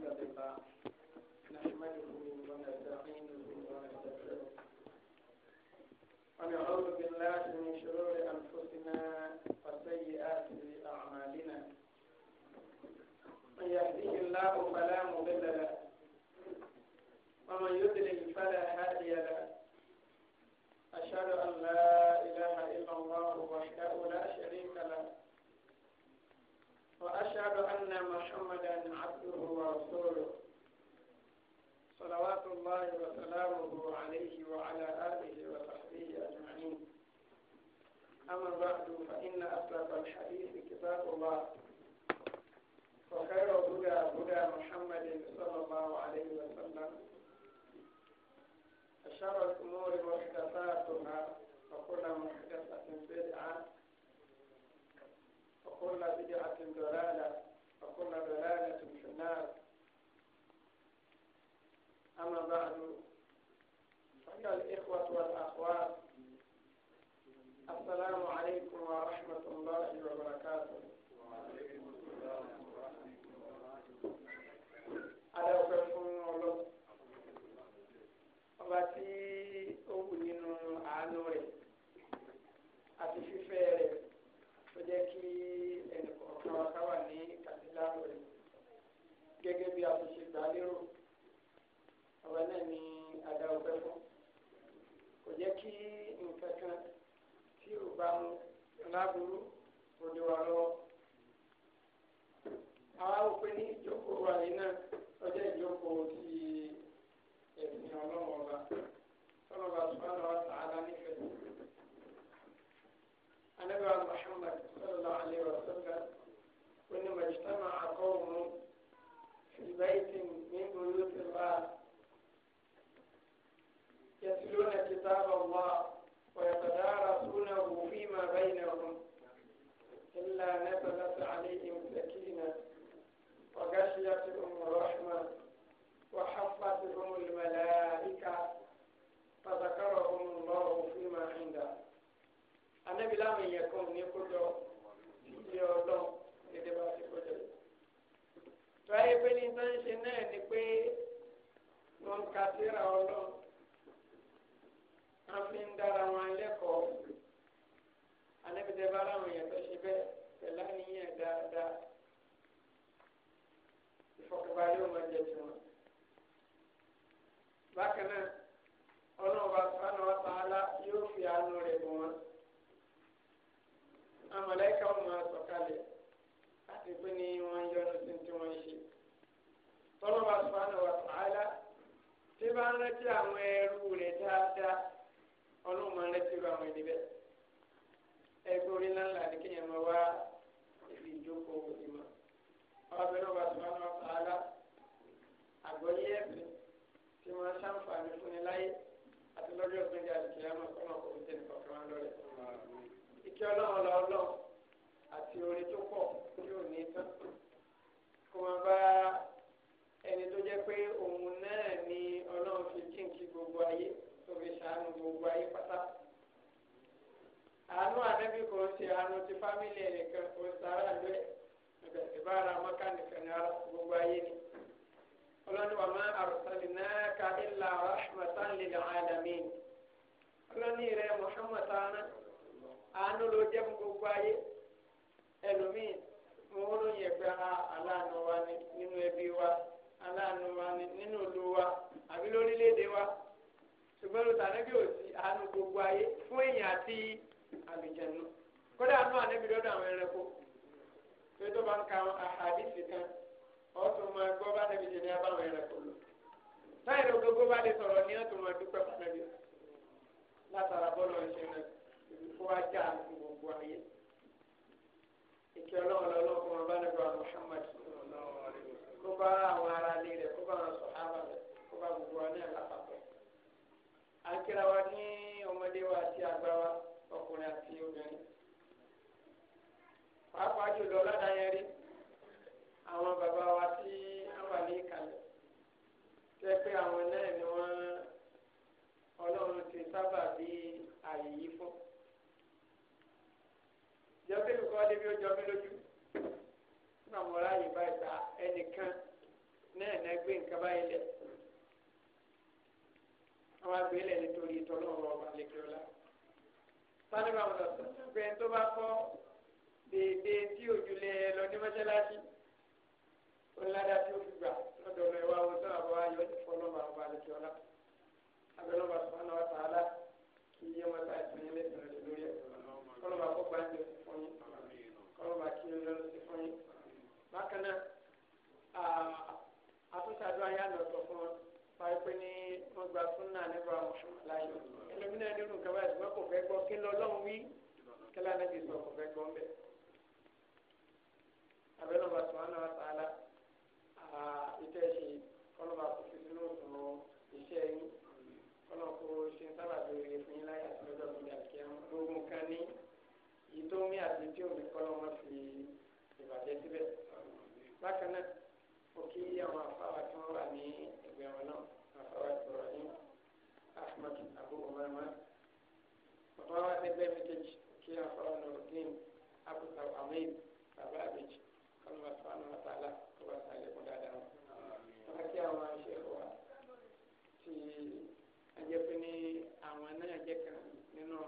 刚才对吧？àlùkìyàmọ̀ kọ́nà kò tẹ̀ ní kọ̀ọ̀kan wọn lọ́rẹ̀. ìkẹ́ ọlọ́run lọ ọlọ́run àti orin tó pọ̀ yóò ní tán kó máa bá ẹni tó jẹ́ pé òun náà ni ọlọ́run fi kíǹkì gbogbo ayé tó fi ṣàánú gbogbo ayé pátá. àánú ànábì kò ṣe àánú ti fámìlì ẹnìkan kò sára lóye ìbára maka nìkan ní ara gbogbo ayé ni ọlọ́run wà máa arsalnaka illa rahmatan lil alamin ọlọ́ni rẹ Muhammad tánà àánú ló jẹ́ fún gbogbo ayé ẹlòmíì òun ló yẹ pé ah, aláàánú wa ni nínú ẹbí wa aláàánú wa ni nínú ìlú wa àbí lórílẹ̀‐èdè wa ṣùgbọ́n ló tàná bí òsì àánú gbogbo ayé fún èèyàn àti àlùjànnú kódà àánú ànábì lọ́dọ̀ àwọn ẹranko tó tó bá ń ka àdìsí kan ọ̀tún máa gbọ́ bá tẹ̀lé ṣe ní abáwọn ẹranko lò táyà ló gbogbo bá lè sọ̀rọ̀ ní ọ̀tún máa dúpẹ́ fún ànábì látara bọ́lọ̀ ṣe rẹ̀ kó wá já àti gbogbo ayé. ìkẹ́ ọlọ́run lọ́lọ́kùn ọba nígbà Muhammad kó bá àwọn ará ilé rẹ̀ kó bá àwọn sọ̀hábà rẹ̀ kó bá gbogbo wa náà lápapọ̀. akíra wa ní ọmọdé wa àti àgbà wa ọkùnrin àti obìnrin. pàápàá jùlọ ládàáyẹrí àwọn bàbá wa tí wọ́n wà ní ìkàlẹ̀ tẹ́ pé àwọn náà ni wọ́n ọlọ́run ti sábà bí àyè yìí fún. jọ́pẹ́ mi kọ́ débi ó jọ mí lójú nígbà mo ráàyè báyìí ta ẹnìkan náà náà gbé nǹkan báyìí lẹ̀ àwọn agbélẹ̀ nítorí ìtọ́lọ́run ọba lẹ́kẹ́ ọ̀la. sani bàbá sọ̀tún pé tó bá kọ́ dèédé tí òjúlé ẹ lọ ní mọ́ṣáláṣí ó ládàá tí ó fi gbà lọ́dọ̀ ọ̀nà ìwà ọ̀sán àbọ̀ ayọ̀ ìfọlọ́mọ àwọn abẹ́lọ́ba sọ́nà wa sàálà kí iye wọn ta ìtàn yẹn lẹ́sìn rẹ̀ lórí ẹ̀ kọ́lọ́ba kópa ń tẹ̀sí fún yín kọ́lọ́ba kí ń lọ́nu sí fún yín. bákan náà àtúntà àdúrà yà lọ sọ fún wọn wáyé pé ní wọ́n gba súnà nípa mùsùlùmí láyò ẹlòmínà nínú kaba ìdùnnú kò fẹ́ gbọ́ kí lọ́lọ́run wí kẹlẹ́ anábì sọ kò fẹ́ gbọ́ mbẹ́ abẹ́lọ́ba sọ́nà wa sàálà ìtẹ̀sí kọ́lọ́ba kò fi sínú ìṣẹ́ yín ọlọ́kọ̀ ṣe ń sábà béèrè fún yín láyé àti lọ́dọ̀ mi àti àwọn ológun kan ní ìtòmí àti tí òbí kọ́lọ́ wọn fi ìbàjẹ́ síbẹ̀. bákan náà ó kí àwọn afáwà tí wọ́n wà ní ẹgbẹ́ wọn náà afáwà ìbọ̀rọ̀ ní ahmed abúgbò mọ́mọ́. bàbá wa ti bẹ́ẹ̀ méjèèjì kí afáwà náà dín abúgbò ahmed bàbá àbèjì kọ́lọ́ wọn fún àwọn àtàlà kó kó dáadáa wọn. wọ́n kí àwọn aṣẹ́ wa ti ajẹ́ pé ní àwọn náà jẹ́ kan nínú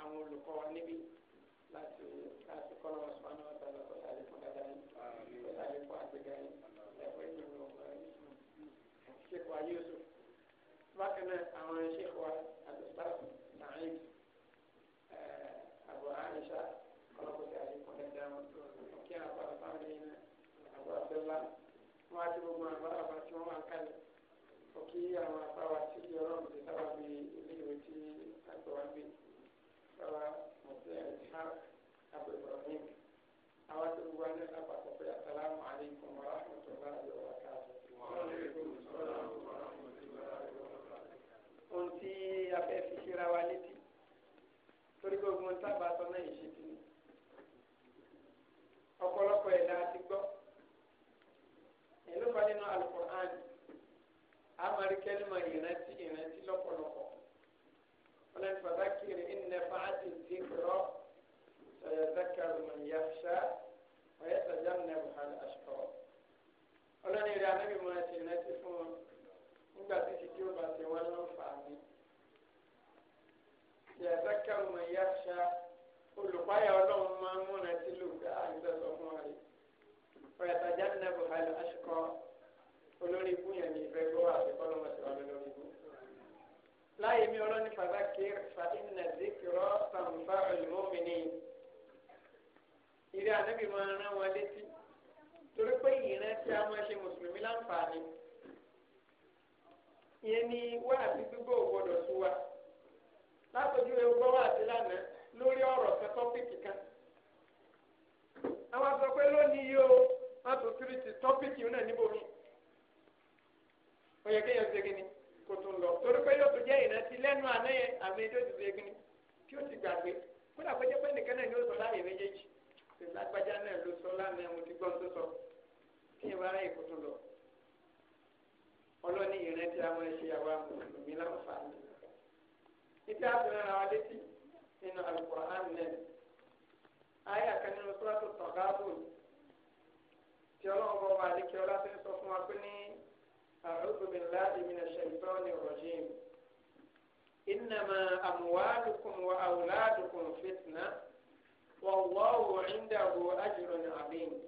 àwọn olùkọ́ wa níbí láti láti kọ́ lọ́wọ́ sọ́wọ́n náà tọ́lá kó sáré fún dáadáa yìí kó sáré fún àgbéga yìí ẹ̀fọ́ ìlú ọ̀gá ṣèkò ayé oṣù bákan náà àwọn ṣèkò àdùsáàfù sàáyìn àbọ̀ àyíṣà kọ́lọ́kọ́ sáré fún dáadáa wọn kí àwọn àbáfáà yìí náà àbọ̀ àbẹ́lá wọn á ti gbogbo àbá àbá mo kí àwọn afáwa tí ó di ọlọ́run ti sábà bí iléèwé tí àgbẹ̀ wá gbé sábà mo fi ẹ̀ ṣá àgbẹ̀ bọ̀rọ̀ ní àwọn tó gbogbo alẹ́ lápapọ̀ pé asalaamu alaykum wa rahmatullahi wa barakatuh. ohun tí a fẹ́ fi ṣera wa létí torí gbogbo ohun tábà sọ náà yìí ṣe ti ní ọ̀pọ̀lọpọ̀ ẹ̀dá ti gbọ́ ẹ̀ ló bá nínú alukur'ani. عمل كلمة ينتي ينتي لقو لقو ولن فذكر إن نفعت الذكرى سيذكر من يخشى ويتجنبها الأشقى ولن إذا نبي مناتي ينتي فون إن باتي تجيو باتي ولن فعني سيذكر من يخشى كل قاية ولن مامونة تلوك أعزة الأمور ويتجنبها الأشقى olórí ikú yẹn ní ìfẹ́ gbọ́ àbíkọ́ lọ́mọ sí wa lórí ikú. láyé mi ọlọ́ni fàdákìr fàdínà zikirọ́ sàǹfà olùmọ́mìnì ìrẹ́ ànábì máa rán wọn létí torí pé ìran tí a máa ṣe mùsùlùmí láǹfààní ìyẹn ni wá àti gbígbó ògbọ́dọ̀ sí wa látọjú ewúgbọ́ wá àti lánàá lórí ọ̀rọ̀ kan tọ́pìkì kan àwọn sọ pé lónìí yóò má tó tiri ti tọ́pìkì náà níbo mi ó yẹ kéèyàn ṣe kíni kó tún lọ torí pé yóò tún jẹ́ ìrántí lẹ́nu àná yẹn àmì tó ti ṣe kíni tí ó ti gbàgbé kódà kó jẹ́ pé nìkan náà ni ó sọ láàyè méjèèjì lágbájá náà ló sọ lánàá mo ti gbọ́ tó sọ kí ẹ bá ráyè kó tún lọ ọlọ́ni ìrántí àwọn ẹ̀ṣẹ̀ àwa mùsùlùmí láǹfààní títí àtúnrán àwọn létí nínú Al-Qur'an náà àyà kan nínú sọ́lá tó tọ̀ gáàbò tí ọlọ́run bọ́ wà lékè ọlá أعوذ بالله من الشيطان الرجيم إنما أموالكم وأولادكم فتنة والله عنده أجر عظيم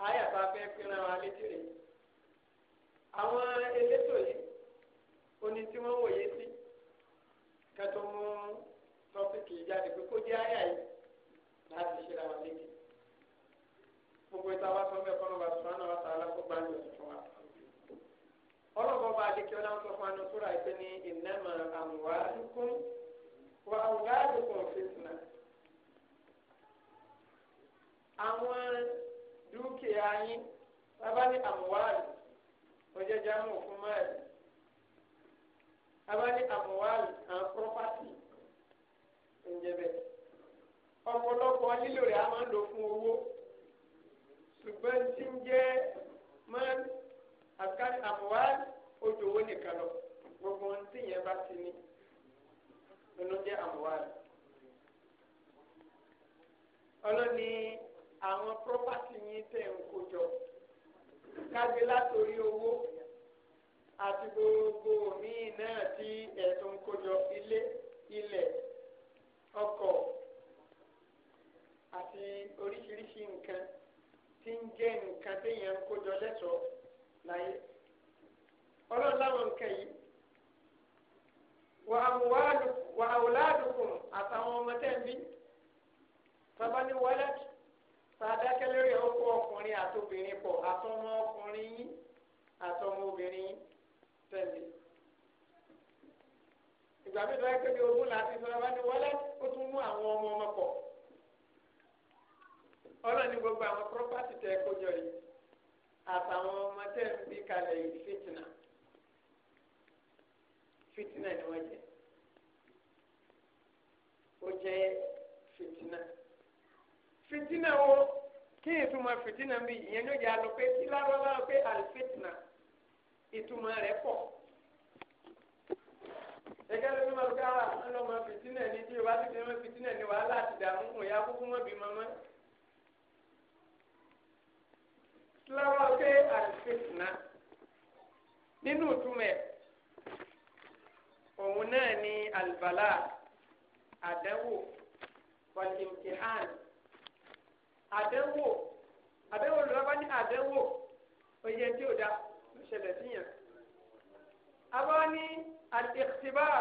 آية بابي كنا والدري àwọn elétò yìí oní tí wọ́n wòye sí kẹtọ mú tọpíkì jáde pé kó jẹ àyà yìí láti ṣe ra wọn létí gbogbo ìta wa sọ bẹ́ẹ̀ kọ́nà wa sùnà wa sọ alákógbá ní òtútù wa. ọlọ́gbọ́n bá adékẹ́ ọlá ń sọ fún anusúra ìpè ní ìnáma àmúwádùkún wà àwùgádùkún fìtìnà. àwọn dúkìá yín bàbá ní àmúwádù ọjọ́jà mú fún máàlì bàbá ní àmúwádù àwọn pọ́pátì ń jẹ bẹ́ẹ̀ ọ̀pọ̀lọpọ̀ lílo rẹ̀ a máa ń lò fún owó ṣùgbọ́n tí ń jẹ́ man àkàrí àmúwárí ojú owó nìkan lọ gbogbo ohun tí yẹn bá ti ní nínú jẹ́ àmúwárí. ọlọ́ni àwọn pírọ́pátì yín tẹ̀ ń kó jọ kágbé látòrí owó àti gbogbo míì náà tí ẹ̀sùn ń ilé ilẹ̀ ọkọ̀ àti oríṣiríṣi nǹkan tí ń jẹ́ nǹkan téèyàn ń kójọ lẹ́tọ̀ọ́ láyé ọlọ́run láwọn nǹkan yìí wà àwòládùkùn àtàwọn ọmọ tẹ́ǹbí bàbá ní wọ́lẹ́tì sàdákẹ́lẹ́rẹ́ ọkọ ọkùnrin àtobìnrin pọ̀ àtọmọ ọkùnrin yín àtọmọ obìnrin yín tẹ̀lé ìgbà mi lọ́wọ́ pé ní ogún láti sọ ní wọ́lẹ́tì ó tún mú àwọn ọmọ ọmọ pọ̀ ọlọ́run ní gbogbo àwọn pírọ́pátì tẹ ẹ kójọ yìí àtàwọn ọmọ tẹ ń bí kalẹ̀ yìí fìtìnà fìtìnà ni wọ́n jẹ́ ó jẹ́ fìtìnà fìtìnà wo kí ìtumọ̀ fìtìnà mi ìyẹn ló jẹ́ àlọ́ pé ìlànà lọ́wọ́ pé àlùfìtìnà ìtumọ̀ rẹ̀ pọ̀ gẹ́gẹ́ ló ní ma lọ ká ọlọ́mọ fìtìnà ni tí o bá ti fi ọmọ fìtìnà ni wàhálà àti ìdààmú kò yá kúkú mọ́ bí mọ́mọ́. lọ́wọ́ pé àlùfẹ́sìnà nínú ìtumẹ̀ òun náà ni àlùbálà àdánwò wàlìmtìhán àdánwò àdánwò lọ́wọ́ ní àdánwò oyè tí ó da ló ṣẹlẹ̀ síyàn. abọ́ ní àlùfẹ́sìbáà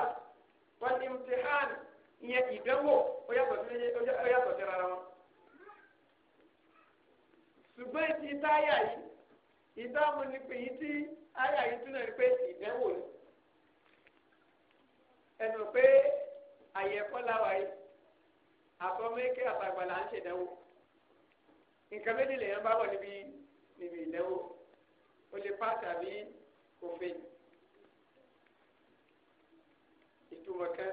wàlìmtìhán ìyẹn ìdánwò ó yàtọ̀ sí wọn ṣùgbọ́n ìtì táyà yìí ìdáàmú ni pé yìí tí táyà yìí túnà ni pé ìdánwò ni ẹnu pé àyẹ̀kọ́ láwa yìí àtọ́mẹ́kẹ́ àtàgbà là ń ṣèdánwò nǹkan méjì lèèyàn bá wọ̀ níbi níbi ìdánwò o lè pa tàbí òfin ìtumọ̀ kan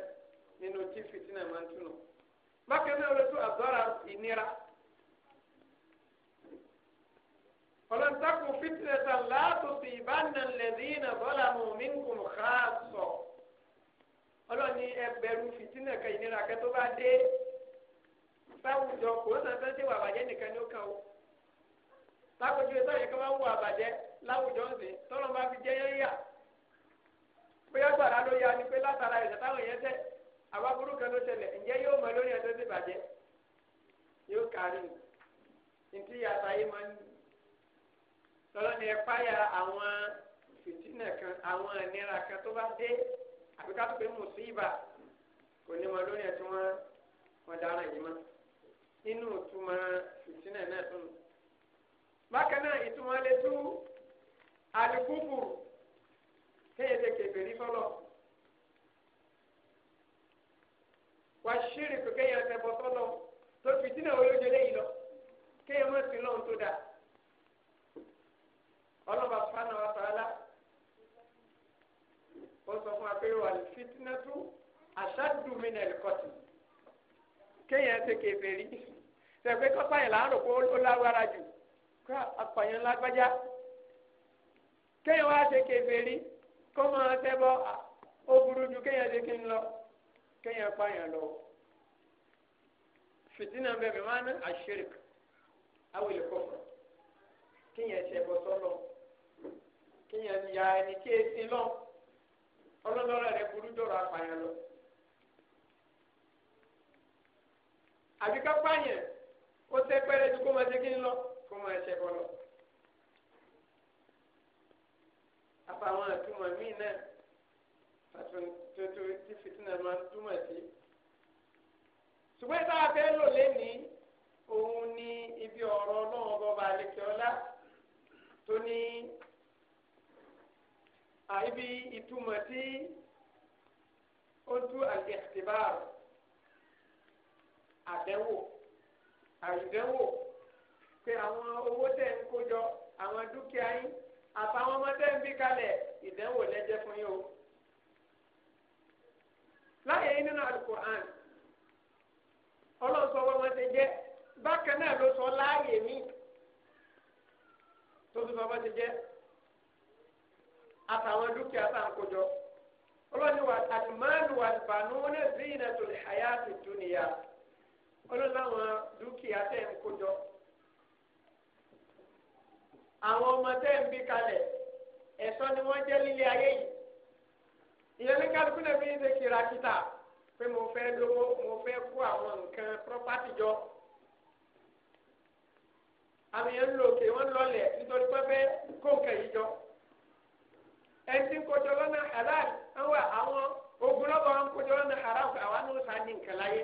nínú tí fìtínà máa ń túnà bákan náà ló tún àdọ́ra ìnira. fọlọ́ntakù fitinẹ̀tà látòsí ìbánilẹ̀dínà bọ́lá mọ̀mínkùn xaasọ̀ ọlọ́ni ẹgbẹ̀rún fitinẹ̀ kan ìnira kẹ́ tó bá dé sáwùjọ kò náà fẹ́ ṣe wà bàjẹ́ nìkan ní ó kàn ó láwùjọ ìtọ́ yẹn kí wọ́n wù àbàjẹ́ láwùjọ ń sè tọ́lọ́ bá fi jẹ́ yẹ́yà bóyá gbàrà ló ya ni pé látara ìṣẹ̀ táwọn yẹn tẹ̀ àwa burúkú ló ṣẹlẹ̀ ǹjẹ́ yóò mọ lórí ẹ̀ tó ti bàjẹ́ yóò kárí ní yàtà yìí máa ń lọ́lọ́ ni ẹ páyà àwọn fìtínà kan àwọn ìnira kan tó bá dé àbí ká tó pé mùsíbà kò ní mọ lórí tí wọ́n dára yìí ma nínú ìtumọ̀ fìtínà náà tó nù. bákan náà ìtumọ̀ lè tú àdìgúbù téèyàn ti ní sọ́lọ̀. wà ṣírí kékeré yẹn bọ́ tó fìtínà ọlọ́ba fana wa sàlá ó sọ fún wa pé wà fitinatu aṣáájú mi nà ẹ̀kọ́tì kéèyàn ṣe kèfèrí sẹ̀pẹ́ kọ́pá yẹn là ń rò pé ó lágbára jù kó apààyàn lágbájá kéèyàn wá ṣe kèfèrí kó máa tẹ́bọ̀ ó burú ju kéèyàn ṣe kí n lọ kéèyàn pààyàn lọ fitina bẹ́ẹ̀ bí wọ́n á ní àṣírí awele kọ́kọ́ kéèyàn ṣe ẹbọ sọ́lọ́ kéèyàn ya ẹni kéèsì lọ ọlọ́lọ́rọ̀ rẹ burú dọ̀rọ̀ apààyàn lọ. àbí kápá yẹn ó tẹ́ pẹ́rẹ́ ju kó máa ṣe kí ń lọ kó máa ṣe bọ́ lọ. àtàwọn àtúmọ̀ míì náà àtúntò tí fìtínà máa túmọ̀ sí. ṣùgbọ́n ìta fẹ́ lò lénìí òun ni ibi ọ̀rọ̀ náà bọ́ba àlekè ọlá tó ní àìbí ìtumọ̀ tí ó tú al-ikhtibar àdẹ́wò àìdẹ́wò pé àwọn owó tẹ̀ ń kó jọ àwọn dúkìá yín àtàwọn ọmọ tẹ́ ń bí kalẹ̀ ìdánwò lẹ́jẹ́ fún yín o. láyé yín nínú alukur'an ọlọ́sọ ọmọ ti jẹ́ bákan náà ló sọ láàyè mí tó tún sọ ọmọ ti jẹ́ àtàwọn dúkìá tá à ń kójọ ọlọ́ni wa àlùmáàlù wa bànúnà zinatul hayati dunya ọlọ́ni àwọn dúkìá tẹ̀ ń kójọ àwọn ọmọ tẹ̀ ń bí kalẹ̀ ẹ̀sọ́ ni wọ́n jẹ́ líle ayé yìí ìyẹn ní kálukú náà fi ń ṣe kìràkìtà pé mo fẹ́ lówó mo fẹ́ kó àwọn nǹkan pírọ́pátì jọ àmì yẹn ń lò kí wọ́n lọlẹ̀ nítorí pé fẹ́ kó nǹkan yìí jọ. ẹtí kọjọ na halal ẹwà àwọn ogun lọ́bà wọn kọjọ lọ́nà haram àwọn ní sá ní nǹkan nke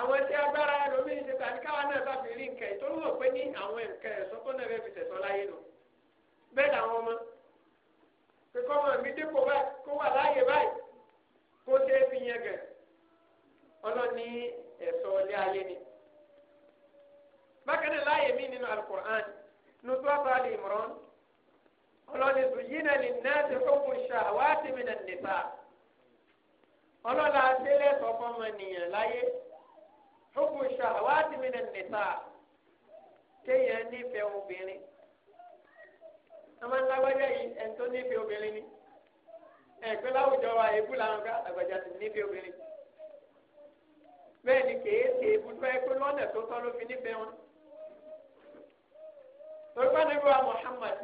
àwọn tí agbára ẹlòmíín ṣe tàbí káwa náà bá fi rí nǹkan ẹ̀ tó pé ní àwọn tó náà fi tẹ̀sọ́ láyé nù bẹ́ẹ̀ làwọn ọmọ pé kọ́mọ mi dépò báyìí kó wà láàyè báyìí kó fi yẹn gẹ̀ ọlọ́ni ẹ̀sọ́ ilé ayé ni. bákan náà láàyè mí nínú nùtú àbálẹ̀ ìmọ̀ràn ọlọ́ni zùyínà ní náàtì fúnfù ṣàwátì mi nàá nípa ọlọ́la àtẹ́lẹ̀ sọ̀kọ́ mọ̀ nìyẹn láyé fúnfù ṣàwátì mi nàá nípa kéèyàn nífẹ̀ẹ́ obìnrin ọmọ ńlágbájá yìí ẹni tó nífẹ̀ẹ́ obìnrin ni ẹ̀gbẹ́ láwùjọ wa èébú làwọn ká àgbàjá ti nífẹ̀ẹ́ obìnrin bẹ́ẹ̀ ni kèé ṣe èébú tó ẹ pé lọ́nà tó tọ́ ló fi nífẹ̀ẹ́ wọn torípa níbi wa Muhammad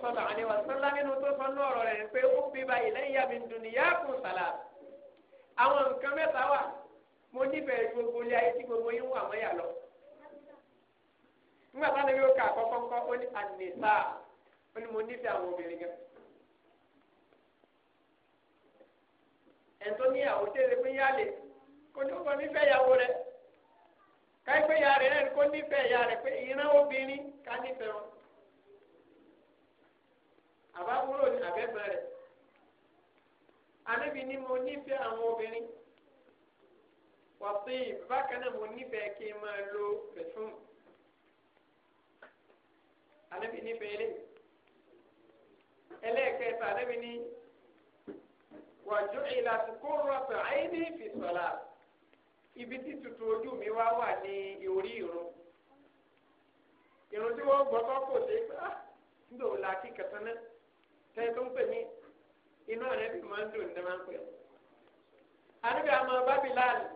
sọlá àlewà sọlá nínú tó sọ ní ọ̀rọ̀ rẹ̀ pé ó bí ba ìlẹ́yà mi dùnìyà kù sàlà àwọn nǹkan mẹ́ta wà mo nífẹ̀ẹ́ gbogbo ilé ayé tí gbogbo yín wà mọ́yà lọ. nígbà táwọn ẹbí ó kà kọ́kọ́ ńkọ́ ó ní ànìsá ó ní mo nífẹ̀ẹ́ àwọn obìnrin gan. ẹ̀ńtọ́ níyàwó tẹ́lẹ̀ pé yálè kò ní kò nífẹ̀ẹ́ ìyàwó rẹ̀ káyipẹ́ ìyá rẹ̀ náà kó nífẹ̀ẹ́ ìyá rẹ̀ pé ìran obìnrin ká nífẹ̀ẹ́ wọn àbáwúrò ní àbẹ́gbẹ́ rẹ̀ anábì ni mo nífẹ̀ẹ́ àwọn obìnrin wàtí bákan náà mo nífẹ̀ẹ́ kí n máa lo pẹ̀fúm anábì nífẹ̀ẹ́ ilé ẹlẹ́ẹ̀kẹta anábì ni wàjú ìlàsìkò rọ̀tọ̀ àyè ní ìfìsọ̀lá ibi tí tutù ojú mi wá wà ní orí irun irun tí wọ́n gbọ́ sọ́kò ṣe pé ah nígbà wo la kí kẹta náà tẹ́lẹ̀ tó ń pè mí inú rẹ̀ bí máa ń dùn ní máa ń pè ọ́. àdúgbò àmọ́ bábíláàlì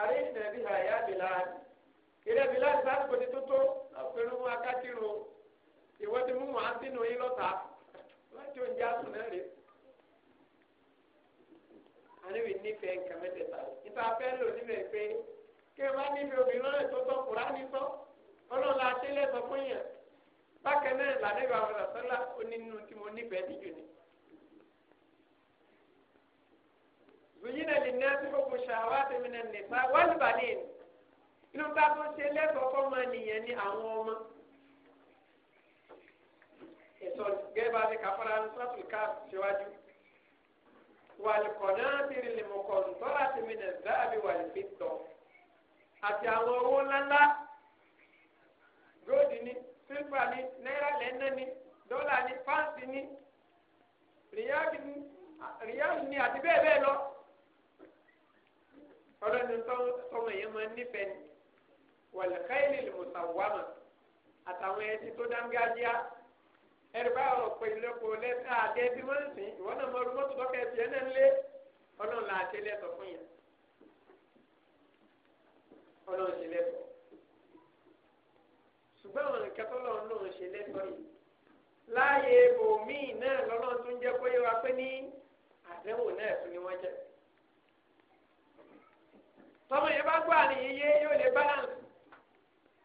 àrí ìnàbí àyà bíláàlì eré bíláàlì sásìkò ti tó tó ọ̀pẹ̀rù mú akákìrò ìwọ́n ti mú màá sínú yín lọ́ta láti oúnjẹ àtúnẹ́rẹ́. àríwí nífẹ̀ẹ́ nǹkan mẹ́tẹ̀ẹ̀ta tá a fẹ́ lò nílẹ̀ pé kí ẹ bá níbi obìnrin lọ́rẹ̀ tó tọ́ Kùránì sọ ọlọ́run la ṣe lẹ́sọ fún yàn bákan náà lànàbí àwọn àṣọlá onínú tí mo nífẹ̀ẹ́ níjù ni. zùyìn náà lè ní àtúntò kò ṣàwá tèmi náà nìta wọ́n ní bàlẹ́ ni inú bá tó ṣe lẹ́sọ̀ọ́ fọ́ máa nìyẹn ní àwọn ọmọ ẹ̀sọ́ gẹ́gẹ́ bá ti kàfọ́ra ní sọ́ọ̀tù káàpù síwájú wàlùkọ̀nàtìrì lèmọ̀kọ̀ǹtọ́ àti mìnàdá àbí wàlùfẹ́tọ̀ àti àwọn owó ńláńlá góòdì ni sílvà ni náírà lẹ́nà ni dọ́là ni pàǹtì ni rìyáàlì ni àti bẹ́ẹ̀ bẹ́ẹ̀ lọ ọlọ́ni tọ́mọ yẹn máa ń nífẹ̀ẹ́ ni wàlùkẹ́yìn lèmọ̀sàwọ́mà àtàwọn ẹni tó dáńgájíá ẹ̀rùbá ọ̀rọ̀ pé ìlọ́pọ̀ lẹ́tà àti ẹbí wọ́n ń sìn ìwọ́n náà mọ ọdún mọ́tò tọ́kẹ́ ẹ̀sìn ẹ̀ náà ń lé ọlọ́run là ṣe lẹ́tọ̀ fún yẹn ọlọ́run ṣe lẹ́tọ̀ ṣùgbọ́n àwọn nǹkan tó lọ́run lòun ṣe lẹ́tọ̀ yìí láàyè bòmíì náà lọ́lọ́run tó ń jẹ́ kó yẹ wa pé ní àdánwò náà tún ni wọ́n jẹ́ tọ́mọ yẹn bá gbọ́ àníyé yóò lè balance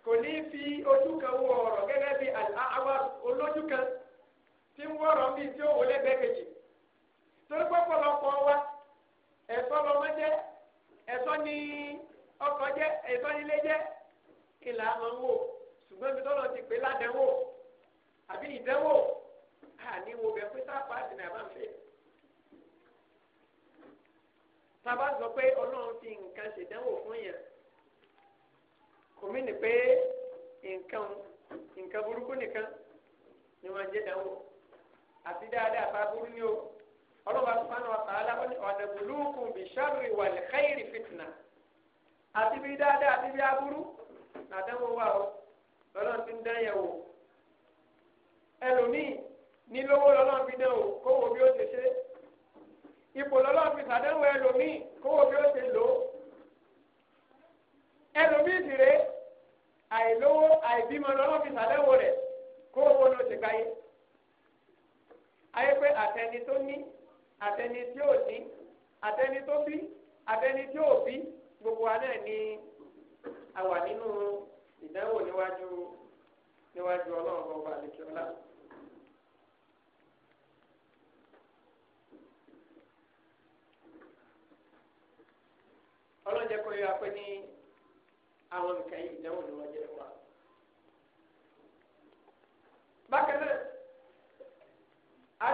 kò ní fi ojú kan wo ọ̀rọ̀ gẹ́gẹ́ bí àwa olójú kan. tí ń wọ̀rọ̀ bíi tí ó wò lẹ́gbẹ̀ẹ́ kejì torí pọ́pọ́lọpọ̀ wa ẹ̀sọ́ lọmọ jẹ́ ẹ̀sọ́ ní ọkọ̀ jẹ́ ẹ̀sọ́ jẹ́ wò ṣùgbọ́n ti pè ládẹ́wò àbí ìdẹ́wò àníwò bẹ̀ pé sáàpà àdìnnà bá ń fẹ́. sábà sọ pé ọlọ́run fi nǹkan ṣèdánwò fún yẹn ni àti dáadáa àtàbúrú ni o ọlọ́ba sùpánù àtàlà ọ̀nàbùlùkùn bí sáré wà lè káyìrì fìtìnà àti bí dáadáa àti bí aburú nàdánwò wà o lọ́nà ti ń dán yẹ̀ wò ẹlòmíì ní lówó lọ́nà fi dán o kówó bí ó ṣe ṣe ipò lọ́nà fi sàdánwò ẹlòmíì kówó bí ó ṣe lò ó ẹlòmíì sì rèé àìlówó àìbímọ lọ́nà fi sàdánwò rẹ̀ kówó ló ṣe gbáyé ayé pé àtẹni tó ní àtẹni tí ò ní àtẹni tó bí àtẹni tí ò bí gbogbo wa náà ní àwà nínú ìdánwò níwájú níwájú ọlọ́run ọba àlejò ọlá. ọlọ́jẹ́ kọ́ yóò wá ní àwọn nǹkan yìí ìdánwò ni wọ́n jẹ́ fún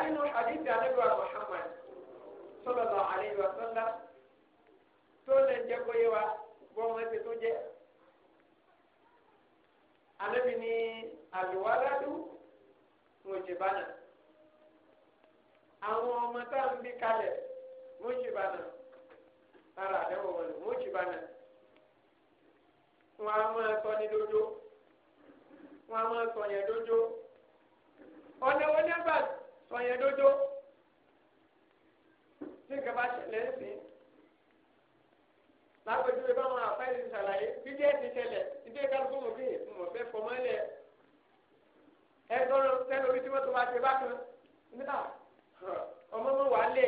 nínú àdìsí àdébíwá Muhammad sallallahu alaihi wa sallam tó lè jẹ́ bóyá wa bọ́n wọn ti tó jẹ́ anabi ni aluwaladu mojibana àwọn ọmọ tá à ń bí kalẹ̀ mojibana ara àdéhùn wọn mojibana wọn a máa sọ ní dojo wọn a máa sọ yẹn dojo ọ̀nà wọn sọyẹ dodo tí nǹkan bá ṣẹlẹ̀ ń sìn lágbèjúwe báwọn àfẹ́lẹ́ ti ṣàlàyé bíbí ẹ̀ ti ṣẹlẹ̀ ìdí ẹ̀ka tó mọ̀ bí mọ̀ fẹ́ fọmọ́ ẹlẹ̀ ẹ tọ́lọ sẹ́nu orí tí wọ́n tó bá ṣe bákan níta ọmọ mọ̀ wá lé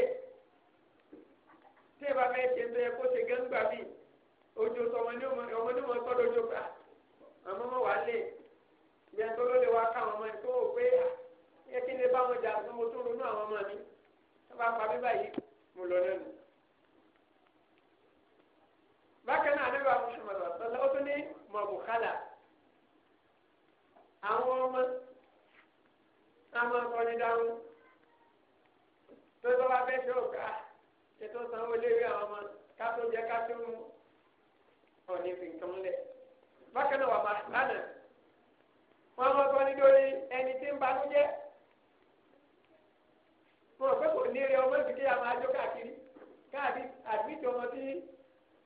tí ẹ bá fẹ́ ṣe ń bẹ kó ṣe gẹ́ngbà bíi ojú ọmọ ní ọmọ ní ọmọ gbọ́dọ̀ ojú ọmọ mọ̀ wá lé ìyẹn tó ló lè wá káwọn ọmọ ẹ̀ tó wò yẹ kí ni báwọn jà fún mo tún ronú àwọn ọmọ mi tó bá pa mí báyìí mo lọ lẹ́nu. bákan náà nígbà mùsùlùmí ọ̀sán ó tún ní mọ̀bùkálà àwọn ọmọ àwọn akọni dáhùn tó tó bá fẹ́ ṣe òkà ètò sanwó léwé àwọn ọmọ ká tó jẹ ká tó mú ọ̀nì fìkan lẹ̀ bákan náà wà bàtà náà wọn mọ akọni dórí ẹni tí ń banú jẹ́. mo rò kò ní eré ọmọ ìsìnkú yà máa jó káàkiri káàkiri àdìmítì ọmọ sí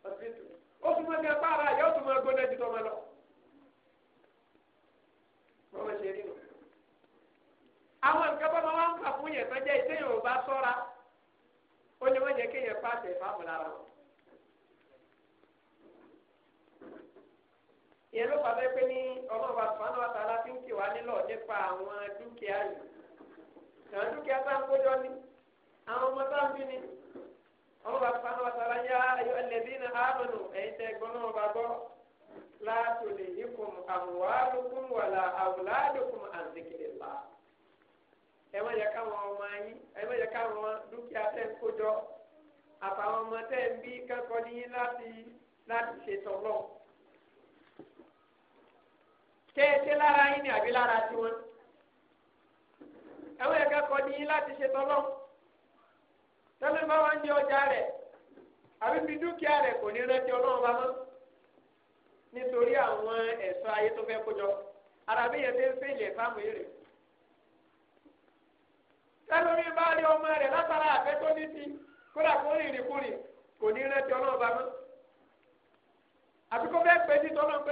ọsibítù ó tún mọ ní apá ara yóò tún mọ gbóná ju tọmọ lọ. wọ́n mọ̀ ṣe rí nù. àwọn nǹkan máa ń fún yẹn jẹ́ bá sọ́ra ó ní wọ́n pàṣẹ ló fà bẹ́ẹ̀ pé ní ọmọ wa sùpánù wa ń kí nípa àwọn àwọn dúkìá tá à ń kójọ ni àwọn ọmọ tá ń bí ni wọn bá fún àwọn ayọ ẹlẹbí ní àmàlù ẹyin tẹ gbọ́n náà bá gbọ́ láàtò lè yíkùn àmúwálùkùn wàlà àwùládùkùn àǹdíkìlélá ẹ má yẹ káwọn ọmọ yín ẹ má yẹ káwọn dúkìá tẹ ń kójọ àtàwọn ọmọ tẹ ń bí kankan níyìn láti láti ṣètò àwọn ẹ̀ka kọ́ ní yín láti ṣe tọ́lọ́ tẹ́lẹ̀ bá wà ní ọjà rẹ àbí fi dúkìá kò ní rántí bá nítorí àwọn ayé tó kójọ yẹn ti ń fèlè fáwọn èrè tẹ́lómi bá rí ọmọ rẹ̀ látara àfẹ́ ní ti kódà kó rìn rìn kò ní rántí bá àbí kó pé ní àwọn ah,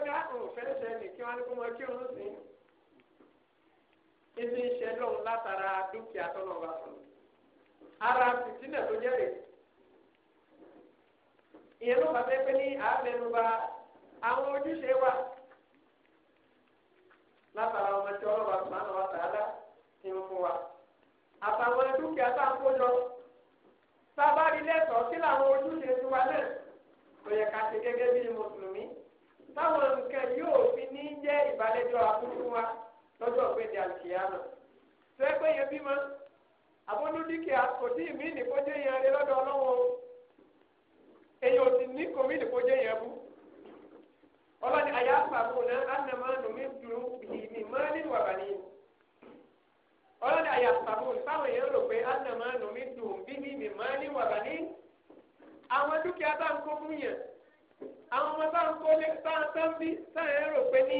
isi ń ṣe latara látara dúkìá ara fìtínà tó jẹ́rè ìyẹn ló bàtẹ́ pé ní àmẹnuba àwọn ojúṣe wa látara ọmọ tí wa tààlà ti ń fún wa àtàwọn dúkìá tá a sábàrí lẹ́tọ̀ọ́ sí làwọn ojúṣe náà tó yẹ ká ṣe gẹ́gẹ́ bí mùsùlùmí táwọn nǹkan yóò fi ní jẹ́ ìbálẹ́jọ́ lọ́jọ́ ọ̀gbẹ́ni àkìyàmà sẹ́gbẹ́ yẹn bímọ abọ́núdíkìá kò tí ì mí nìkójẹ́ yẹn rí lọ́dọ̀ ọlọ́wọ́ èyí ò sì ní kò mí nìkójẹ́ yẹn bú ọlọ́ni àyà àpàbò náà ánàmọ́ ànàmí dùn yìí ní mọ́lì wà bàní ọlọ́ni àyà àpàbò táwọn èèyàn rò pé ánàmọ́ ànàmí dùn bí ní mọ́lì wà bàní àwọn dúkìá bá ń kó fún yẹn àwọn ọmọ bá ń kó lé sáńsán bí sáyẹn rò pé ní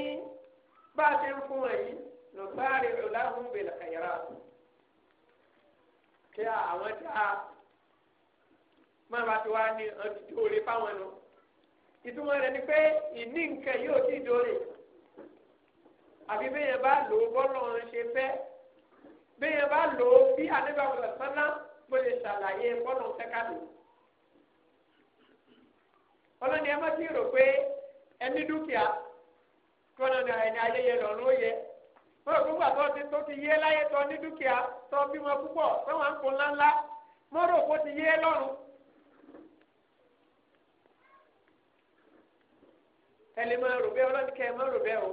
bá a ṣe ń fún wọn yìí. nusari'u lahum bil khairat kí àwọn tá a máa bá ti wá ní ọtí dóore fáwọn nù ìtumọ̀ ni pé ìní nǹkan yóò ti dóore àbí bẹ́yẹn bá lò ẹ má ti rò pé ẹni dúkìá kọ́nà ní ayẹyẹ mo rò gbogbo àtọ́ ti tó ti yé láyé tọ́ ní dúkìá tọ́ bímọ púpọ̀ táwọn à ń kun ńláńlá mo rò kó ti yé lọ́rùn. ẹni máa rò bẹ́ẹ̀ ọlọ́ni kẹ́ ẹ máa rò bẹ́ẹ̀ o.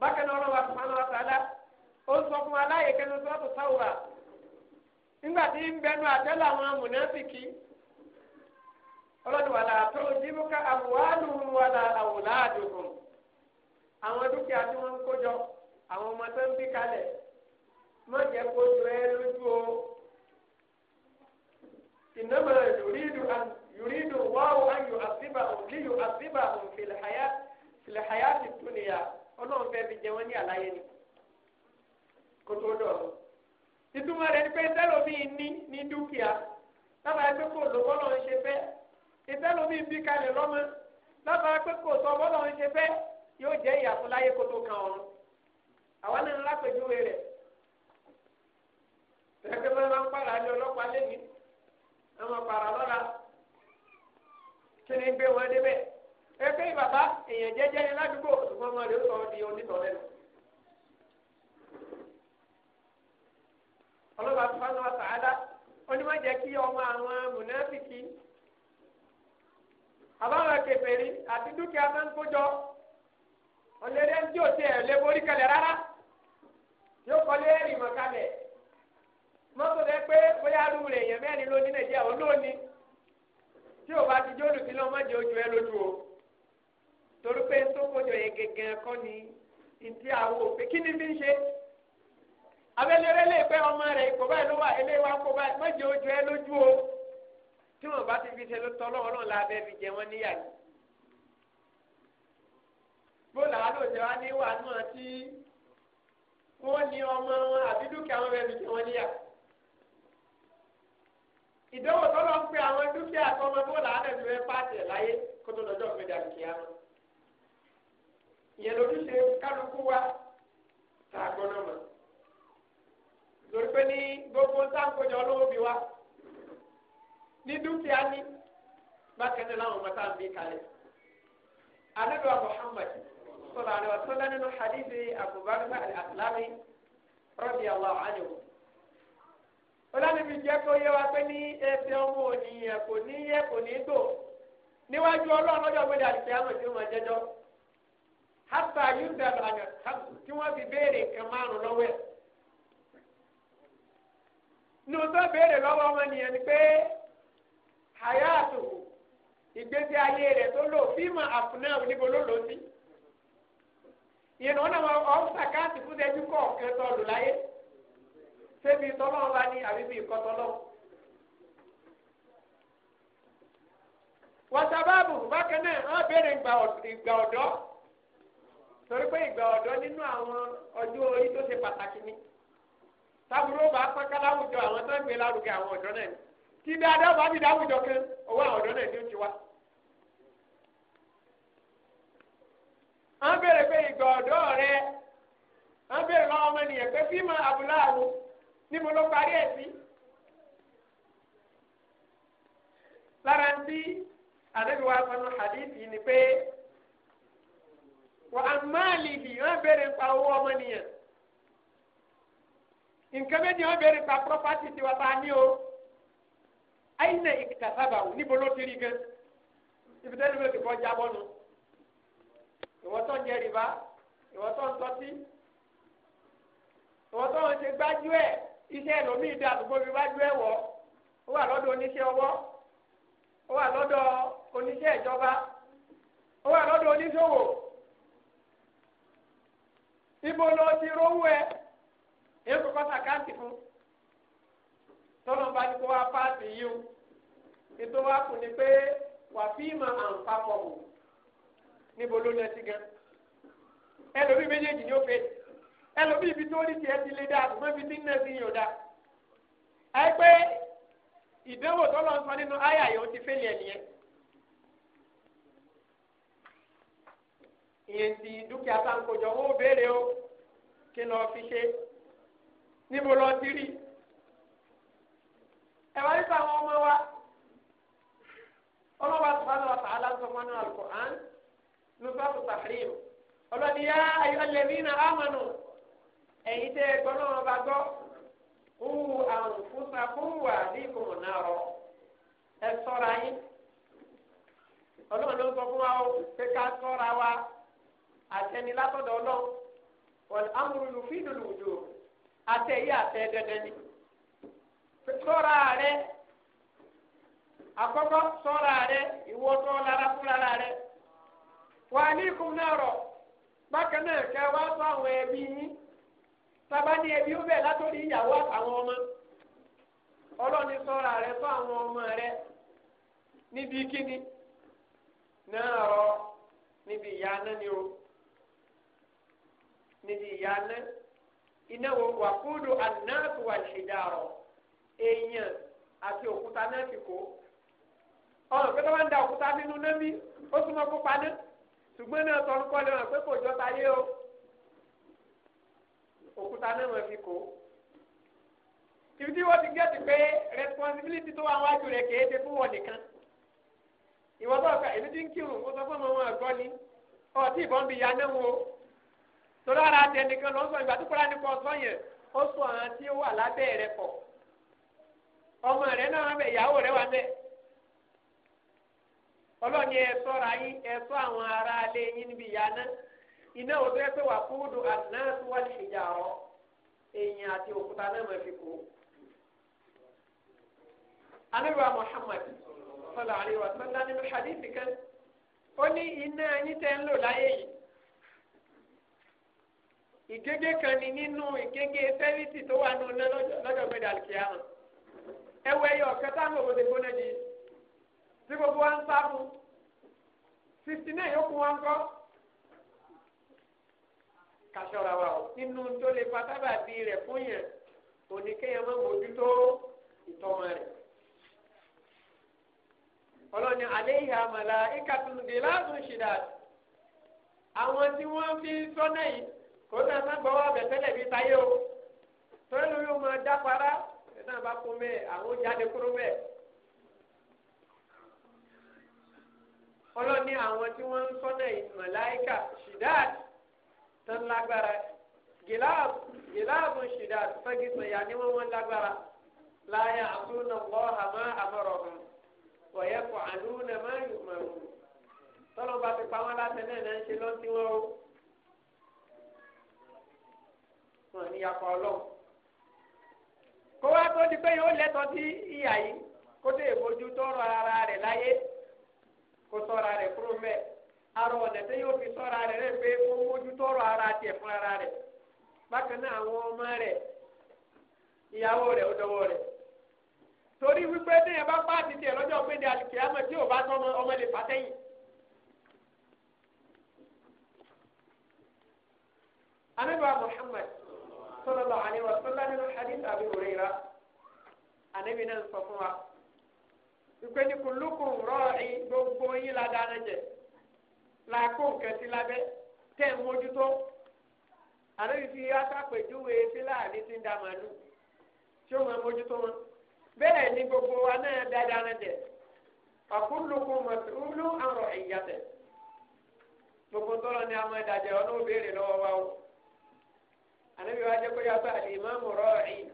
bákan náà ọlọ́wà tó máa ń wáṣọ alá ó sọ fún wa láyè kẹ́nu tó tó sáwùrà nígbà tí ń bẹnu àtẹ́ làwọn amúnáfìkì ọlọ́dún wàlà àtọ́ òjìbùkà àbúwádùn wàlà àwòlá àdùnkùn àwọn dúkìá tí wọ́n ń kójọ àwọn ọmọ tó ń bí kalẹ̀ má jẹ́ kó jọ ẹ lójú o ìnáwó yòrídùn wáwò ayò àzíbà òlíyò àzíbà òǹfìlẹ̀háyà fìlẹ̀háyà ti tún nìyà ọlọ́run fẹ́ fi jẹ wọ́n ní àlàyé ni kó tó dọ̀rọ̀ ìtumọ̀ rẹ̀ ni pé ìtẹ́lómìn ní ní dúkìá lábàá pé kò ló bọ́lọ̀ ń ṣe fẹ́ ìtẹ́lómìn bí kalẹ̀ lọ́mọ lábàá pé kò sọ bọ́lọ̀ ń ṣe fẹ́ yóò jẹ́ ìyàtọ̀ láyé kó tó kan ọ̀run àwa náà ńlá pèjúwe rẹ̀ tẹ̀síwájú máa ń para ní ọlọ́pàá lẹ́nu àwọn para lọ́la kí ni gbé wọn débẹ̀ ẹgbẹ́ bàbá èèyàn jẹ́jẹ́ ní ládùúgbò ṣùgbọ́n ọmọ rẹ̀ ó sọ ọ́ di onítọ̀ lẹ́nu. ọlọ́ba fúnfánà wa sàádá ó ní má jẹ́ kí ọmọ àwọn mùnáfìkì àbáwọn kèfèrí àti dúkìá máa ń kó jọ ọ̀lẹ́dẹ́ tí ò tiẹ̀ lé borí kalẹ̀ rárá yóò kọ́lé ìmọ̀ kalẹ̀ mọ́tò rẹ pé bóyá arúgbó rẹ̀ èèyàn mẹ́rin ló ní nàìjíríà olóòní tí o bá ti jó olùsí lọ mọ́jẹ ojú ẹ lójú o torí pé tó kojọ yẹn gẹ́gẹ́ kọ́ ni ìdí àwọ̀ pé kí ni bí ń ṣe abẹ́lẹ́rẹ́ lè pẹ́ ọmọ rẹ̀ ipò báyìí ló wà eléyìí wá kó báyìí mọ́jẹ ojú ẹ lójú o tí wọ́n bá ti fi ṣe ló tọ́ lábẹ́ fi jẹ wọ́n níyà bóòlù àwọn òjò wa ní wà náà tí wọ́n ní ọmọ àbí dúkìá wọn bẹ́ẹ̀ fi wọn níyà. ìdánwò tó lọ ń pe àwọn dúkìá tó ọmọ bóòlù àwọn ẹ̀mí rẹ̀ láyé kó tó lọ́jọ́ wa tá a gbọ́dọ̀ mọ̀. lórí gbogbo sáńkójọ bí wa ní dúkìá ní bákẹ́ni láwọn sọ̀rọ̀ n'a ọ̀sọ́lá nínú hadithi abubakar al-aslami radiyallahu anhu. olánìbi jẹ́ kó yé wa ní ẹsẹ̀ ọmọ ònìyàn kò ni pé hayatu ìgbésí ayé rẹ̀ tó lò ìrìn ọ̀nà ọ̀sà káàtì fún ẹbí kọ̀ kẹtọ lò láyé ṣébi tọ́lọ́ bá ní àbíbí ìkọ́tọ́lọ́. wọ́sàbáàbù bákan náà wọ́n béèrè ìgbà ọ̀dọ́ torí pé ìgbà ọ̀dọ́ nínú àwọn ọjọ́ orí tó ṣe pàtàkì ni sábúrò bá pọ́nká láwùjọ àwọn tó ń gbé lárugẹ àwọn ọ̀dọ́ náà tí dáadáa bá ti dáwùjọ kan owó àwọn ọ̀dọ́ náà ni ó ti wá. wọ́n pe pé ìgbà ọ̀dọ́ rẹ wọ́n béèrè lọ́wọ́ ọmọ nìyẹn pé fíìmù àbúláàlú ni mo ló parí ẹ̀ laranti lára ń bí hadith sọnù hadithi ni pé wọ́n á máa lè bì wọ́n béèrè pa owó ọmọ nìyẹn nǹkan méjì wọ́n béèrè pa property tiwa ta ni o àyìnà ìkìtà sábà wò níbo ló ti rí gan ibi tẹ́lifíṣẹ̀ ti bọ́ jábọ́ nù. No ìwọ́n tó ń jẹ rìbá ìwọ́n tó ń tọ́tí ṣe gbájú ẹ̀ iṣẹ́ ẹlòmíì dá àdúgbò fi gbájú ẹ̀ wọ̀ ó wà lọ́dọ̀ oníṣẹ́ ọwọ́ ó wà lọ́dọ̀ oníṣẹ́ ìjọba ó wà lọ́dọ̀ oníṣòwò ibo ló ti rówó ẹ èyí kọ́ sàkáǹtì wa kù ni pé níbo ló lọ sí gan ẹlòmí méjèèjì ni ó fẹ́ ẹlòmí ibi tó rí tiẹ̀ ti lé dáa ṣùgbọ́n ibi tí ń náà sí yàn dáa àìpé ìdánwò tó lọ sọ nínú àyà yìí ó ti fẹ́ lẹ̀ nìyẹn. ìyẹn ti dúkìá tá ó béèrè o kí lọ fi ṣe níbo lọ ti rí ẹ̀wá nípa àwọn ọmọ wa ọlọ́wà sùpánù wa sàálà sọ fún wa nínú al nufaafu tahrim ọlọ́ni yá ayyuhallazina amanu ẹ̀yin tẹ́ gbọ́ náà bá gbọ́ kú àrùn fúnṣà fún wà ní ìkùnmù náà rọ ẹ sọ́ra yín ọlọ́run ló ń sọ fún wa ó pé ká sọ́ra wa àtẹni látọ̀dọ̀ ọlọ́run wọ́n amúrú lu fídù lùdù àtẹ yí àtẹ dandan ni sọ́ra rẹ àkọ́kọ́ sọ́ra rẹ ìwọ́tọ́ lára fúnra rẹ. wa náà rọ̀ bákan náà kẹ́ wá sọ àwọn ẹbí yín sábà ní ẹbí ó bẹ̀ látòrí ìyàwó àtàwọn ọmọ ọlọ́ni sọ́ra rẹ sọ àwọn ọmọ rẹ níbi kíni náà rọ níbi ìyá ni o níbi ìyá iná wo wà da òkúta nínú náà bí ó tún mọ́ kó paná. ṣùgbọ́n náà tọ́ ń kọ́ lẹ́wọ̀n pé kò jọta yé o òkúta náà wọ́n fi kó ibi tí wọ́n ti gẹ́ ti pé responsibility tó wà wájú rẹ̀ kèé ṣe fún wọn nìkan ìwọ tó ọkà èmi ti ń kírun ó sọ fún ọmọ wọn àgọ́ ni ọtí ìbọn bí ya náà wo torí ara tẹ nìkan ló ń sọ ìgbà tó kọ́ra nípa ọ̀sán yẹn ó sọ àwọn tí ó wà lábẹ́ rẹ̀ pọ̀ ọmọ rẹ̀ náà wà bẹ̀ ìyàwó ọlọ́ni ẹ ṣọ́ra yín ẹ ṣọ́ àwọn ará alẹ́ yín níbi ìyá náà iná wo tó yẹ pé wà kúrúdù wà ní ìjà ọ èèyàn àti òkúta náà máa fi kú. anábìwá Muhammad sọlá àríwá sọlá nínú hadithi kan ó ní iná yín tẹ́ ń lò láyé yìí ìgégé kan ni nínú ìgégé sẹ́fìtì tó wà nínú náà lọ́jọ́ gbẹ̀dẹ̀ àlùkìyàmù ẹ̀wọ̀ ẹ̀yọ̀ kẹta ń bọ̀ bó ti gbóná jù yìí tí gbogbo wa ń sá fún sixty nine yókù wa ń kọ́ kàṣọra wa o inú tó lè fa sábàbí rẹ̀ fún yẹn òní kéèyàn máa mójútó ìtọ́mọ rẹ̀ ọlọ́ni àléhìí àmàlà ìkàtúndì láàbùn ṣìdá àwọn tí wọ́n fi sọ́nà yìí kò náà má wà bẹ̀tẹ́lẹ̀ bíi táyé o tọ́lú yóò máa dá para ẹ̀ náà bá kú mẹ́ẹ̀ àwọn jáde kúrú mẹ́ẹ̀. ọlọ́ni àwọn tí wọ́n ń sọ́nà màláíkà ṣìdáàd tán lágbára gíláàbù ṣìdáàd fẹ́gìsọ̀yà ni wọ́n wọ́n lágbára láyà àbúrúnà lọ́ha má àmọ̀rọ̀ hàn wọ̀yẹ́ kọ̀ àlùúnà má yùmọ̀rù tọ́lọ́ba ti pa wọ́n láti náà náà ń ṣe lọ́sí wọn o wọn ní akọ ọlọ́run kó wá tó di pé yóò lẹ́tọ̀ọ́ sí ìyá yìí kó tó èbójú tọrọ ara rẹ̀ láyé kó sọ́ra rẹ̀ kúrò mẹ́ arọ ọ̀nà tẹ́ yóò fi sọ́ra rẹ̀ rẹ̀ pé kó mójútọ́rọ̀ ara tiẹ̀ fún ara rẹ̀ bákan náà àwọn ọmọ rẹ̀ ìyàwó rẹ̀ ó dọwọ́ rẹ̀ torí wípé téèyàn bá bá àti tiẹ̀ lọ́jọ́ pé ní àlùkè àmọ́ tí ò bá tọ́ ọmọ ọmọ lè fà sẹ́yìn. anábìá Muhammad sallallahu alaihi wa sallam nínú hadith Abi Hurairah anábì náà sọ fún wa. ìpè ní kùlùkùn rọ́ọ̀ì gbogbo yín la dáná jẹ la nǹkan sí lábẹ́ tẹ̀ ń mójútó àlejò fi aṣàpèjúwe fílàní ti ń da tí ó máa mójútó wọn ni gbogbo wa náà dá dáná jẹ ọ̀kúnlùkùn mọ̀túlù àwọn ìyàtẹ̀ gbogbo tọ́lọ́ ni a máa dàjẹ́ ọ náà béèrè wa o àlejò wa kó àlè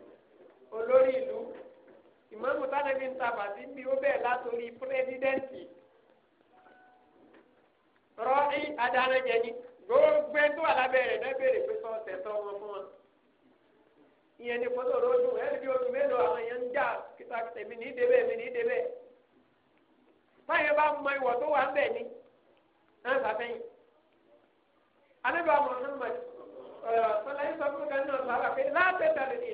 ìmọ̀ọ́mù tánàbí ń ta bàtí bí ó bẹ̀ látòrí pírẹ́sidẹ́ǹtì rọ́ọ̀ì adánájẹni gbogbo ẹ̀ tó wà lábẹ́ rẹ̀ náà béèrè pé sọ ọ̀sẹ̀ tọ́ wọn fún wọn. ìyẹn ní fọ́tò lójú ẹ̀rí bí oṣù mélòó àwọn èèyàn ń jà kìtàkìtà mi ní ìdébẹ̀ mi ní ìdébẹ̀. táyẹ̀ bá mọ ìwọ̀ tó wà ń bẹ̀ ni náà sàfẹ́yìn. anábìá muhammad sọlá yìí sọ fún kan náà sábà pé látẹ̀tà lè ní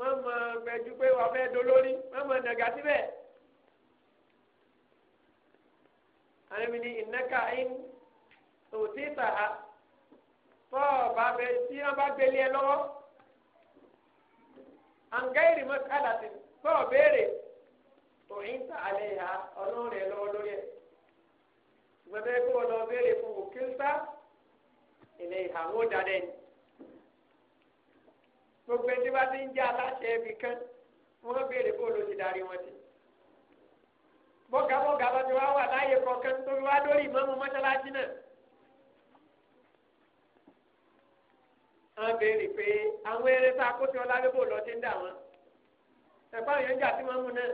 mọ̀mọ́ gbẹ̀jú pé wà fẹ́ dolórí mọ̀mọ́ nàgà síbẹ̀. àlẹ́mi ni ìnáka in òtí tàá tọ́ ọba bẹ tí wọ́n bá gbélé ẹ lọ́wọ́ àǹgáìrì mọ́ kálàtì tọ́ ọ béèrè òyìn tà alẹ́ yà ọlọ́run ẹ lọ́wọ́ lórí ẹ̀ gbẹ̀bẹ́ kó o lọ béèrè fún òkè sá ilẹ̀ ìhàwó dáadẹ́ni gbogbo ẹni bá ti ń jẹ́ aláṣẹ ibì kan wọ́n béèrè bó ló ti darí wọn ti. bọ́gàbọ́gà bá ti wá wà láàyè kọ̀ọ̀kan tó fi wá lórí ìmọ̀mú mọ́ṣáláṣí náà. wọ́n béèrè pé àwọn eré tá a kó sí ọ lábẹ́ bó lọ ti ń dà wọ́n. ẹ̀fọ́ àwọn èèyàn jà sí mọ́mú náà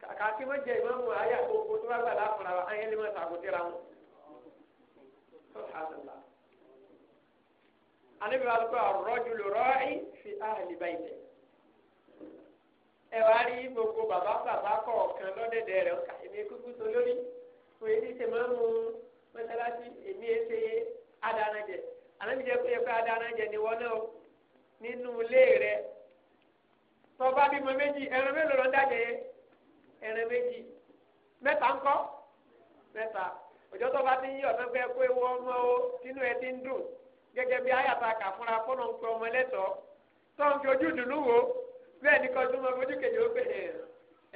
kàkà kí wọ́n jẹ ìmọ̀mú àyà tó kó tó wá gbà láfọ̀ra wa ayẹ́lẹ́mọ̀ tàkùtì ra wọn anabi wa sọ ar-rajulu ra'i fi ahli bayti ẹ wá rí gbogbo bàbá bàbá kọ̀ọ̀kan lọ́dẹ̀dẹ̀ rẹ̀ ọ̀kà èmi kúkú tó lórí fún èyí ṣe máa ń mu mọ́ṣáláṣí èmi ẹ ṣe adánájẹ anabi jẹ́ pé ẹ̀fẹ́ adánájẹ ni wọ́n náà nínú ilé rẹ̀ tọ́ba bímọ méjì ẹran mélòó ló ń dájẹ yẹ ẹran méjì mẹ́ta ńkọ́ mẹ́ta ti ń yí ọ̀sán pé ewu ọmọ o tínú ẹ ti gẹ́gẹ́ bí ayàtà kà fúnra kó ló ń pe ọmọ lẹ́tọ̀ọ́ tó ń fi ojú dùnú wò bẹ́ẹ̀ ni kọ́tún mọ́ fojú kejì ó pè é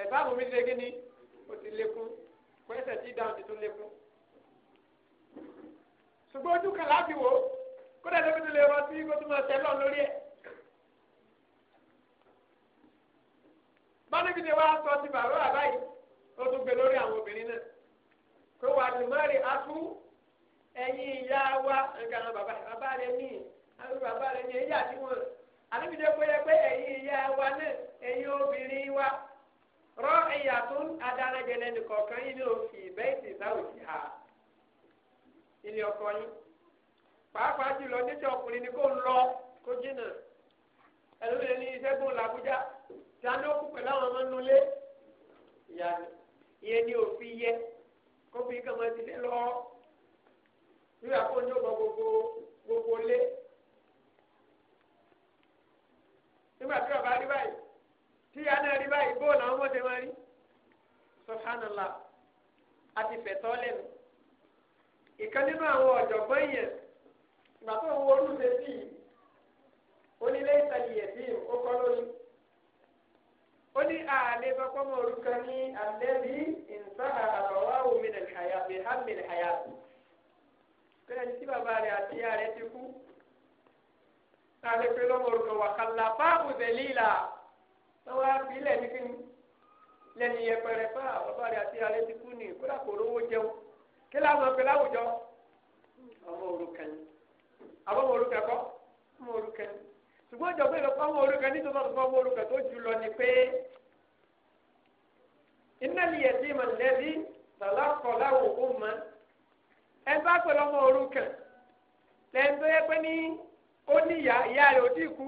ẹ̀fọ́ àwọn mi ṣe kíni o ti lékún pẹ́sẹ̀ tí dáhùn ti tún lékún. ṣùgbọ́n ojú kan láti wò kódà lóbi tó lè rọ sí kó tún mọ́ ṣẹlọ́ọ̀ lórí ẹ̀. bánibí ni wàá sọ ti bàbá bàbá yìí ó tún gbé lórí àwọn obìnrin náà kó wàá lè má rí atú. eyi ìyá wa nǹkan àwọn bàbá bàbá rẹ ní àwọn bàbá rẹ ní ẹ̀yà tí wọ́n àlébìdé kó pé ẹ̀yin ìyá wa náà ẹ̀yin obìnrin wa rọ ẹ̀yà tó ń adarẹ́gẹ̀lẹ́ nìkọ̀ọ̀kan yìí ní òfin ìbẹ́ẹ̀tì sáwùjì ha ilé ọkọ yín pàápàá jùlọ níṣẹ́ ọkùnrin ni kò ń lọ kó jìnnà ẹlòmíràn ní làbújá tí a ní pẹ̀lú àwọn ọmọ nulẹ̀ ìyá ìyẹn ni irú àpò ní ọgbọ gbogbo gbogbo lé nígbà tí ọba rí báyìí tí ìyá náà rí báyìí bó làwọn ọmọ ṣe máa rí subhanallah àti fẹ̀tọ́ lẹ́nu ìkan nínú àwọn ọ̀jọ̀gbọ́n yẹn ìgbà tó ń wo olùdé sí i onílé ìtàlìyẹ sí i ó kọ́ lórí ó ní àlè bàbá ọmọ òrukàn ní àlẹ́ rí ìǹsáhà àbáwá omi nàìjíríà bẹ̀hámi nàìjíríà bẹ́ẹ̀ tí bàbá rẹ̀ àti ìyá rẹ̀ ti kú tàbí pé lọ́mọ orúkọ wàkàlà fáàbù tẹ̀líìlà lọ́wọ́ àbílẹ̀ ní kíni lẹ́ni yẹpẹrẹ fà bàbá rẹ̀ àti ìyá rẹ̀ ti kú ní kódà kò rówó jẹun kí láwọn ọ̀pẹ láwùjọ ọmọ orúkọ ni àbọ̀ kọ́ ọmọ orúkọ ṣùgbọ́n ìjọba ìlọpọ̀ ọmọ orúkọ nítorí ọmọ orúkọ tó jù Ebe bá pè lọ́mọ òrukàn lẹ́yìn tó yẹ pé ní ó ní ìyá ìyá rẹ̀ ò tí ì kú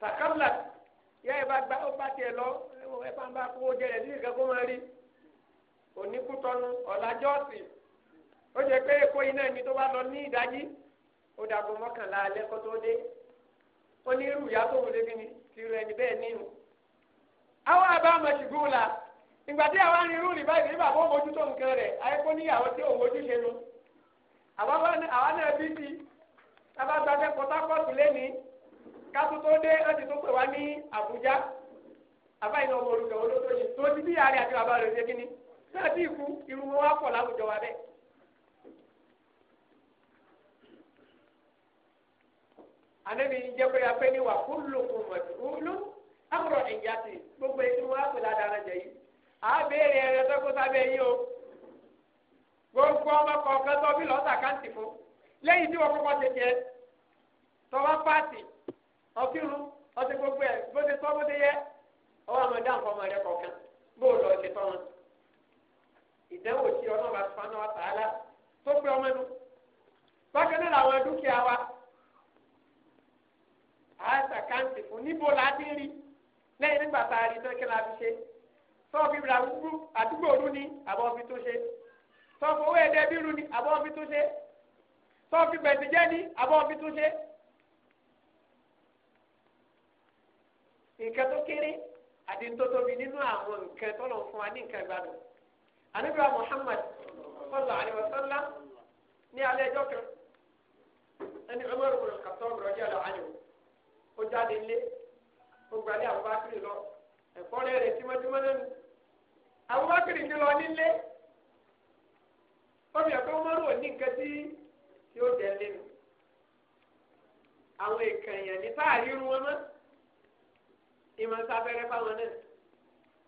tàkàmlà ìyá rẹ̀ bá gba ó bá tiẹ̀ lọ ẹ bá ń bá kó jẹ rẹ̀ nílùú máa rí lọ ní ìdájí ó kó tó dé ìyá tó wọlé bí ni ti rẹ̀ ní la. ìgbà tí àwa ní irú ní báyìí ní bàbá òmójútó nǹkan rẹ̀ àyẹ̀kọ́ níyàwó tí òmójúṣe nu àwa náà bí ti abágbádé Port Harcourt lẹ́nìí kátó tó dé láti tó pè wá ní Àbújá àbáyé náà wọlé ìjọba olótó yìí tó ti bí àárẹ̀ àti bàbá rẹ̀ ṣe kínní náà ti kú irú wọn wá pọ̀ láwùjọ wa bẹ́ẹ̀. anabi ń jẹ́ pé apẹ́ ní wà kúlùkùn mọ̀tún ló àkùrọ̀ ẹ̀yà ti gbogbo ètò wọn á pè ládàá rẹ̀ jẹ́ yìí a béèrè ẹ̀rẹ́ tó kó sábẹ́ yín o gbogbo ọmọ kọ̀ọ̀kan tó bí lọ́sà káǹtì fún lẹ́yìn tí wọ́n kọ́kọ́ ṣe jẹ tọ́wọ́ pààtì ọ̀kírun ọtí gbogbo ẹ̀ bó ti tọ́ bó ti yẹ ọwọ́ àwọn ọ̀dà nǹkan ọmọ rẹ kọ̀ọ̀kan bó lọ ṣe tọ́ wọn. ìdánwò tí ọlọ́run bá fún ọ tààlà tó pé ọmọ nu bákan náà làwọn dúkìá wa àá ṣàkáǹtì fún níbo la ti rí lẹ́yìn nígbà tá a rí tán kí la fi ṣe tọ́wọ́ fi ra gbogbo àdúgbò òru ni àbọ̀ fi tó ṣe tọ́wọ́ fowó ẹ̀dẹ́ bírú ni àbọ̀ fi tó ṣe tọ́wọ́ fi bẹ̀sẹ̀ jẹ́ ni àbọ̀ fi tó ṣe. nǹkan tó kéré àti tó tóbi nínú àwọn nǹkan tó lọ fún wa ní nǹkan gbádùn ànábì wa Muhammad sallallahu alaihi wasallam ní alẹ́ ẹjọ́ kan ẹni Umar ibn Khattab radiyallahu anhu ó jáde lé ó gbalẹ̀ Abubakar lọ ẹ̀kọ́ rẹ̀ rẹ̀ tímọ́tímọ́ lẹ́nu Abubakar ti lọ nílé ó fi ẹ̀kọ́ mọ́rù òní nǹkan tí tí ó jẹ lẹ́nu àwọn èèkàn ní táàrí irun wọn mọ́ ìmọ̀ sáfẹ́rẹ́ fáwọn náà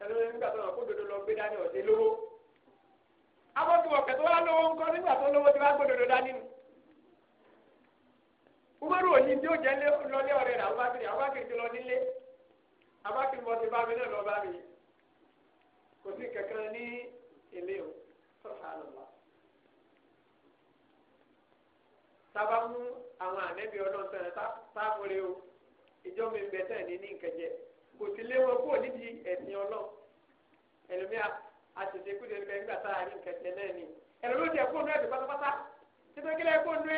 ẹni wọn nígbà tó wọn kó dodo lọ gbé dání ọ̀dẹ́ lówó abọ́tù ọ̀kẹ́ tó wá lówó ńkọ́ nígbà tó lówó ti wá gbódodo dání nù umaru òní tí ó jẹ lọ́lé ọ̀rẹ́ rẹ̀ Abubakar Abubakar ti lọ nílé. abákìmọ̀ ti bá mi náà lọ bá mi kò sí kankan ní ilé o sọ̀rọ̀ àlọ́lá. tába àwọn ànẹ́bí ọlọ́run sọ̀rọ̀ táàmúre o ìjọ mi bẹ ní ní nkẹjẹ kò sí léwọ́ kó kúndé nígbà tá a rí nkẹjẹ náà ni kó nú pátápátá títí kílẹ̀ kó nú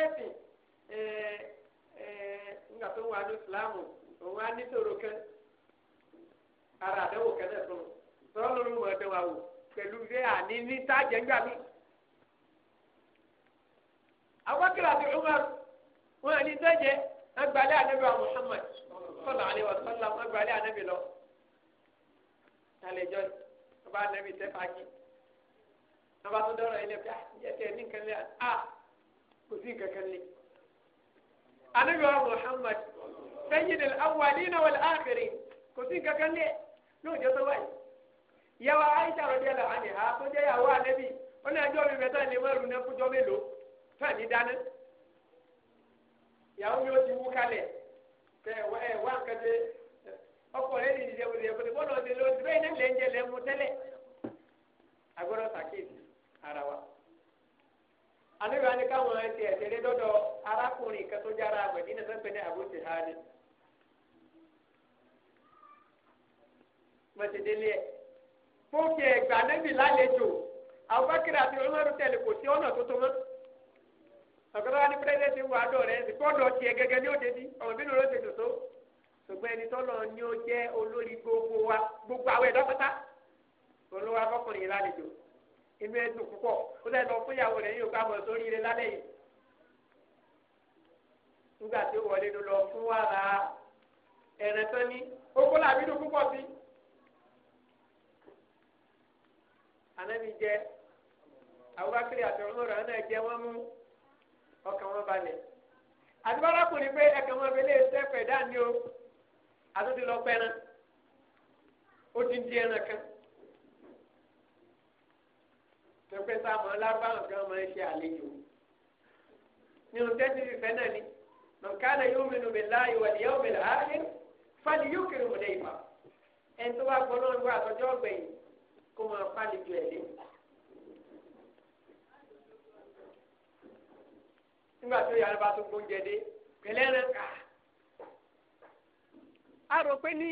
tó wà ní ìsìlámù òun á ní sòrò ara àdẹ́wò kẹ́lẹ́ fún un sọ́rọ́ lórí mọ̀ ẹ̀dẹ́wà wò pẹ̀lú ilé àní ní tájẹ̀ ń gbà mí. awakilá ti Umar wọn àní sẹ́jẹ̀ ẹgbàlẹ́ ànábì wa Muhammad sọlá àlẹ́ wa sọlá ẹgbàlẹ́ ànábì lọ. àlejò ọba ànábì tẹ́ fàájì ọba tó dọ́rọ̀ ah, ẹ̀ lẹ́pẹ́ ẹ̀tẹ̀ ní nǹkan lẹ́yà ah, kò sí nǹkan lé. ànábì wa Muhammad sayyidul awwalina wal akhirin kò sí nǹkan kan yóò jẹ́ tó báyìí. ìyàwó Aisha rọ̀bí ẹ̀ làwọn àyè ha tó jẹ́ ìyàwó ànẹ́bí ó ní ẹjọ́ mi mẹ́ta ní mẹ́rù náà fújọ́ mélòó fẹ́ẹ̀ ní dáná. ìyàwó mi ó ti wú kalẹ̀ tẹ ẹ wá nǹkan tẹ ọkọ rẹ ní ìdílé wọlé ẹgbẹ́ bọ́ọ̀lù ọ̀dẹ ló ti bẹ́ẹ̀ náà lẹ́ńjẹ lẹ́mu tẹ́lẹ̀ agbọ́dọ̀ sàkíyèsí ara wa. àníbi wa ni káwọn ẹ̀ tiẹ̀ tẹ̀lé dọ́dọ̀ arákùnrin kan tó jára àgbẹ̀dínà sẹ́pẹ̀ ní àbótì hánì. mọ̀tẹ́dẹ́lé ẹ̀. mo ẹ̀gbà nẹ́bì lálejò Abubakar àti Umaru tẹ̀lé kò sí ọ̀nà tó tó mọ́. ọ̀gọ́dọ̀ wa ní pẹ́rẹ́dẹ́ ti wà dọ̀ rẹ̀ ẹ̀sìn kọ́ọ̀dọ̀ tiẹ̀ gẹ́gẹ́ ní òde bí ọmọ bínú ló ti tòtó. ṣùgbọ́n ẹni tọ́lọ gbogbo wa gbogbo àwọn pátá. lálejò inú dùn púpọ̀ ó lẹ́ lọ yóò sórí ilé lálẹ́ yìí. nígbà tí ó wọlé ló anabi jẹ abubakar àti ọmọọrọ àná jẹ wọn mú ọkàn wọn balẹ̀ àtibọ́lá kò ní pé ẹ̀kẹ́ wọn fi lè sẹ́fẹ̀ dání o àtúntì lọ pẹ́ náà ó ti ń di ẹran kan pẹpẹ sáàmù alábàáhùn kan máa ń ṣe àlejò nínú tẹ́tí fífẹ́ náà ni mọ̀nkánà yóò mẹ́nu mi láàyè wà níyàwó mi láàyè fani yóò kéré wọn lẹ́yìn pa ẹni tó bá gbọ́ náà gbọ́ àtọ́jọ́ ọ̀gbẹ̀yìn kó máa pálíjọ ẹ̀ lé. nígbà tó yàrá bá tó gbóúnjẹ dé pẹ̀lẹ́ rẹ̀ kà á rò pé ní.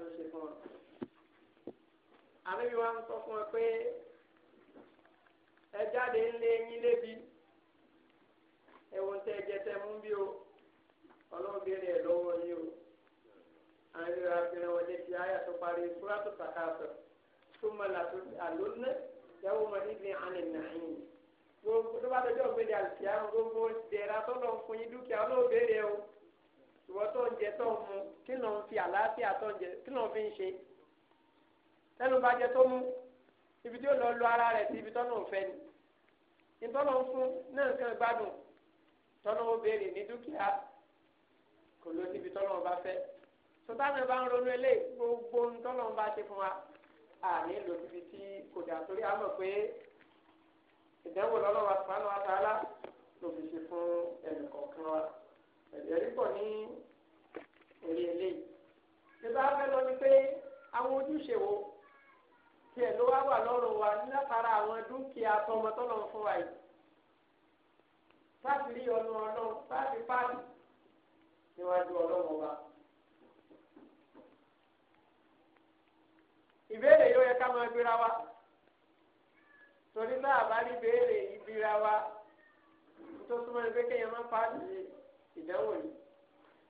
ló ṣe fún wọn. àníbi wa ń sọ fún ẹ pé ẹ jáde ńlé yín lébi ẹwọn tẹ ẹ tẹ mú bí o ọlọ́run béèrè lọ́wọ́ yín o àníbi wa fi ràn wọlé ti àyà tó parí fúrátù sàkàtọ̀ tó mọ làtó àlónà yàwó mọ níbi àná nàáyìn gbogbo tó bá dọjọ́ ògbéde àlùfíà gbogbo dẹ̀ra tó lọ fún yín dúkìá ọlọ́run o ìwọ tó ń jẹ tó ń mu kí ló ń fi àlàáfíà tó ń jẹ kí ló ń fi ń ṣe tẹnu bá jẹ tó mú ibi tí ó lọ lu ara rẹ̀ sí ibi tọ́nà òfẹ́ ni ìtọ́nà ń fún náà nǹkan gbádùn tọ́nà ó béèrè ní dúkìá kò ló síbi tọ́nà ọba fẹ́ sọtánà bá ń ronú eléyìí gbogbo ohun tọ́nà ọba ṣe fún wa àní lò síbi tí kò dà torí a mọ̀ pé ìdánwò lọ́lọ́wọ́ àtúmọ̀ àtàlà lòdì sí fún ẹnì kọ̀ọ̀kan wa ẹ̀jẹ̀rí pọ̀ ní èrè eléyìí ṣé bá fẹ́ lọ ni pé àwọn ojúṣe wo tiẹ̀ ló wá wà lọ́rùn wa látara àwọn dúkìá tọmọtọ́lọ́ fún wa yìí láti rí ọ̀nà ọlọ́run láti pàdé níwájú ọlọ́run ọba. ìbéèrè yóò yẹ ká máa gbéra wa torí náà bá rí béèrè ìbíra wa tó súnmọ́ ní pé kéèyàn máa pàdé yìí ìdánwò ni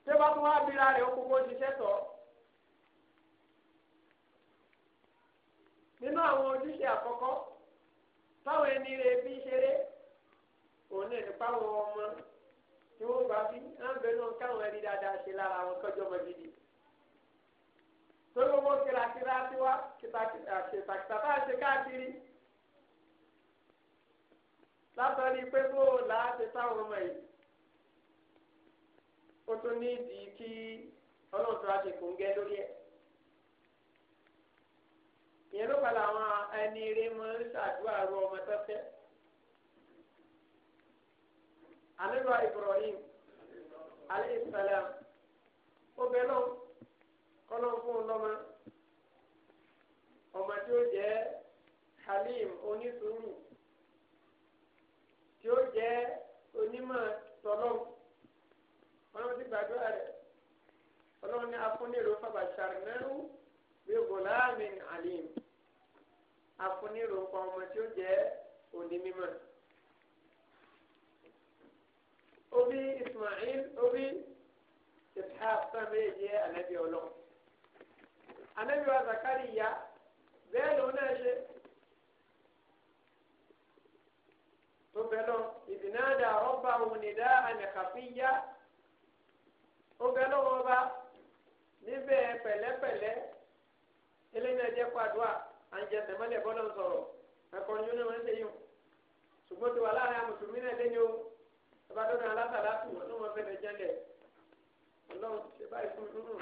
tí ó bá tún wá bíra rẹ̀ ó kókó ṣiṣẹ́ tọ̀ nínú àwọn ojúṣe àkọ́kọ́ táwọn ẹni rẹ̀ bí ṣeré òun náà nípa àwọn ọmọ tí wọ́n bá bí áńbẹ́ náà káwọn ẹni dáadáa ṣe lára àwọn kọjọ́ ọmọ gidi tó gbogbo kìlàkìlà tiwa kìtàkìtà tá a ṣe káàkiri látọ̀rí pé bó o là á ṣe táwọn ọmọ yìí. ó tún ní ìdí kí ọlọ́run tó wá kò ń gẹ́ lórí ẹ̀. ìyẹn ló padà àwọn ẹni eré mọ́ ṣàdúrà ru ọmọ Ibrahim ó bẹ kọ́lọ́ fún un lọ́mọ ọmọ tí ó jẹ́ halim onísùúrù tí ó jẹ́ onímọ̀ ọlọ́run ti gbàdúrà rẹ̀ ọlọ́run ní afúnirò fàbàṣàrìmẹ́rù bí gòláàmì àlìm afúnirò kan ọmọ tí ó jẹ́ òní mímọ́. obi Ismail obi ishaq sanbee jẹ́ anabi ọlọ́run anabi wa Zakariya bẹ́ẹ̀ lòun náà ṣe. tó bẹ́ẹ̀ lọ ìdìnnà dà rọ́bà òun nìdá ànàkàfíyà ó bẹ lọ́wọ́ ọba níbẹ̀ pẹ̀lẹ́pẹ̀lẹ́ eléyìí náà jẹ́ pàdúà à ń jẹ tẹ̀mọ́lẹ̀ bọ́lọ̀ ń sọ̀rọ̀ ẹ̀kọ́ ni ó ní wọ́n ń ṣe yìí ṣùgbọ́n ti wà láàrin àmùsùlùmí náà lé ní o ọba tó dáná látàlátù wọn ló wọn fẹ́ fẹ́ jẹ́lẹ̀ ọlọ́run ṣe báyìí fún un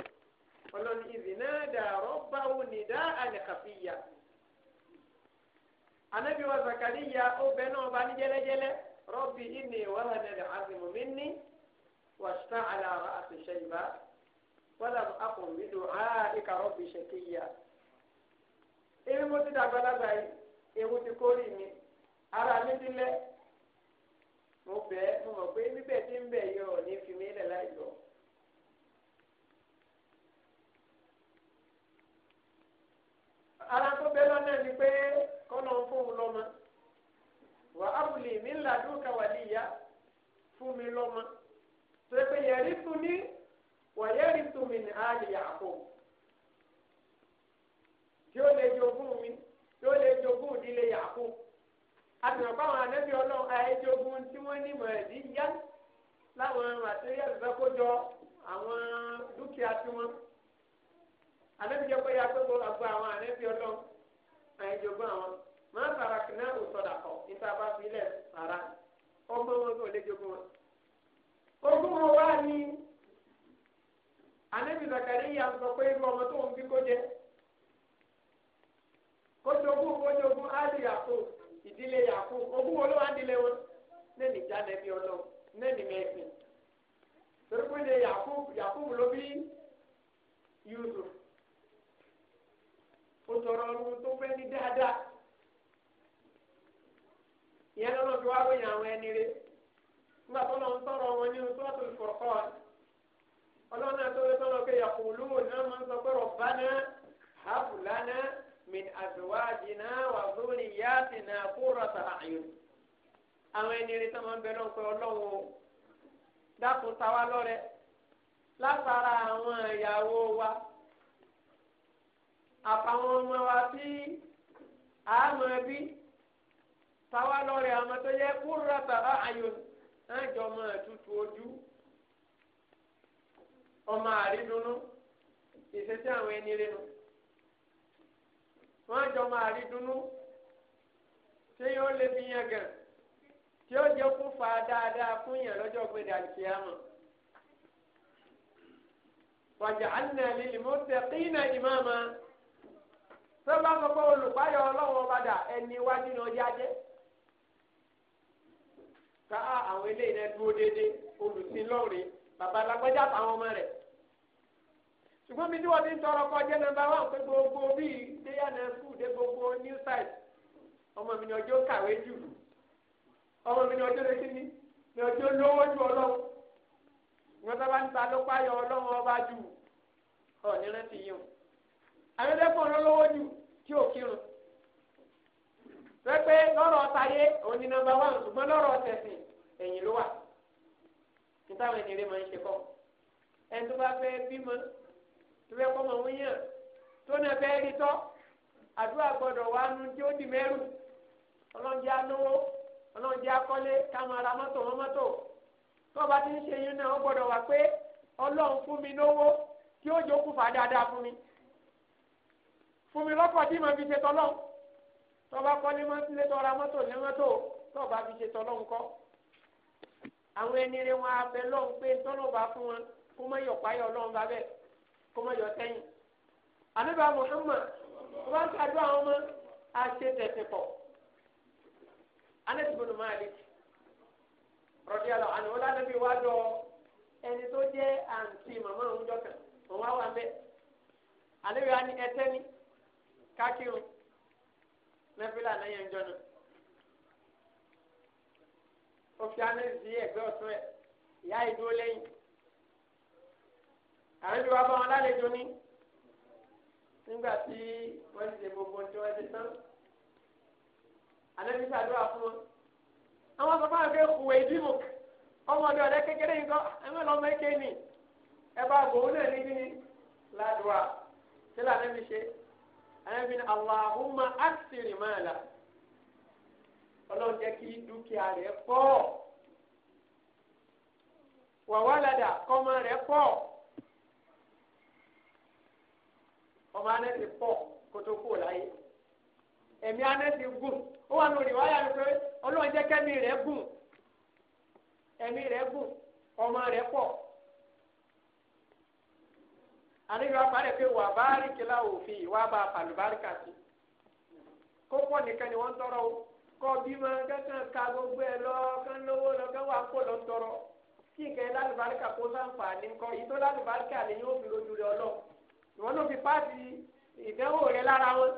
ọlọ́run ìdì náà dàrọ́ báwo ní dá àlẹ́kàfíyà anábìwọ̀ zakariya ó bẹ náà ọba ní jẹ́lẹ́jẹ́lẹ́ rọ́bì ìní wàhánà واستع على رأس شيبة ولم أقم بدعائك رب شكيا èmi mo ti dàgbà lágbà yìí ewu ti kórìí mi ara mi ti lẹ mo bẹ mo mọ pé bíbẹ tí ọ ara ni pé kọ́nà ń fóun lọ́mọ wà á wùlì mí ńlá dúkà wà níyà fún mi lọ́mọ. sẹ́pẹ̀ yẹ̀rí tún ní wọ̀yẹ́rì tún mi ní àlè yàgò tí ó lè jogún mi tí ó lè jogún ìdílé yàgò àtìmọ̀pá àwọn anábì ọlọ́run àìjogún tí wọ́n ní mọ̀ẹ́dí yá láwọn màtíríàlì fẹ́ kó jọ àwọn dúkìá tí wọ́n anábì jẹ́ pé ya pé kó gbọ́ àwọn anábì ọlọ́run àìjogún àwọn máa tàràkì náà ò sọ̀dà kọ̀ bá fi lẹ̀ sára ọmọ wọn kò lè jogún wọn. ogumu wani anabi zakariya nsɔkwaigwa mato ombi koje kojogu kojogu ali yaku idile yaku ogumu olowa adile wo ne ni ja nebi olo ne ni mefi torokwende yaku yaku lobi yusu otoro olu to fe ni dada yẹn lọ́nà tí wàá wọ ìyàwó ẹni rẹ nígbà tó lọ ń sọ̀rọ̀ wọn nínú sọ́ọ̀tù Furqan ọlọ́run náà tó lé tọ́lọ́ pé yaqulun náà máa ń sọ pé rabbana hab lana min azwajina wa dhurriyyatina qurrata a'yun àwọn ẹni rí sọ́mọ́ ń bẹ lọ́n pé ọlọ́run o dákun ta wá lọ́rẹ látara àwọn ìyàwó wa àtàwọn ọmọ wa tí àmọ́ ẹbí ta wá lọ́rẹ àmọ́ tó yẹ qurrata a'yun. ẹjọ ọmọ ẹtutù ojú ọmọ àrídùnnú ìṣesí àwọn ẹni rinu wọn jọ ọmọ àrídùnnú tí yóò lé bí yẹn gàn tí yóò jẹ kó fa dáadáa fún yẹn lọ́jọ́ gbé dàgbé ọlọ́wọ́ padà ẹni wájú ọjà ká àwọn eléyìí náà dúró déédéé olùsílọ́ọ̀rẹ́ bàbá alágbájá àtàwọn ọmọ rẹ̀ ṣùgbọ́n mi tí wọ́n ti ń tọrọ nàmbá wà pé gbogbo bíi déyà náà skul dé gbogbo new site ọmọ mi ni ọjọ́ kàwé jù ọmọ mi ọjọ́ ní ọjọ́ lówó ju wọn ń ta ọ nírántí yìí o àwọn jù tí ò kírun pẹ́pẹ́ lọ́rọ̀ táyé òní nọ́mbà wán ṣùgbọ́n lọ́rọ̀ tẹ̀sìn ẹ̀yìn ló wà nítawọn ènìyàn máa ń ṣe kọ́ ẹni tó bá fẹ́ bímọ tó fẹ́ kọ́mọ ń yàn tó náà fẹ́ rí tọ́ àdúrà gbọ́dọ̀ wá nu tí ó di mẹ́rù ọlọ́njẹ́ alówó ọlọ́njẹ́ akọ́lé káwọn ará mọ́tò wọn mọ́tò tó bá ti ń ṣe yín náà ó gbọ́dọ̀ wà pé ọlọ́run fún mi lówó tí ó jókòó fà fún mi fún mi lọ́pọ̀ tí màá fi ṣe tọ́lọ́run tọ́ba kọ́ ní mọ́tílé tọ́ra mọ́tò ní mọ́tò tọ́ba fi ṣe tọ́lọ́ ńkọ́ àwọn ẹni rẹ wọn abẹ lọ́hùn pé tọ́lọ́ bá fún wọn kó mọ yọ páyọ lọ́hùn bá bẹ́ẹ̀ kó mọ yọ sẹ́yìn àníbà Muhammad tó bá ń tàdó àwọn ọmọ àṣẹ tẹ̀sí pọ̀ anẹ́tìbó ló máa lè rọ̀dí àlọ́ lánàbí wá dọ̀ ẹni tó jẹ́ àǹtí màmá òun jọ̀kan òun á wà mẹ́ àníbà ni ẹtẹ́ nẹ́fílà náà yẹn ń jọ́nu. ó fi aná sí ẹ̀gbẹ́ ọ̀tún ẹ̀ ìyá ìdúró lẹ́yìn. àwọn ibi wa bá wọn lálejò ní nígbà tí wọ́n ti ṣe gbogbo ohun tí wọ́n ti tán. ànábi ṣàdúrà fún wọn. àwọn bàbá àgbẹ̀ kùwé ìdìbò ọmọdé ọ̀dẹ́ kékeré yìí kọ́ ẹ̀mẹ́ lọ́mọ ẹ̀kẹ́ ni ẹ bá gbòó náà níbí ni ládùúgbà tí lànà mi ṣe. ẹ̀mí Allahumma ala mala ọlọ́run jẹ́ kí dúkìá rẹ̀ pọ̀ wàwálàdà kọ́mọ rẹ̀ pọ̀ ọmọ anẹ́sì pọ̀ kótó kú láyé ẹ̀mí anẹ́sì gùn ó wà lórí wáyà pé ọlọ́run jẹ́ kẹ́mi rẹ̀ gùn ẹ̀mí rẹ̀ gùn ọmọ àníbi wàá parẹ́ pé wàá báárì kìlá òfin wàá bá àlùbáríkà sí kókó nìkan ni wọ́n tọrọ o kọ́ bímọ kankan ka gbogbo ẹ lọ kán lówó lọ kán wàá kó lọ tọrọ kí nǹkan ẹ lálùbáríkà kó sáǹfààní ńkọ yìí tó lálùbáríkà lè yóò fi lójú rẹ ọlọ ìwọ́n ló fi páàsì ìdánwò rẹ lára wọn.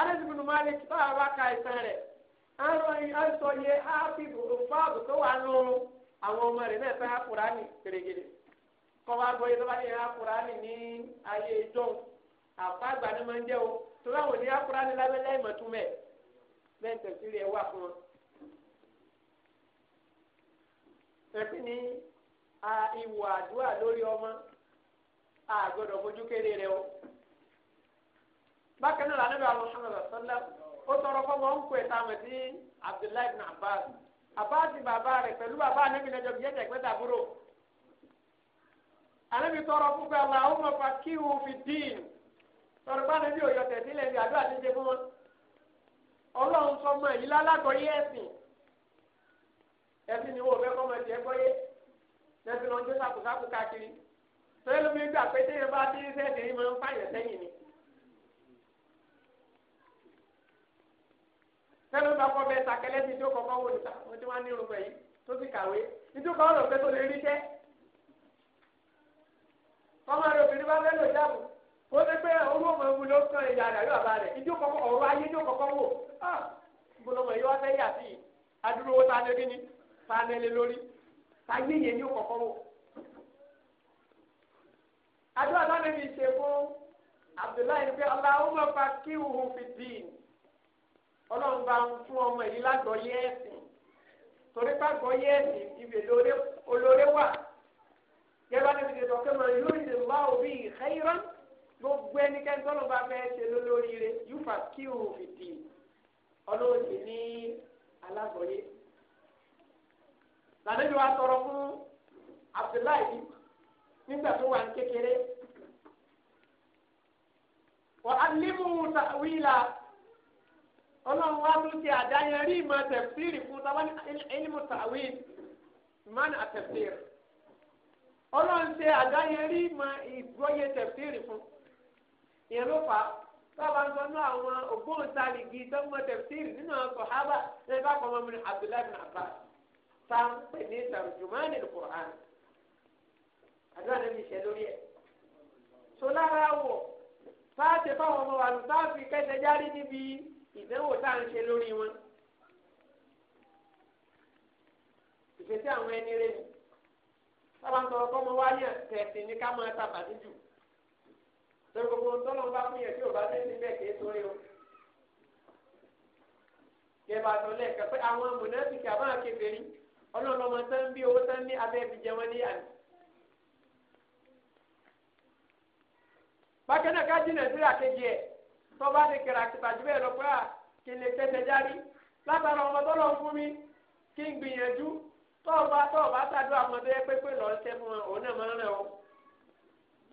alẹ́sìnkùnú malik tó a bá ka ìtàn rẹ̀ á sọ yẹ á fi fáàbù tó wà nù àwọn ọmọ rẹ̀ náà fẹ́ á kúránì gèrègèrè kọ́wá gbọ́yé tó bá ní akurani ní ayé ìjọ́un àfa àgbà ni máa ń jẹ́ o tó bá wò ní akurani lábẹ́ lẹ́yìn mọ̀túnmẹ́ bẹ́ẹ̀ tẹ̀síri ẹ̀ wà fún wọn. ẹ̀fín ní ìwà àdúrà lórí ọmọ a gbọ́dọ̀ mójú kéré rẹ o. bákan náà lànà bí àwọn Muhammad sọlá ó tọrọ fọmọ ń kó ẹ̀ta mọ̀ sí Abdullahi bin Abbas Abbas bàbá rẹ̀ pẹ̀lú bàbá anábìnrin ẹjọ́ bìyẹ́tẹ̀ pẹ́tà búrò ànábì tọrọ fún pé Allahumma faqihu fi dín tọrọ bá níbi òyò tẹ̀sílẹ̀ ní àdúrà ti ṣe fún wọn ọlọ́run sọ mọ èyí lálágbọ̀yé ẹ̀sìn ẹ̀sìn ni wọ́n fẹ́ kọ́ mọ tiẹ̀ gbọ́yé lẹ́sìn lọ́n tó sàkósákó káàkiri tọ́lẹ́ lómi gbà pé téèyàn bá dé sẹ́ẹ̀dì yìí máa ń pààyàn sẹ́yìn ni. tẹ́lẹ̀ bá kọ́ bẹ́ẹ̀ sàkẹ́lẹ́ ti tó kọ́kọ́ wò níta wọ́n ti wá ní irun ọmọ rẹ obìnrin bá fẹ́ lò jáàbù ó ní pé owó ọmọ ẹ̀mú ló kàn ìyá rẹ̀ àlọ́ àbá rẹ̀ ìjó kọ́kọ́ ọ̀rọ̀ ayé ìjó kọ́kọ́ wò gbọlọmọ yìí fẹ́ yà sí a lé kíní tá a lé lórí tá yé yẹn kọ́kọ́ wò. Abdullahi ní pé fi ọlọ́run bá ń fún ọmọ torí ibè wà. yẹ́bà níbi tètè ọ̀kẹ́ mọ̀ yóò ṣe wá òbí ìxẹ́yìrán gbogbo ẹnikẹ́ni tọ́lọ́ bá fẹ́ ṣe lólórí rẹ̀ yúfà kí o fi dì ọlọ́ọ̀dì ní alágbọ̀yé. lànàbí wa tọrọ fún Abdullahi nígbà tó wà ní kékeré wà á límú wíìlà ọlọ́run wa tún ti àdáyẹrí ìmọ̀ tẹ̀fsíìrì fún táwọn ẹni mú tàwíìlì ìmọ̀ àtẹ̀fsíìrì ọlọ́run ṣe àdáyẹrí mọ ìgbọ́yé tẹ̀fíìrì fún ìyẹn ló fà á bàbá ń sọ ní àwọn ògbóǹtarìgì tó ń mọ tẹ̀fíìrì nínú sọ̀hábà ní bá kọ́ mọ́mí Abdullahi bin Abbas tá ń pè ní tàrùjùmánì Qur'an àdúrà níbi ìṣẹ́ lórí ẹ̀ tó lára wọ̀ fáàtì fáwọn ọmọ wa lù fáàfin kẹ́tẹ́ járí níbi ìdánwò tá à ń ṣe lórí wọn ìfẹ́ sí àwọn ẹni rẹ̀ nìyí sábà ń tọrọ kọ́mọ wá yàn tẹ̀sí ní ká máa ta bàtí jù torí gbogbo ntọ́lọ́ bá fún yẹn tí ò bá tẹ̀ sí bẹ́ẹ̀ kìí sórí o. kẹfà tó lẹ́ẹ̀kẹ́ pé àwọn mọ̀nẹ́sìkì àbáwọn kẹfẹ́rí ọlọ́run ọmọ sẹ́ń bí owó sẹ́ń ní abẹ́ ibi jẹun ní yàrá. bákan náà ká nàìjíríà kejì ẹ̀ tọ́ba ti kẹ̀rẹ̀ àtìpàjù bẹ́ẹ̀ lọ pé à kí n járí látara ọmọ tọ́lọ́ fún mi kí n gbìyànjú tọ́ọ̀bá tọ́ọ̀bá sádùn àmọ́dé pépé lọ ń sẹ́mu òun náà máa ń rẹ̀ ọ́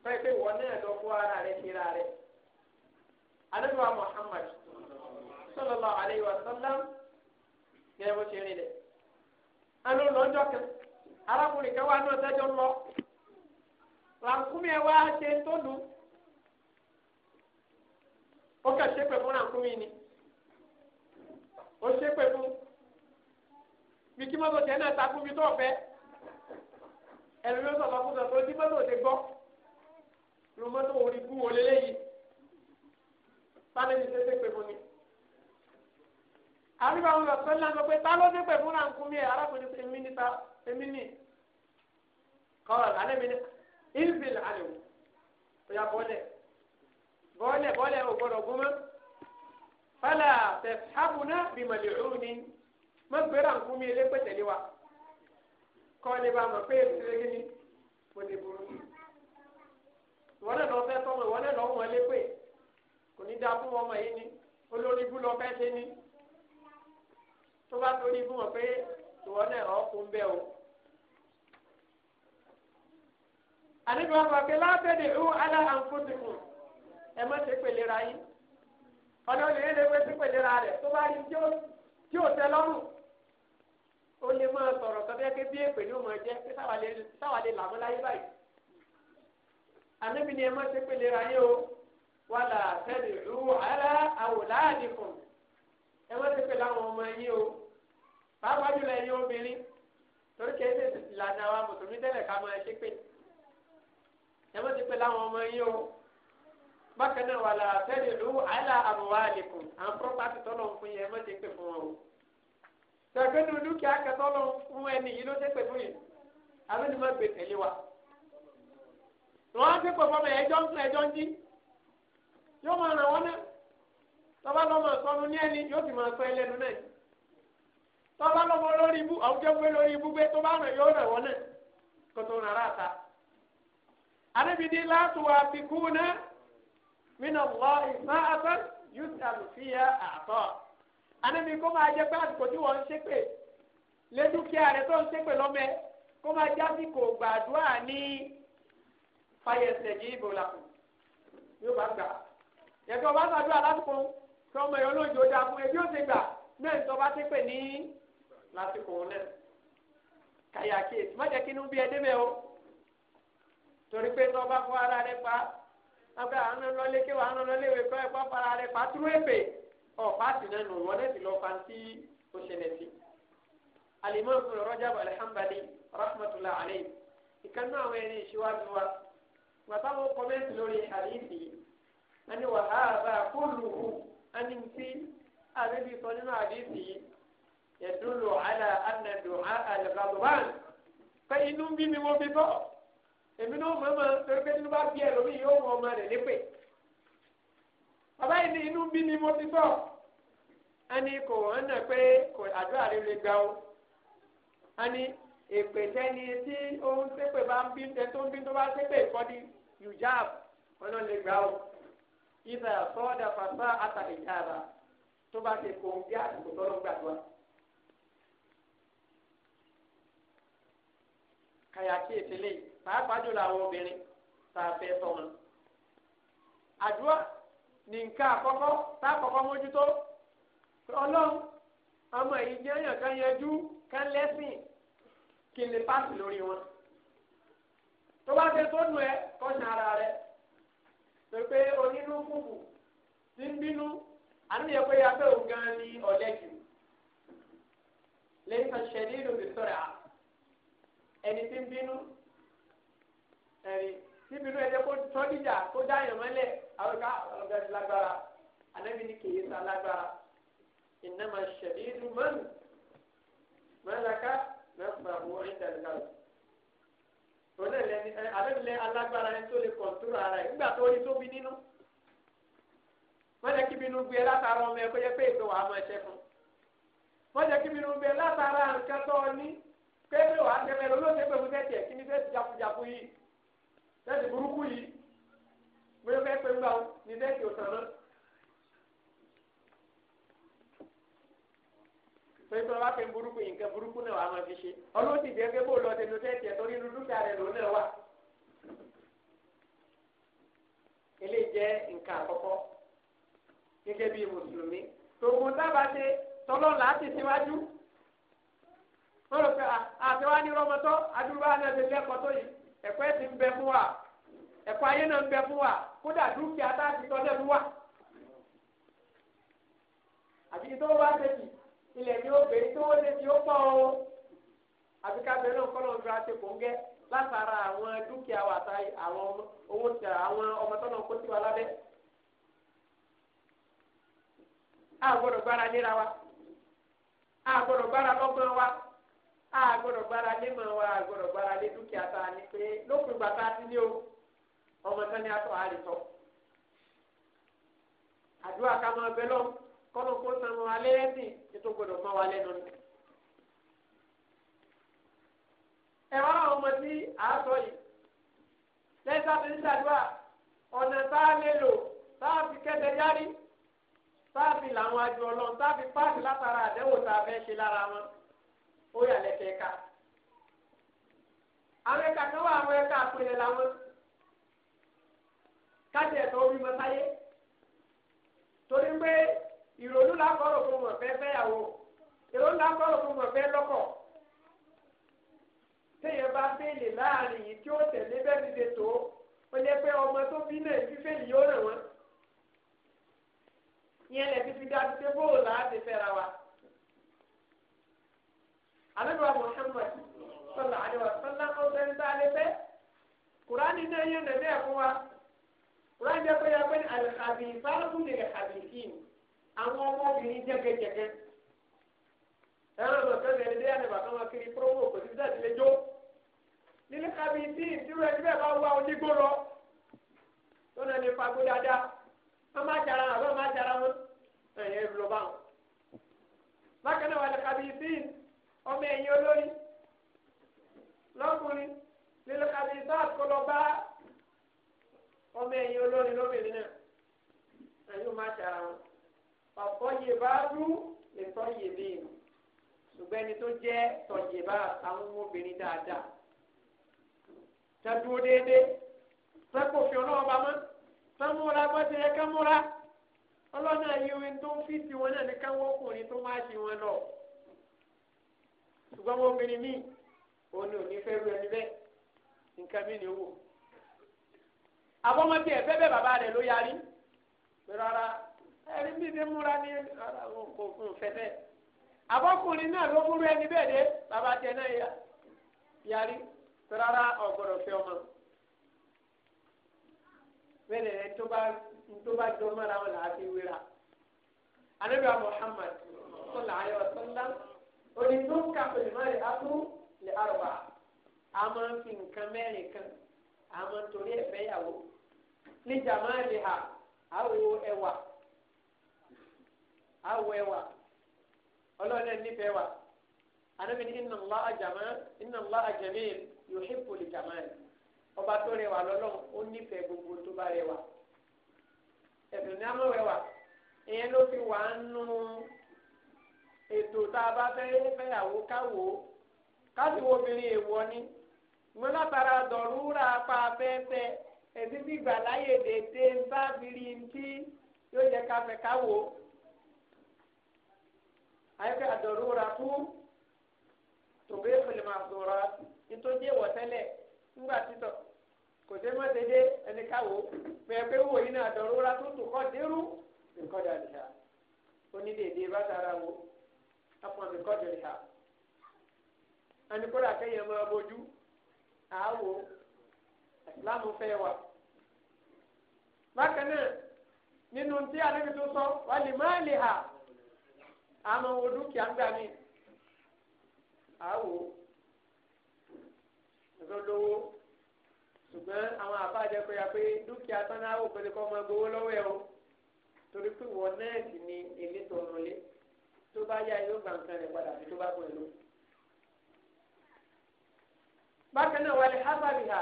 pépé wọ́n náà lọ fún ara rẹ̀ síra rẹ̀ anábìwá Muhammad sallallahu alayhi wa sallam yẹ bó ṣe rìn lẹ̀ alo lọ́jọ́ kan arákùnrin kan wà ní ọ̀sẹ́jọ́ lọ ẹ wá ṣe tó ó ni ó bí kí mọ́tò tẹ̀ náà takú bí tó fẹ́ ẹ̀rọ ló sọ̀rọ̀ fún sọ̀rọ̀ tí mọ́tò ti gbọ́ lu mọ́tò orí kú wọlé léyìí pálẹ́ni ṣe pé fún ni. àríwá wọn lọ sọ ní àná pé ta ló dé pẹ̀ fún ràǹkúmí ẹ̀ arákùnrin èmi ní ta èmi ní kọ́ọ̀lù alẹ́ mi ní ìlbìl àlẹ́ ó yà bọ́ọ̀lẹ̀ bọ́ọ̀lẹ̀ bọ́ọ̀lẹ̀ ò gbọ́dọ̀ gbọ́mọ́ fálà tẹ̀sábùnà bìmọ̀lẹ̀ òun ni má gbéra nkú mi ilé pẹ̀tẹ̀lé wa kọ́ ẹ lè ba mọ̀ pé èsì lé ní kò lè burú. ìwọ náà lọ fẹ́ fọmọ ìwọ náà lọ wọn lé pé kò ní dáa fún ọmọ yìí ni olórí ibú lọ fẹ́ ṣe ni tó bá torí fún wọn pé ìwọ náà ọkùn bẹ́ẹ̀ o. àníbi wọn kọ pé lábẹ́dẹ̀ ó alá àǹfọ̀tìkùn ẹ má ṣe pèlè ra yín ọ̀nà olè yẹn lè wé sí pèlè ra rẹ̀ tó bá rí tí ó tẹ lọ́rùn ó lè máa sọ̀rọ̀ kan bẹ́ẹ̀ pé bí èpè ni ó máa jẹ́ pé sáwà lè làmú láyé báyìí. ànábì ni ẹ má ṣe pé lera yé o wàlà tẹ́lẹ̀ rú ara àwòláàdì kan ẹ má ṣe pé láwọn ọmọ yín o pàápàá jùlọ ẹ̀yin obìnrin torí kẹ́ ẹ́ ṣe ìlànà àwọn mùsùlùmí tẹ́lẹ̀ ká máa ṣe pé ẹ má ṣe pé láwọn ọmọ yín o bákan náà wàlà tẹ́lẹ̀ rú ara àwòláàdì kan àwọn pọ́pátì tọ́lọ̀ ń fún yẹn ẹ má ṣe pé fún wọn o tẹ̀gbẹ́ nu dúkìá kẹtọ́ lọ fún ẹni yìí ló ṣe pẹ̀lú yìí àbẹ́ni máa gbé tẹ̀lé wa. wọ́n á ṣe pẹ̀lú ọmọ ẹjọ́ ń sún ẹjọ́ ń jí yóò máa ràn wọ́n náà tọ́ba lọ́mọ sọnù ní ẹni yóò sì máa sọ ẹlẹ́nu náà tọ́ba lọ́mọ lórí ibú ọ̀gbẹ́ gbé lórí ibú gbé tó ràn yóò ràn wọ́n náà kó tó ràn ráta. àdébìdí láti wà fi kú náà mí anábì kó máa jẹ pé àsìkò tí wọ́n ń ṣépè lé dúkìá rẹ̀ tó ń ṣépè lọ́mẹ kó máa jẹ́ àsìkò gbàdúrà ní fàyẹ̀sẹ̀ yìí bò làkùn yóò bá gbà yẹtọ bá gbàdúrà lásìkò tọmọ ẹ olóòjò dáa fún ẹbí ó ti gbà náà ń tọba ti pè ní lásìkò náà kàyà kéèsì má jẹ́ kí inú bí ẹ débẹ̀ torí pé tọba fún ara rẹ pa àgbà àwọn ọlọ́lé kéwàá àwọn ọlọ́lé ìwé kọ́ ẹ̀kọ́ fara rẹ pa túrú èpè ọ̀pá sì náà nù wọlé sí lọ́ọ́ fantí òṣèlè sí. alimọ́ ìfúnra Rajab al-Hanbali rahmatulah alayhi ìkànnì àwọn ẹni ìṣíwájú wa bàbá wọn kọ́mẹ́ntì lórí àdìsí ẹni wàhálà kúlùú ẹni tí àbẹ́bí sọ nínú àdìsí yẹdúlù àlà ànàdù àlàbàbàn pé inú bí mi wọ́n fi bọ́ èmi náà mọ̀ mọ́ pé tinubu bá bí ẹ lómi yóò wọ́n ọmọ rẹ̀ lépè bàbá yìí ní inú bí mi wọ́n fi bọ́ ẹni kò hàn náà pé àdúrà rẹ lè gbà ó ẹni èpè tẹni tí ohun ṣépè bá ń bí tẹ tó ń bí tó bá ṣépè kọ́ni yujab ọlọ́run lè gbà ó ìfẹ́ àtọ́dà fàṣà àtàlẹ́jára tó bá ṣe kò ń bí àsìkò tọ́lọ́ gbàdúrà. kàyàkí ìtìlẹ̀ pàápàá jùlọ àwọn obìnrin tá a fẹ́ sọ wọn. àdúrà ní nǹkan àkọ́kọ́ tá a kọ́kọ́ mójútó ọlọ́run ọmọ yìí jẹ́ èèyàn kan yẹjú kan lẹ́sìn kí n lè pàṣẹ lórí wọn tó bá fẹ́ tó nù ẹ kọ́ṣà ara rẹ pépé onínú kùkù tí ń bínú àníyàn pé abẹ́ òun gan ni ọ̀lẹ́jù lẹ́yìn kan ṣẹlẹ̀ ìlú mi sọ̀rọ̀ à ẹni tí ń bínú ẹ̀rí tí bínú ẹ̀jẹ̀ kó tọ́jú ìjà kó dáyàn mọ́lẹ̀ àwọn ìka ọ̀gá ti lágbára ànábi ni kèé lágbára. إنما الشديد من ملك نفسه عند الغلب tọ́lẹ̀ lẹ́ni abẹ́bílẹ̀ alágbára ẹni tó lè kọ̀ǹtúrò ara ẹ̀ nígbà tó rí tóbi nínú mọ́jẹ́ kí bínú gbé látara ọmọ ẹ kó yẹ pé ètò wàá mọ ẹsẹ̀ fún mọ́jẹ́ kí bínú gbé látara nǹkan tó ní pé pé wàá tẹ̀lé olóòtú pé fún tẹ̀tì ẹ̀ kí ni tẹ̀tì jakujaku yìí tẹ̀tì burúkú yìí gbé pé pé gbà ní tẹ̀tì òsàn náà. torí tí wọn bá fẹ́ burúkú yìí nǹkan burúkú náà wà á máa fi ṣe ọlọ́sì jẹ́ pé bó lọ tẹnu tẹ́tì ẹ̀ torí inú dúkìá rẹ̀ lòun náà wà. ilé jẹ́ nǹkan àkọ́kọ́ gẹ́gẹ́ bí mùsùlùmí tòun sábà ṣe tọ́lọ́ láti síwájú wọ́n rò pé àtiwá ní rọmọtọ́ adúlọ́ náà ti lẹ́kọ̀ọ́ tó yìí ẹ̀kọ́ ẹ̀ ti ń bẹ fún wa ẹ̀kọ́ ayé náà ń bẹ fún wa kódà dúkìá tá a ti tọ́ lẹ́nu wa àti ìtọ́wọ́ bá ṣe ilẹ̀ ní ó bèé tó lè fi ó o àbí kábẹ́ náà kọ́ lọ́nà tó kò ń gẹ́ látara àwọn dúkìá wa àti àwọn owó awọn àwọn ọmọ tó kó sí wa lábẹ́. a gbọ́dọ̀ gbára léra wa a gbọ́dọ̀ gbára lọ́gbọ́n wa a gbọ́dọ̀ gbára wa a gbọ́dọ̀ gbára lé ta ni pé lópin ìgbà a ti o ọmọ tó atọ́ àlè tọ́ kọ́nà kó sanu alẹ́ ẹ̀sìn ètò gbọdọ̀ mọ́ wa lẹ́nu ni. ẹ wá àwọn ọmọ tí a sọ yìí lẹ́sà tó ń ṣàdúrà ọ̀nà tá a lè lò tá a fi kẹ́sẹ̀ járí tá a fi làwọn àjò ọlọ́run tá a fi páàkì látara àdẹ́wò tá a fẹ́ ṣe lára wọn ó yà lẹ́kẹ̀ẹ́ ká. àwọn ẹ̀ka kan wà àwọn ẹ̀ka àpẹẹrẹ làwọn kájẹ̀ tó rí mọ́táyé torí pé ìrònú lákọ̀ọ́rọ̀ fún mọ̀ fẹ́ fẹ́yàwó ìrònú lákọ̀ọ́rọ̀ fún mọ̀ fẹ́ lọ́kọ̀ téèyàn bá béèlè láàrin yìí tí ó tẹ̀lé bẹ́ẹ̀ ti ṣe tó ó lé pé ọmọ tó bí náà fífẹ́ yìí ó ràn wọ́n yẹn lè fi fi dá ti ṣe láti fẹ́ra wa. àlejò àwọn Muhammad sọlá àdéhùn sọlá ọ̀sẹ̀ ń dá lé fẹ́ kùránì náà yẹn nàbẹ́ ẹ̀kọ́ wa kùránì jẹ́ pé yẹ pé alìkàbí ìfárúkú nìkàbí kìí àwọn ọmọbìnrin jẹ́kẹ́jẹ́kẹ́ ẹ̀rọ ìgbọ̀nsẹ̀ lẹ́ni bí àná bàbá wọn kiri promo kò sí sẹ́ẹ̀tì lẹ́jọ́ nílé kábí tí ìdúró ẹni bẹ́ẹ̀ bá wá onígbó lọ tó náà ní fagbó dáadáa wọ́n máa jara wọn wọ́n máa jara wọn ẹ̀yẹ ìlú ọba wọn. bákan náà wà ní kábí tí ọmọ ẹ̀yìn olórí lọ́kùnrin nílé kábí tí àkọlọ bá ọmọ ẹ̀yìn olórí lóbìnrin náà ẹ̀yìn máa jara wọn ọ̀tọ́yè bá rú ìtọ́yè bíi ṣùgbọ́n ẹni tó jẹ́ tọ̀yè bá àwọn ọmọbìnrin dáadáa tẹ́dúró déédéé sẹ́kọ̀ọ́fin ọlọ́wọ́ bá mọ́ sẹ́múra bá ti yẹ kẹ́múra ọlọ́nà ayéwìn tó ń fi tiwọn náà ní káwọn ọkùnrin tó máa ṣe wọn lọ ṣùgbọ́n wọn obìnrin míì ni ò ní fẹ́ ru ẹni bẹ́ẹ̀ nǹkan mi ni ó wò abọ́mọ́tì ẹ̀fẹ́ bẹ́ẹ̀ bàbá rẹ̀ ló yarí rárá. ẹni bí ní múra ní ara wọn kò fún un fẹ́ bẹ́ẹ̀ abọ́kùnrin náà ló múra ẹni bẹ́ẹ̀ dé bàbá tẹ náà yarí rárá ọ̀gbọ̀dọ̀ fẹ́ ọmọ bẹ́ẹ̀ ẹni tó bá jọ mọ́ra wọn là Muhammad sọlá ayé wa sọlá tó ń ka lè a máa ń fi nǹkan mẹ́rin kan a máa ń torí ẹ̀fẹ́ yàwó ní jàmáà lè awẹ wa wa anabi ni inna Allaha jamaa inna Allaha jamil yuhibbu li jamal ọba tó rẹwà lọ́lọ́run ó nífẹ̀ẹ́ gbogbo tó bá wa ètò tá a bá fẹ́ fẹ́yàwó káwò káàdì wo obìnrin èèwọ̀ ni mo látara dọ̀rúra pa ẹ̀sìn gbígbà láyè dédé ń bá ń tí yóò jẹ́ àyẹ̀kẹ́ àdọ̀rúra tó tòbí ìfẹ̀lẹ̀ máa sọ̀rọ̀ nítorí ẹ̀wọ̀ tẹ́lẹ̀ ńgbà títọ̀ kò dé má dédé ẹni káwó pẹ̀pẹ́ wò yín náà àdọ̀rúra tó tó kọ́ dérú nǹkan dàdìhà onídèédé bá tara wo afọ nǹkan dàdìhà ẹni kó dà kẹ́yìn máa bójú àáwò ìsìlámù fẹ́ wà. bákan náà nínú tí alẹ́ mi tó sọ wà lè má àmọ́ wo dúkìá ń gbà mí àwò ìtọ́lówó ṣùgbọ́n àwọn àbájẹ pé pé dúkìá tán náà wò pẹ̀lú kọ́ ọmọ gbowó lọ́wọ́ ẹ̀ o torí pé wọ́n náà sì ni èmi tó rán lé tó bá yá yóò gbà nǹkan rẹ̀ padà bí tó bá pọ̀ ẹ̀ lọ. bákan náà wàlẹ̀ ábàbíhà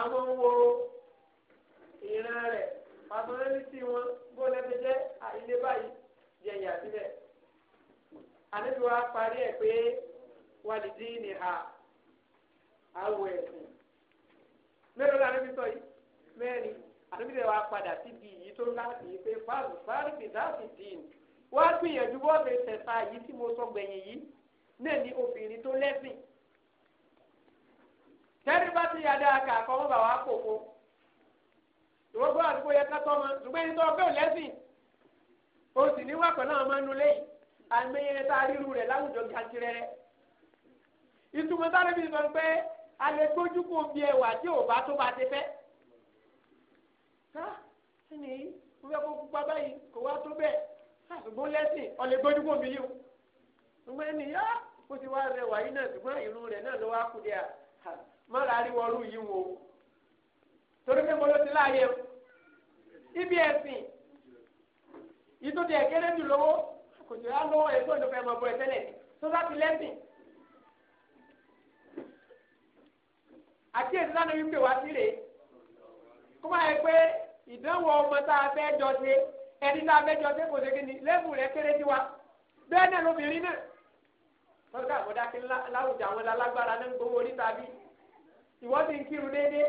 àwọn wo ìran rẹ̀ pàtó lẹ́ni tí wọ́n bó lẹ́bi jẹ́ àìlé jẹ̀yà síbẹ̀ ànábi wa parí ẹ̀ pé wàlídì ni ha awọ ẹ̀sìn mẹ́rin ló ànábi sọ yìí mẹ́rin ànábi rẹ̀ wá padà síbi yìí tó ńlá sí i pé fáàlù fáàlù bìdáàfì dín wá gbìyànjú bọ́ọ̀lù ìṣẹ̀ta yìí tí mo sọ gbẹ̀yìn yìí náà ni obìnrin tó lẹ́sìn tẹ́rí bá ti yàda kà kọ́ mọ́ bà wá kókó ìwọ́n gbọ́ àdúgbò yẹ ká tọ́ mọ́ ṣùgbọ́n ẹni tó ọbẹ̀ ò lẹ́sìn o sì ní wà pẹ̀lú àwọn ọmọ inú lẹ́yìn àgbẹ̀yẹ tá a ríru rẹ̀ láwùjọ gàdìrẹ́ ìtumọ̀ sáré mi sọ pé a lè gbójú kó bí ẹwà tí ò bá tó bá ti fẹ́ ká kí ni mo fẹ́ kó pupa báyìí kò wá tó bẹ́ẹ̀ àgbẹ̀gbọ́n lẹ́sìn ọ̀lẹ́ gbójú kó mi yìí o mo ní yá kó ti wá rẹwà yìí náà ṣùgbọ́n irun rẹ̀ náà ló wá kú díẹ̀ mọ́ra àríwọ̀rú yìí wo torí pé mo ló ti láàyè ibi ẹ̀sìn ìtòtí ẹ̀kẹ́rẹ́ kò jẹ́ alówó ẹgbẹ́ òdo fẹ́ mọ ọbọ ẹtẹ́lẹ̀ tó bá ti lẹ́sìn. àti èsì lánàá wípé wá sí rèé kó máa yẹ pé ìdánwò ọmọ tá a fẹ́ jọ ṣe ẹni tá a fẹ́ jọ ṣe kò ṣe kí ni lẹ́bùn rẹ̀ kéré tiwa bẹ́ẹ̀ náà lóbìnrin náà wọ́n ká àbọ̀dá kí láwùjọ àwọn alágbára náà ń gbowó orí tàbí ìwọ́n ti ń kírun déédéé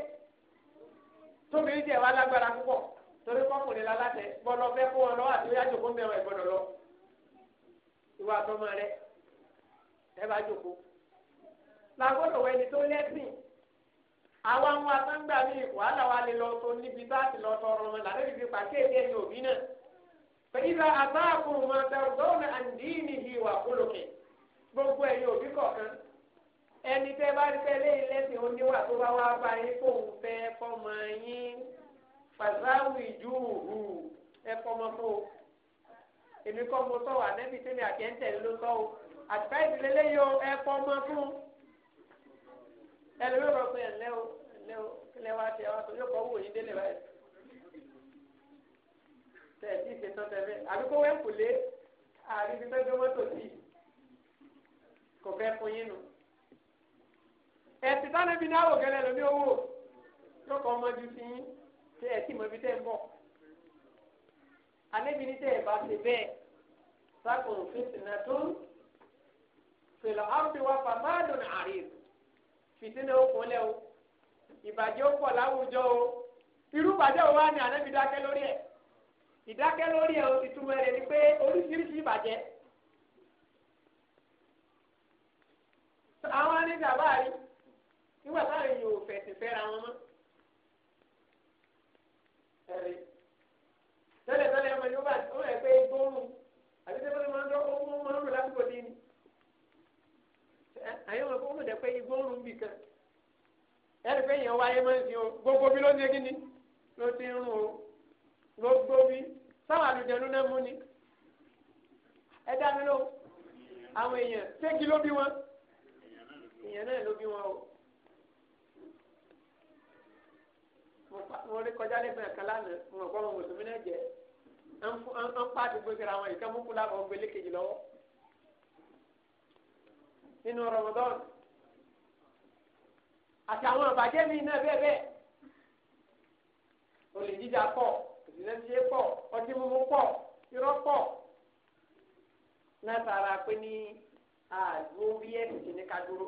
tóbi jẹ́ wà lágbára púpọ̀ torí kọ́kùnrin lálátẹ̀ gbọ́dọ̀ fẹ́ kó wọn lọ́wọ́ àti ó yá jòkó mẹ́wàá ìgbọ́dọ̀ lọ ìwà àtọmọ rẹ ẹ bá jòkó làgbọ́dọ̀ wọ ẹni tó lẹ́sìn àwa ń wa sáńgbà mi wàhálà wa lè lọ tó níbi bá ti lọ tọrọ wọn làbẹ́ bíbí pàkéèdè ẹni òbí náà fẹ́yìlá àtàkùn máa tẹ ọ̀dọ́ọ̀nà àǹdíìní hi wà kólókè gbogbo ẹ̀yin òbí kọ̀ọ̀kan ẹni tẹ́ bá rí fẹ́ léyìn lẹ́sìn oníwà tó bá wá bá yín kó ń fẹ́ fọmọ yín fàzáwìjú hù ẹ fọmọ fún o èmi kọ́ mo sọ̀rọ̀ ànẹ́bí tèmi àti ẹ̀ńtẹ̀ ló sọ o àtìká ìdílé léyìí o ẹ kọ́ ọmọ fún ẹlẹ́wẹ́ rọ pé ẹ̀lẹ́ o ẹ̀lẹ́ o kílẹ̀ wá tẹ wá tó yóò kọ́ wò yín délé báyìí tẹ̀ ẹ̀ tí ì ṣe tán tẹ̀lé àbí kó wẹ́n kùlé àbí fi fẹ́ gbé mọ́tò sí kò fẹ́ fún yín nu ẹ̀sìn tánẹ́bí ní àwògẹ́lẹ́ lómi owó yóò kọ́ ọmọ ju sí yín tẹ̀ ẹ̀ tí mọ̀ ibi tẹ́ ń bọ̀ anabi ní tẹ́yẹ̀ bá ti bẹ́ẹ̀ sakun fitina tún fìlà áwùjọ wa famadun àríf fitina ó kún lẹ́wọ̀ ìbàjẹ́ ó pọ̀ láwùjọ o irú ìbàjẹ́ wo wá ní anabi dákẹ́ lórí ẹ̀ ìdákẹ́ lórí ẹ̀ o ti túmọ̀ rẹ̀ ni pé oríṣiríṣi ìbàjẹ́ àwọn anídàbà rí nígbà táwọn èèyàn ò fẹ̀sìn fẹ́ra wọn mọ́ ẹ̀rí tẹ́lẹ̀ tẹ́lẹ̀ ọmọ yóò bá ó yẹ pé gbóòórùn àti tẹ́lẹ̀ máa ń dọ́ ó mú máa ń lò lásìkò dé ni àyè wọn kó mọ̀ dẹ́ pé gbóòórùn bì kan ẹ̀rí pé èèyàn wáyé máa ń fi o gbogbo bí ló ń segin ni ló ti ń rún o gbogbo bí sáwọn àlùjẹ̀nu náà mú ni ẹ dá mi lóhùn àwọn èèyàn ségi ló bí wọn èèyàn náà ló bí wọn o. mo rí kọjá lẹ́gbẹ̀ẹ́ kan lánàá mo kọ́ àwọn mùsùlùmí náà jẹ́ ń pa àdúgbò síra wọn ìkẹ́ mọ́kú lábọ̀ gbélé kejì lọ́wọ́ nínú Ramadan àti àwọn àbàjẹ́ mi náà bẹ́ẹ̀ bẹ́ẹ̀ olè jíjà pọ̀ ìdílé ṣe pọ̀ ọtí mímu pọ̀ irọ́ pọ̀ látara pé ní àdúró bí ẹ̀sìn ní ká dúró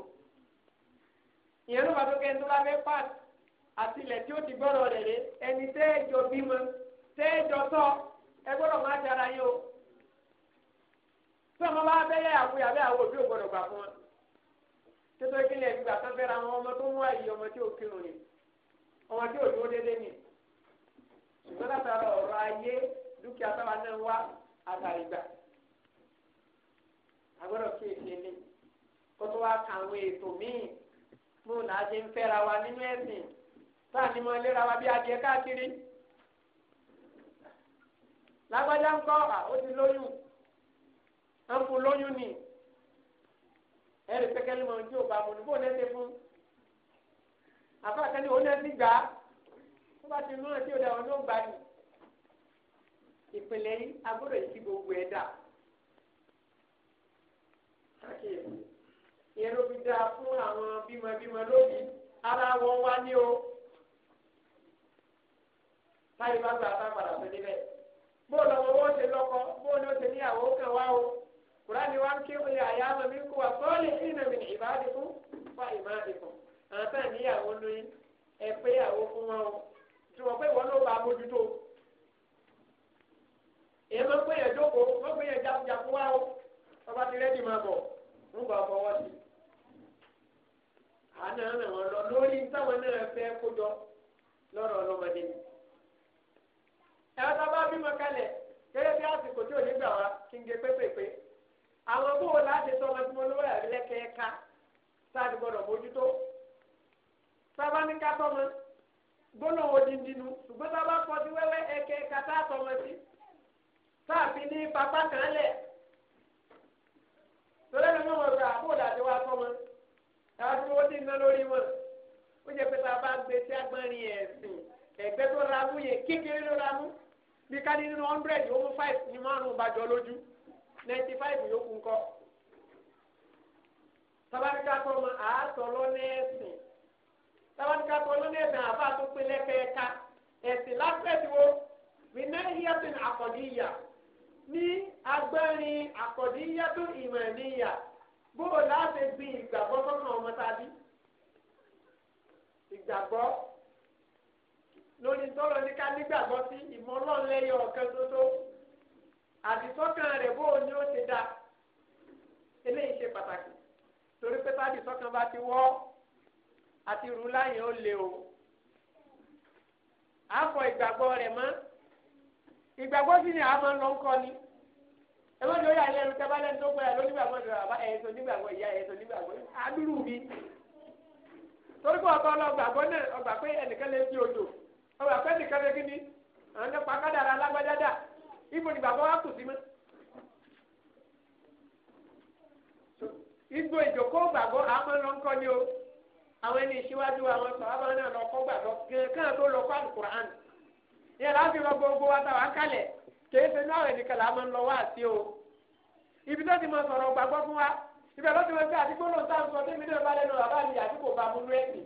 ìyẹn ló bá tó kẹ́ ń tó lábẹ́ pàṣẹ. ilẹ̀ tí ó ti gbọ́dọ̀ rẹ̀ rẹ̀ ẹni tẹ́ ẹ jọ bímọ tẹ́ ẹ jọ tọ́ ẹ gbọ́dọ̀ má dára yín o tí ọmọ bá bẹ́ yẹ àwọn òbí ò gbà fún wọn fẹ́ra ọmọ tó mú àyè ọmọ tí ò kírun ni ọmọ tí ò dúró dédé ni ṣùgbọ́n látara ọ̀rọ̀ ayé kí èsì ẹni sáà ni mo lera wa bí adìẹ káàkiri lágbájá ń kọ́ à ó ti lóyún ń fún lóyún ni ẹ̀rì pẹ́kẹ́lí mọ̀ ní òbá mu ní bóun ẹ̀ ṣe fún àfàkẹ́lí òun ẹ̀ ti gbà á tó bá ti mú ẹ̀ tí ò dá gbà ní ìpìlẹ̀ yìí agbọ́dọ̀ yìí kí gbogbo ẹ̀ dà ìyẹn ló fi dáa fún àwọn bímọ bímọ lónìí ara wọn wá ní o táyì bá gbà bá padà sí níbẹ̀. bó lọ́wọ́ wọ́n ṣe lọ́kọ bó ni ó ṣe níyàwó kan wá o kùránì wá ń ké oyè àyà àmọ́ mi kú wa sọ́ọ́lì ìnà mi ní ìbáàdì fún wa ìmáàdì fún. àwọn táyì níyàwó lóyún ẹ pé ìyàwó fún wọn o tí wọ́n pé wọ́n ló bá mójútó. èyí máa ń pè yẹn jókòó wọ́n pè yẹn jagunjagun wá o wọ́n ti rẹ́dì máa bọ̀ ń gbà fọwọ́ sí i àná ràn wọn lọ lórí táwọn náà fẹ́ kójọ lọ́rọ̀ ọlọ́mọdé ẹ̀rọ sábà bímọ kalẹ̀ gẹ́gẹ́ bí àsìkò tí ò ní gbà wá kí n gé pépèpé àwọn bóun láti sọ ọmọ tí mo lówó ẹ̀rí lẹ́kẹ̀ẹ́ka sáàdì gbọdọ̀ mójútó sábà ní ká tọ́mọ gbólóhùn odindinu ṣùgbọ́n sábà kọ sí wẹ́wẹ́ ẹ̀kẹ́ẹ̀ka tá a tọ́mọ sí sáàfi ní papá kan lẹ̀ torí ẹni wọn gbà bóun láti wá tọ́mọ ẹ̀rọ tí mo dín iná lórí wọn ó jẹ́ pé tá a bá gbé sí agbọ́nrin ẹ̀sìn ẹ̀gbẹ́ tó ra mú yẹn kékeré ló ra mú bí ká ní nínú hundred ó mú five ní márùn bá jọ lójú ninety five yòókù ńkọ́ tabarika tó ma àásọ lọ́nẹ́ẹ̀sìn tabarika tó lọ́nẹ́ẹ̀sìn àbá tó pé lẹ́kẹ̀ẹ́ka ẹ̀sìn lápẹ́ẹ̀tì wo bìnẹ́yẹ́sìn àkọ́díyà ní agbẹ́rin àkọ́díyà tó ìmọ̀-ẹ̀níyà bó o láti gbin ìgbàgbọ́ fọ́nà ọmọ tàbí ìgbàgbọ́ lórí tọ́lọ̀ ní ká nígbàgbọ́ sí ìmọ̀ ọlọ́run lẹ́yìn ọ̀kan tótó àdìsọ́kàn rẹ̀ bóun ni ó ti da eléyìí ṣe pàtàkì torí pé tádìsọ́kàn bá ti wọ́ àti rú láyìn ó le o àfọ ìgbàgbọ́ rẹ̀ mọ́ ìgbàgbọ́ sí ni a máa ń lọ ń kọ́ ni ẹgbẹ́ tó yà lẹ́nu tẹ́ bá lẹ́nu tó gbọ́dọ̀ lónígbàgbọ́ ìdọ̀rọ̀ àbá ẹ̀ẹ́sọ nígbàgbọ́ ìyá ẹ̀ẹ́sọ nígbàgbọ́ adúrú mi torí pé ọ̀tọ̀ ọlọ́gbàgbọ́ náà ọgbà pé ẹnìkan lè fi odò ọwọ àpẹẹsì kẹfẹ kí ni àwọn nípa kádàrà alágbádáda ibo ni bàbá wa kù sí mọ́. ibo ìjòkó gbàgbọ́ àmọ́ lọ ń kọ́ ni o àwọn ẹni ìṣíwájú àwọn sọ̀rọ̀ náà lọ kọ́ gbàgbọ́ kankan tó lọ kọ́ àlùkùránì yẹ láti lọ gbogbo wa táwa kálẹ̀ kèé ṣe náà ẹnìkan làá máa ń lọ wá àti o ibi tó ti mọ sọ̀rọ̀ gbàgbọ́ fún wa ibẹ̀ ló ti mọ sí àdúgbò lóun tá à ń sọ débi náà bá lẹ́nu àbá mi àdúgbò bá mú lẹ́sìn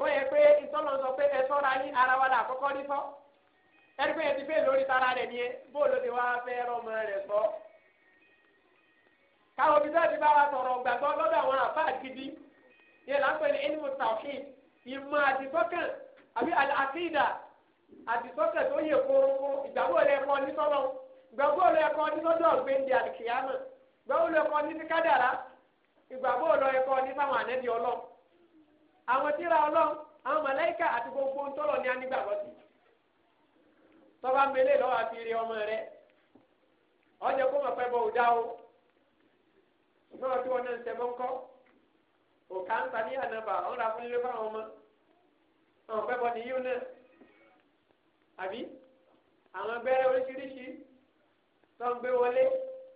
kó yẹ pé ìtọ́lọ́ sọ pé ẹ sọ́ra yín ara wa là kọ́kọ́ rí fọ́ ẹni pé ẹtì bẹ́ẹ̀ lórí tara rẹ̀ nìyẹn bóòlù ti wá fẹ́ rọmọ rẹ̀ sọ. káwọn òbí sẹ́ẹ̀dì bá wa sọ̀rọ̀ gbàgbọ́ lọ́dọ̀ àwọn àfáà gidi yẹn là ń pè ní ilmu tawhid ìmọ̀ àdìsọ́kàn àbí àkídà àdìsọ́kàn tó yẹ kórókó ìgbàgbọ́ rẹ̀ kọ́ nítọ́lọ́ ìgbàgbọ́ rẹ̀ kọ́ nítọ́jọ́ gbẹ̀ndẹ̀ àdìkìyàmọ̀ ìgbàgbọ́ rẹ̀ kọ́ ní ti kádàrá ìgbàgbọ́ rẹ̀ kọ́ ní fáwọn ànẹ́bí ọlọ́ọ̀ àwọn tíra ọlọ́run àwọn màláíkà àti gbogbo ntọ́lọ̀ ní anígbàgbọ́ sí tọ́ba mele lọ́wọ́ àti eré ọmọ rẹ ọjọ́ kó mọ̀ pẹ́ bọ́ ọjà o ṣùgbọ́n ọtí wọn náà ń tẹ̀mọ́ ńkọ́ òkà ń tani ànàbà ọ̀n ra fáwọn ọmọ ọ̀n pẹ́ bọ́ nìyí náà àbí àwọn abẹ́rẹ́ oríṣiríṣi tó ń gbé wọlé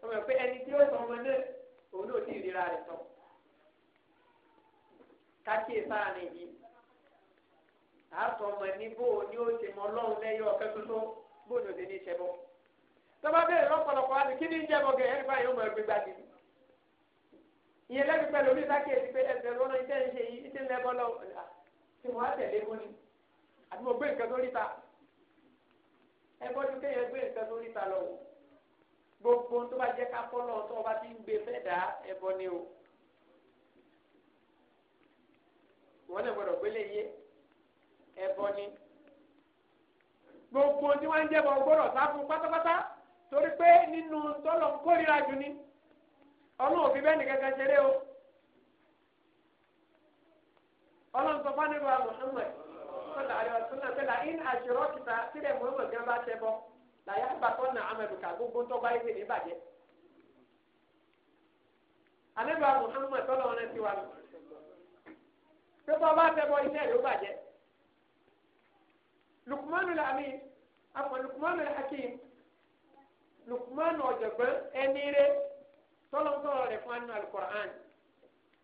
ọmọ ẹ̀ pé ẹni tí ó sọ ọmọ náà òun náà ò tí ì kákìí sáàrin yìí àtọmọ ní bó o ní ó ti mọ lọ́hùn lẹ́yìn ọ̀kẹ́ tuntun bó ni o ti ní ìṣẹ́bọ. tọ́ba béèrè lọ́pọ̀lọpọ̀ àti kí ni ń jẹ́bọ gẹ̀ ẹ́nìfà yóò mọ ẹgbẹ́ gbàdì. ìyẹn lẹ́nu pẹ̀lú orí ìsákèésí pé ẹsẹ̀ lọ́nà iṣẹ́ ń ṣe yìí ti ń lẹ́bọ lọ tí wọ́n á tẹ̀lé mú ni àti mo gbé nǹkan sórí ta. ẹ gbọ́dọ̀ kéèyàn gbé nǹkan sórí ta lọ wò gbogbo tó bá jẹ́ ká fọ́ lọ́ọ̀ tó wọn náà gbọ́dọ̀ gbélé yé ẹbọ ni gbogbo tí wọn ń jẹbọ gbọ́dọ̀ sá fún pátápátá torí pé nínú tọlọ ń jù ni Ọlọ́run òfin bẹ́ẹ̀ nìkan kan ṣeré o Ọlọ́run sọ fún anigba Muhammad sọlá àríwá sọlá sọlá in àṣírọ kìtà sílẹ̀ Muhammad bá làyà àgbàtọ nà gbogbo ń tọgbà ní anigba wọn ti wà lọ. pé bọ́ bá tẹ́bọ̀ iṣẹ́ rẹ̀ ó bàjẹ́. lukumanu la mi afọ lukumanu la hakim lukumanu ọ̀jọ̀gbọ́n ẹni rẹ̀ tọ́lọ́tọ́lọ́ rẹ̀ fún anu alukur'an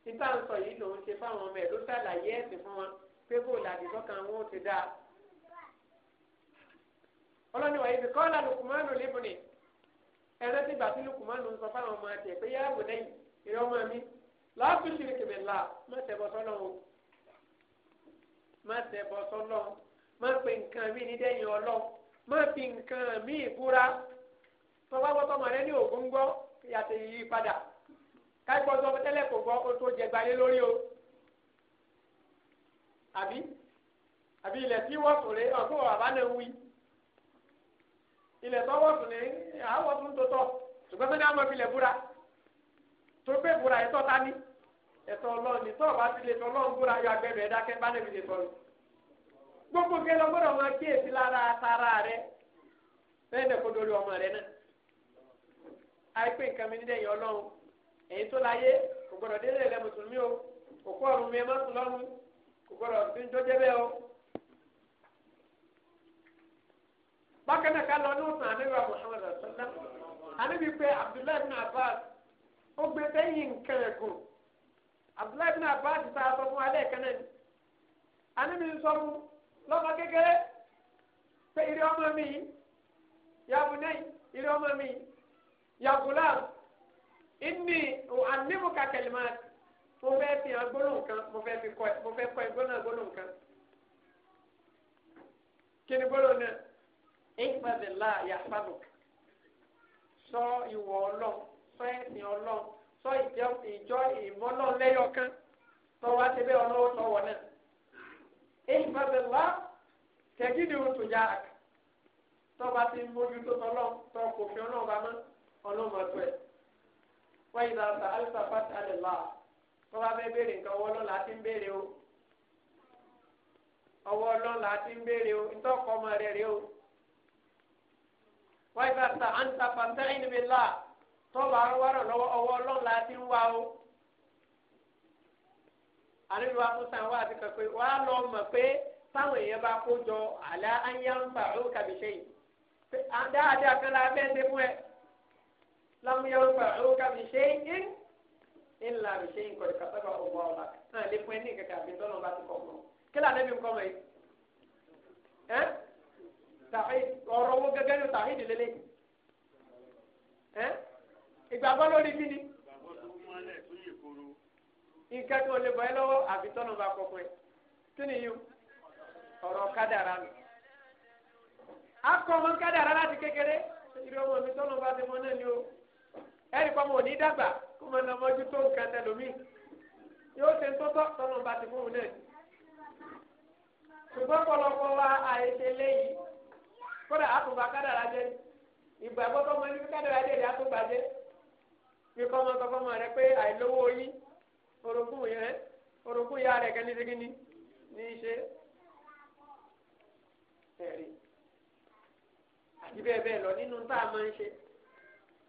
níta ń sọ yìí lòun ṣe fáwọn ọmọ ẹ̀ ló ṣàlàyé ẹ̀sìn fún wọn pé bó làdìgbọ́ kan wọn ò ti dáa. ọlọ́ni wàá ibi kọ́ la lukumanu lébùnì ẹ̀rẹ́ ti gbà tí lukumanu ń sọ fáwọn ọmọ ẹ̀ pé yá àbùdá yìí ìrẹ́ ọmọ mi láàbùsùn ìkìmẹ̀lá mọ̀tẹ́bọ̀tọ́ náà o má ṣẹbọ sọ́lọ́ má pe nǹkan mi ní dẹ́yìn ọlọ́ má fi nǹkan mi ìbúra tọ́wá gbọ́ tọmọ rẹ ní ògùn gbọ́ yàtọ̀ yìí padà káìpọ̀ tó tẹ́lẹ̀ kò gbọ́ o tó jẹ gbalé lórí o àbí àbí ilẹ̀ tí wọ́n sùn lé ọ̀gbọ́n bàbá náà wí ilẹ̀ tó wọ́n sùn lé àwọn tó ń tó tọ̀ ṣùgbọ́n sọ́ni àwọn ọmọ ìfilẹ̀ búra tó gbé búra yẹn tọ́ ní ẹ̀tọ́ ọlọ́run ní tọ́ọ̀bá ti lè tọ́lọ́run búra yọ agbẹ́bẹ̀ dákẹ́ bá lè fi lè sọ̀rọ̀ gbogbo kẹlẹ ọgbọ́dọ̀ máa kíyèsí lára tara rẹ bẹ́ẹ̀ dẹ̀ kó dorí ọmọ rẹ náà àìpé nǹkan mi nílẹ̀ yẹn ọlọ́run èyí tó láyé kò gbọ́dọ̀ délé rẹ mùsùlùmí o kò kó ọ̀run mi ẹ má sùn lọ́run kò gbọ́dọ̀ fi ń tó débẹ̀ o. bákan náà ká lọ ní òsàn àníwá Muhammad rasulillah àníbi pé Abdullahi bin Abbas ó gbé sẹ́yìn nǹkan ẹ̀gùn abdullahi bin abbas ta sọ fún alẹ́ kẹ́nẹ́ ni animi ń sọ fún lọ́mọ kékeré pé ìrẹ́ ọmọ mi yàgò náà ìrẹ́ ọmọ mi yàgò láàmù inni ànímù kàkẹ́lì máa mo fẹ́ fi hàn gbólóhùn kan mo fẹ́ fi kọ́ ẹ mo fẹ́ kọ́ ẹ gbóná gbólóhùn kan kí ni gbólóhùn náà ìfàdìlá yàtọ̀ sọ ìwọ ọlọ́ sọ ẹ̀sìn ọlọ́ọ̀. sọ ìjọ ìmọ́lọ́lẹ́yọkan tọ́wọ́ ti bẹ́ẹ̀ ọlọ́wọ́ tọ́wọ́ náà. èyí bàbá wa tẹ̀gídì oṣù yá tọ́ba ti mójútó tọ́lọ́ tọ́ kò fi ọlọ́wọ́ bá mọ́ ọlọ́wọ́ tó ẹ̀. wọ́n yìí lọ́sà alisa pàṣẹ alẹ́ lọ́ tọ́ba bẹ́ẹ̀ béèrè nǹkan ọwọ́ lọ́la ti ń béèrè o ọwọ́ lọ́la ti ń béèrè o ntọ́kọ̀ ọmọ rẹ̀ rẹ̀ o. wọ́n yìí lọ́sà ansa pàṣẹ ìnibí lọ́à. tọ́ba ń wárọ̀ lọ́wọ́ ọwọ́ ọlọ́run ti ń wá o. àníbi wa fún sàn wá àti kankan wà lọ mọ̀ pé táwọn èèyàn bá kó jọ àlá ányá ń bà ó kàbí sẹ́yìn. dáadáa kan la fẹ́ ṣe fún ẹ. lámúyá ń bà ó kàbí sẹ́yìn ọ̀la náà lè fún ẹ ní àbí bá ti kọ̀ mọ́. kí ìgbàgbọ́ lórí kí ni. ìgbàgbọ́ tó mú alẹ̀ tó yè koro. nǹkan tó lè bọ̀ ẹ́ lọ́wọ́ àfi tọ́nà bá kọ̀ pẹ́ kí ni yìí ọ̀rọ̀ kádàrá mi. akọ ọmọ kádàrá láti kékeré ìrì ọmọ mi tọ́nà bá ti mọ náà ni o. ẹnì kan mọ̀ ò ní dàgbà kó mọ náà mọ́jú tó nǹkan tẹlomi yóò ṣe tó tọ́ tọ́nà bá ti fún un náà. ṣùgbọ́n pọ̀lọpọ̀ wa àìṣe léyìí kódà àtùbà kádàrá jẹ ìgbàgbọ́ tó mọ ní kádàrá jẹ ìyá tó gbàjẹ́ bí kọ́mọ sọ fọ́mọ rẹ pé àìlówó yín orogún yẹn orogún ya rẹ kẹ́ni ṣégin ni ní í ṣe ẹ̀rí àti bẹ́ẹ̀ bẹ́ẹ̀ lọ nínú tá a máa ń ṣe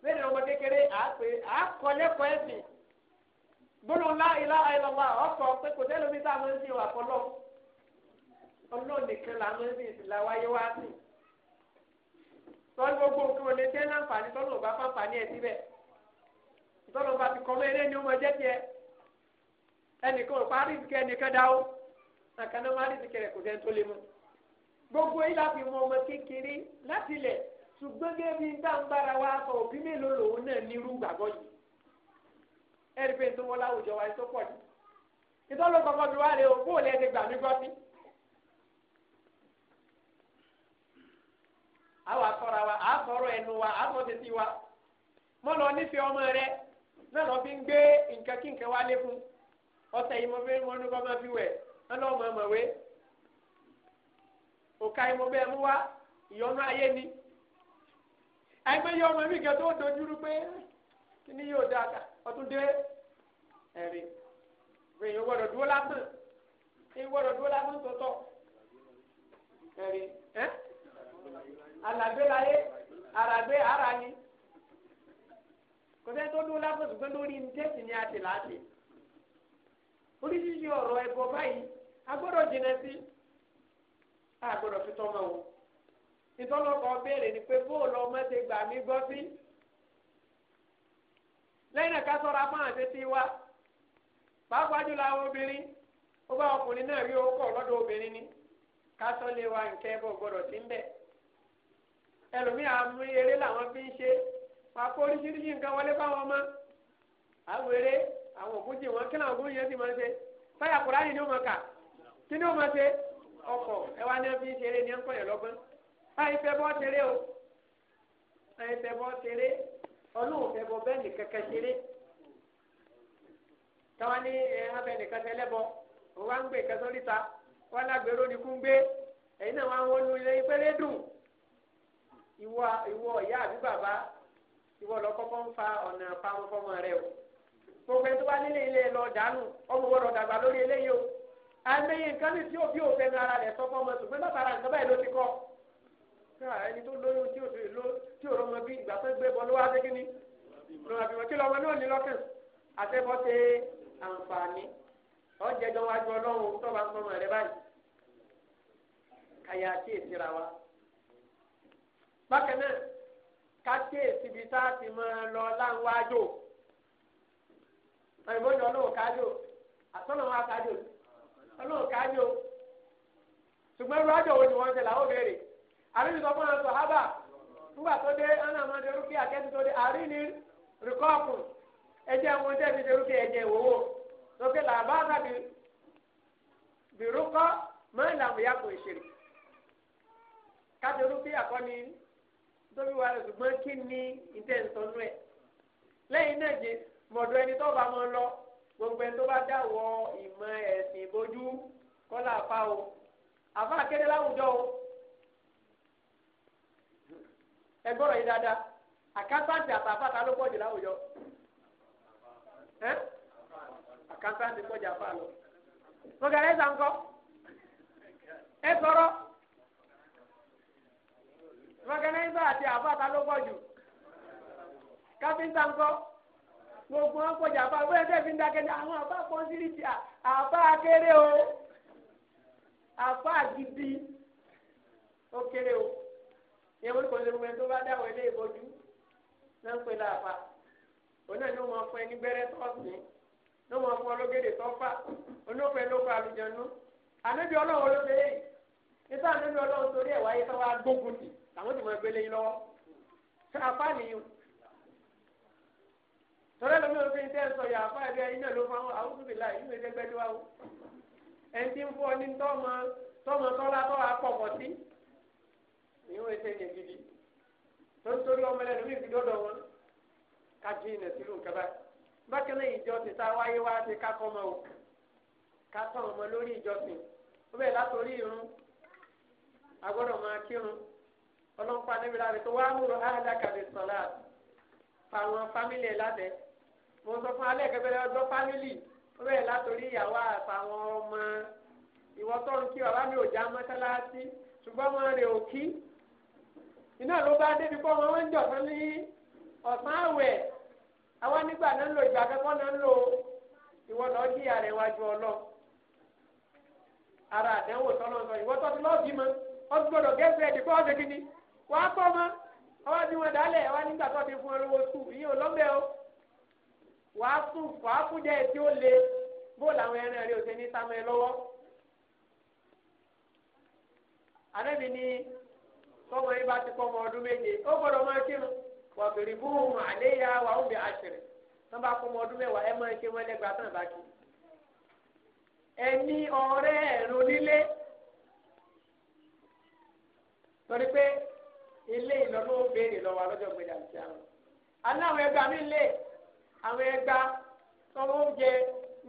bẹ́ẹ̀ ni ọmọ kékeré àápè àákọ́lẹ́kọ̀ọ́ ẹ̀sìn gbólóhùn lá ilá àìlọ́wà ọ̀sọ̀ pé kò tẹ́lẹ̀ mi tá a máa ń ṣe wà fọlọ́ ọlọ́ọ̀ nìkan là máa ń ṣe ìsìlá wáyé wá sí tọ́lú gbogbo nǹkan ò lè jẹ́ láǹfààní tọ́lú ò bá fáǹfààní ẹ̀ síbẹ̀. tọ́lọ́ bá ti kọ́ mọ́ eré ni ó mọ ẹnìkan ò parí ẹnìkan dá o àkànná rí rẹ̀ kò sẹ́ni tó lè mú gbogbo yìí fi mọ ọmọ kékeré láti ilẹ̀ ṣùgbọ́n gẹ́gẹ́ bí gbàǹgbàrà wa sọ òbí mélòó lòun náà nírú gbàgbọ́ yìí ẹ̀rí pé nítorí wọn láwùjọ wa pọ̀ jù ìtọ́lọ́ o kó gbà mí gbọ́ wa àkọ́rọ̀ ẹnu wa àkọ́ náà lọ fi ń gbé nǹkan kí nǹkan wálé fún ọ̀sẹ̀ yìí mo fi mo ní kọ́ máa fi wẹ̀ ẹ lọ́ mọ̀ ọ̀mọ̀wé òkà yìí mo bẹ́ẹ̀ mú wá ìyọnu ayé ni ọmọ mi tó dojúrú pé kí ni yóò dáa dé ara ni. kọsẹ́ tó dúró lápò ṣùgbọ́n lórí ntẹ́sì ni a ti láti. oríṣiríṣi ọ̀rọ̀ ẹ̀bọ báyìí a gbọ́dọ̀ jìnà sí a gbọ́dọ̀ fi o. ìtọ́lọ́kọ̀ béèrè ni pé bóòlù ọmọ ti gbà mí gbọ́ sí. lẹ́yìn náà ká wá. pàápàá jùlọ àwọn obìnrin ó bá ni ká sọ wa bọ̀ gbọ́dọ̀ sí ń bẹ̀. làwọn fi ń pàpọ oríṣiríṣi nǹkan wọlé fáwọn ọmọ àwèrè àwọn ògúnjì wọn kí làwọn ògúnjì yẹn ti máa ṣe táyà kùránì ni ó máa kà kí ni ó máa ṣe ọkọ ẹwà ni wọn fi ń ṣeré ni wọn kọ yẹn lọ́gbọ́n báyìí fẹ bọ ṣeré o báyìí fẹ bọ ṣeré Ọlọ́run fẹ bọ bẹ́ẹ̀ ní kẹ̀kẹ́ ṣeré táwa ní ẹ abẹ nìkan wọn lágbèrò kún ìwọ lọ kọkọ ń fa ọ̀nà pamọ́ fọmọ rẹ o gbogbo ẹni tó bá nílé ilé lọ dànù ọmọ wọn lọ dàgbà lórí eléyìí o àmẹyìn nǹkan ní tí òbí ara rẹ sọ fọmọ nǹkan báyìí ló ti kọ́ ẹni tó lóyún tí òfin ló tí òrò mọ bí ìgbà tó gbé bọ wá kíní kí náà ní ṣe àǹfààní wájú tó bá ń fọmọ rẹ báyìí kàyà àti wa bákan kákíyèsí ibi tá a ti máa lọ láńwájò àìmọ́jọ ọlọ́wọ́ kájò àtọ́nàmọ́ àkájò ọlọ́wọ́ kájò ṣùgbọ́n irú àjọ wo ni wọ́n ṣe làwọn béèrè àríwí sọ fún àwọn sọ̀hábà nígbà tó dé anamọ́dé rúkì àkẹ́tù tó dé àrí ni rìkọ́ọ̀pù wọn jẹ́ ti ṣe rúkì ìwòwò làbá àtàbí mọ́ ìlànà ìyàpọ̀ ìṣèlú nítorí wàá ṣùgbọ́n kí ni ìtẹ̀sánú ẹ̀ lẹ́yìn náà jẹ́ mọ̀dọ̀ ẹni tó bá máa lọ gbogbo ẹni tó bá dáwọ́ ìmọ̀ ẹ̀sìn ìbojú kọ́lá àfa o àfa akéde láwùjọ o ẹgbọ́rọ̀ yìí dáadáa àkántàǹtì àtàfàtà ló pọ̀jù láwùjọ àkántàǹtì pọ̀jù àfa lọ. mo gàdá ẹ̀ sàn kọ́ ẹ sọ̀rọ̀ fọkànáìsà àti àbáta ló pọ̀ jù káfíńtà ńkọ́ gbogbo wọn pọ̀ jù àbá bóyá tẹ́ fi ń dákẹ́ ní àwọn àbá pọ́n sí ti àbá kéré o àbá gidi ó kéré o ìyẹn wọn kò lè wẹ tó bá dáwọ ilé ìbòjú náà ń pè láàfà òun náà ló máa fọ ẹni gbẹrẹ tọ́sí ló máa fọ ọlọ́gẹ̀dẹ̀ tọ́fà olófẹ́ ló fa àlùjọ́nú ànábi ọlọ́run olófẹ́ yìí nítorí ànábi ọlọ́run torí ẹ̀ wáyé tó wá gbógun tì í làwọn ti mọ ẹgbẹ́ lẹ́yìn lọ́wọ́ ṣé afá nìyí tọ́lá lómi òfin tẹ́ sọ yà afá ẹgbẹ́ iná ló fún àwọn àwọn tóbi láì nínú ẹgbẹ́ tó wà wò ẹni tí ń fún ọ ní tọ́mọ tọ́mọ tọ́lá tọ́lá pọ̀pọ̀ sí ìyẹn wọ́n ṣe ní gidi tó ń torí ọmọ ẹlẹ́nu mi fi dọ́dọ̀ wọn kájú ìnà sílùú kaba bákan náà ìjọsìn tá wáyé wá ṣe ká ọmọ o ká tọ́ ọmọ lórí ìjọsìn ó bẹ̀ látòrí irun agbọ́dọ̀ máa kírun ọlọ́pàá níbi láti tó wá múlò áhàdáka lè sọ̀lá fáwọn fámìlì ẹ̀ lábẹ́ mo sọ fún alẹ́ kẹfẹ́ ọjọ́ fámìlì ó bẹ̀rẹ̀ látòrí ìyàwó àtàwọn ọmọ ìwọ tó ń kí bàbá mi ò já mọ́sálásí ṣùgbọ́n ọmọ rẹ̀ ò kí iná ló bá débi pọ́ ọmọ wọn ń jọ̀sán ní ọ̀sán àwẹ̀ àwa nígbà náà ń lo ìgbà kẹ́kọ́ náà ń lo ìwọ lọ jí ìyá rẹ̀ wájú ọlọ́ ara àdánwò tọ́lọ́ sọ ìwọ tó ti lọ́ọ́ bímọ ọ gbọ́dọ̀ gẹ́sẹ̀ ẹ̀dì kọ́ ọ́ wàá kọ́ ọmọ ọwọ́ bí wọn dálẹ̀ wá nígbà tó ti fún olówó sùn ìyẹn ò lọ́mọ o wàá sùn wàá kú ó le bóòlù àwọn ẹran rẹ ò ṣe ní sámọ ẹ lọ́wọ́ ni tọmọ yìí bá ti kọ́ ọmọ ọdún méje ó gbọ́dọ̀ máa kírun wà bèrè bóun ubi wà ó bẹ àṣírí tó bá kọ́ ọmọ ọdún mẹ́wàá ẹ máa ṣe wọn lẹ́gbàá tán bá ilé ìlọ́nà n'obe lọ́wọ́ alọ́jọ́ gbẹdà àti àwọn. àná àwọn ẹgbàá mi lè àwọn ẹgbàá tọmọ oúnjẹ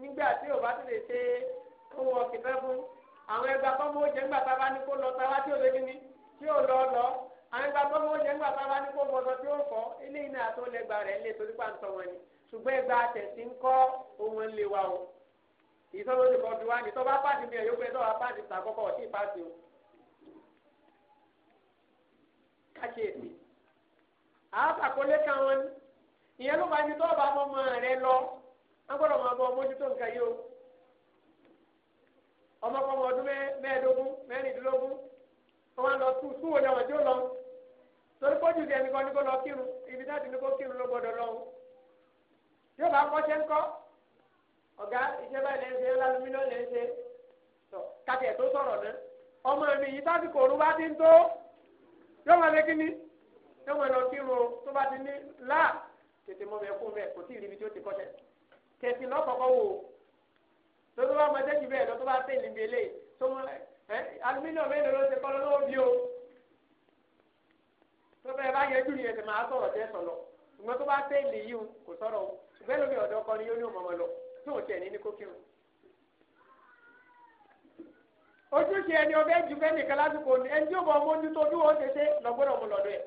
nígbà tí ò bá ti lè ṣe owó ọ̀sìn fẹ́ fún àwọn ẹgbàá tọmọ oúnjẹ nígbà tá a bá ní kó lọ tá a bá tí ò lè kíní tí ò lọ lọ àwọn ẹgbàá tọmọ oúnjẹ nígbà tá a bá ní kó bọ̀dọ̀ tí ó fọ́ ilé iná rẹ̀ lè torí o kákìyèsí àáfàkọlé kan wọn ni ìyẹn ló bá ní tó bá mọ́ ọmọ rẹ lọ wọn gbọ́dọ̀ máa bọ mójútó nǹkan yìí o ọmọkọmọ ọdún mẹ́ẹ̀ẹ́dógún mẹ́rìndínlógún wọn wá lọ sùn sùn wò ni àwọn tí ó lọ torí pọ́jù ti ẹnìkan ní kó lọ kírun ibi táti ní kó kírun ló gbọdọ̀ lọ o tí o bá kọ́ṣẹ́ ńkọ́ ọ̀gá iṣẹ́ báyìí lẹ́yìn ṣe ńlá mílíọ̀nù lẹ́yìn ṣe tọ́ kàtẹ́ tó yóò máa lé kíní yóò máa lọ kírun tó bá ti ní là tètè mọ́ bẹ́ẹ̀ fún bẹ́ẹ̀ kò tí ì ríbi tí ó ti kọ́ṣẹ́ tẹ̀sí lọ́kọ̀ọ́kọ́ wò tó tó bá mọ ẹjẹ́ jù bẹ́ẹ̀ lọ tó bá tẹ̀ níbi eléyìí tó mọ ẹ alumíníọ̀ mélòó ló ti kọ́ lọ́wọ́ bí o tó bẹ́ẹ̀ bá yẹjú yẹn tẹ̀ máa sọ̀rọ̀ tẹ́ sọ̀lọ̀ ṣùgbọ́n tó bá tẹ̀ lè yí o kò sọ̀rọ̀ o ṣùgbọ́n lómi ọ̀dọ́ kọrin yóò ní òmọ̀mọ̀ ojúṣe ẹni ọbẹ̀ ju fẹ́nìkan lásìkò ẹni tí ó bọ̀ mójútó bí wọ́n ṣe ṣe lọ́gbọ́dọ̀ mú lọ́dọ̀ ẹ̀.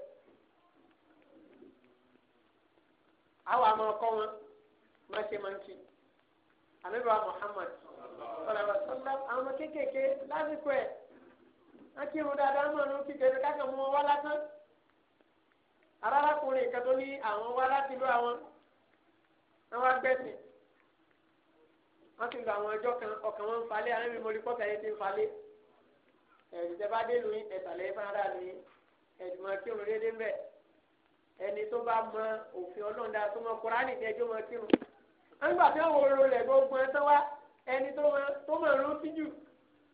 àwọn àmọ́ ọkọ wọn máa ṣe máa ń kí àmì bá Muhammad àwọn kéékèèké lásìkò ẹ̀ wọ́n kí irun dáadáa mọ̀ ní kíkẹ́ kákan mú wọn wá lásán arákùnrin kan tó ní àwọn wá láti lọ àwọn àwọn agbẹ́sìn wọ́n ti lo àwọn ọjọ́ kan ọkàn wọn ń falẹ̀ àwọn ẹ̀mí mọ́lẹ́ pọ́kà yẹn ti ń falẹ̀ ẹ̀sìn tẹ́ bá dé lóyún ẹ̀sàlẹ̀ fúnra lóyún ẹ̀sìn mọ́ kí òun déédéé ń bẹ̀ ẹni tó bá mọ òfin ọlọ́run dáa tó mọ kúránì tẹ́jọ́ mọ́ kí òun. wọ́n gbà tí wọ́n ro rẹ̀ gbogbo ẹ̀ tó wá ẹni tó mọ̀ ló ti jù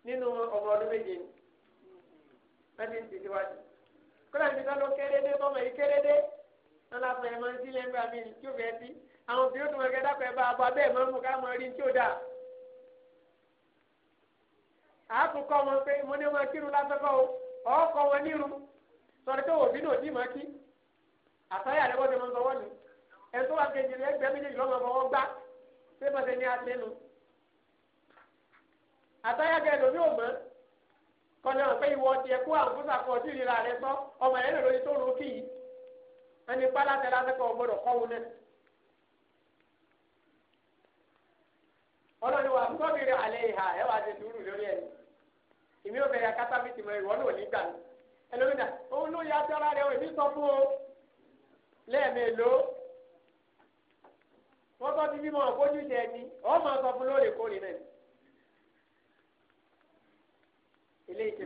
nínú ọmọ ọdún méje ni wọ́n ti ń ti síwájú. kúrò àwọn tí ó tún wọn kẹ́ dápẹ́ bá a bá bẹ́ẹ̀ máa ń mú ká máa rí tí ó dà. àtúkọ́ wọn pé mo ní wọn kírun lásọ́kọ́ o ọkọ̀ wọn nírun sọ̀rọ̀ pé òbí náà dì máa kí àtọ́yà rẹ̀ wọ́n ti kejì rẹ̀ ẹgbẹ́ méjèèjì lọ́mọ gbá pé mo ti ní aṣẹ́nu. àtọ́yà kẹ́ ẹ̀dọ̀ mi ò mọ́ kọ́ni àwọn pé ìwọ ti ẹ̀ kó àwọn fúnṣà ọtí sọ ọmọ lórí tó ẹni ọlọ́ni wa sọ́bìrì alẹ́ ìhà ẹ wàá ṣe sùúrù lórí ẹni ìmí ò bẹ̀rẹ̀ kátà mi ti mọ ìwọ náà nígbà mi ẹlòmínà òun ló yà á òní sọ fún o lẹ́ẹ̀mẹ́lò wọ́n tọ́ ti bímọ ọ jẹ ẹni sọ fún lóòrèkóòrè náà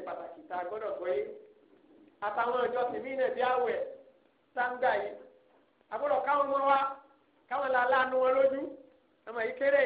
pàtàkì tá a gbọ́dọ̀ gbọ́ yé àtàwọn ọjọ́ náà bí sáńgà yìí káwọn mọ wa káwọn wọn lójú yìí kéré.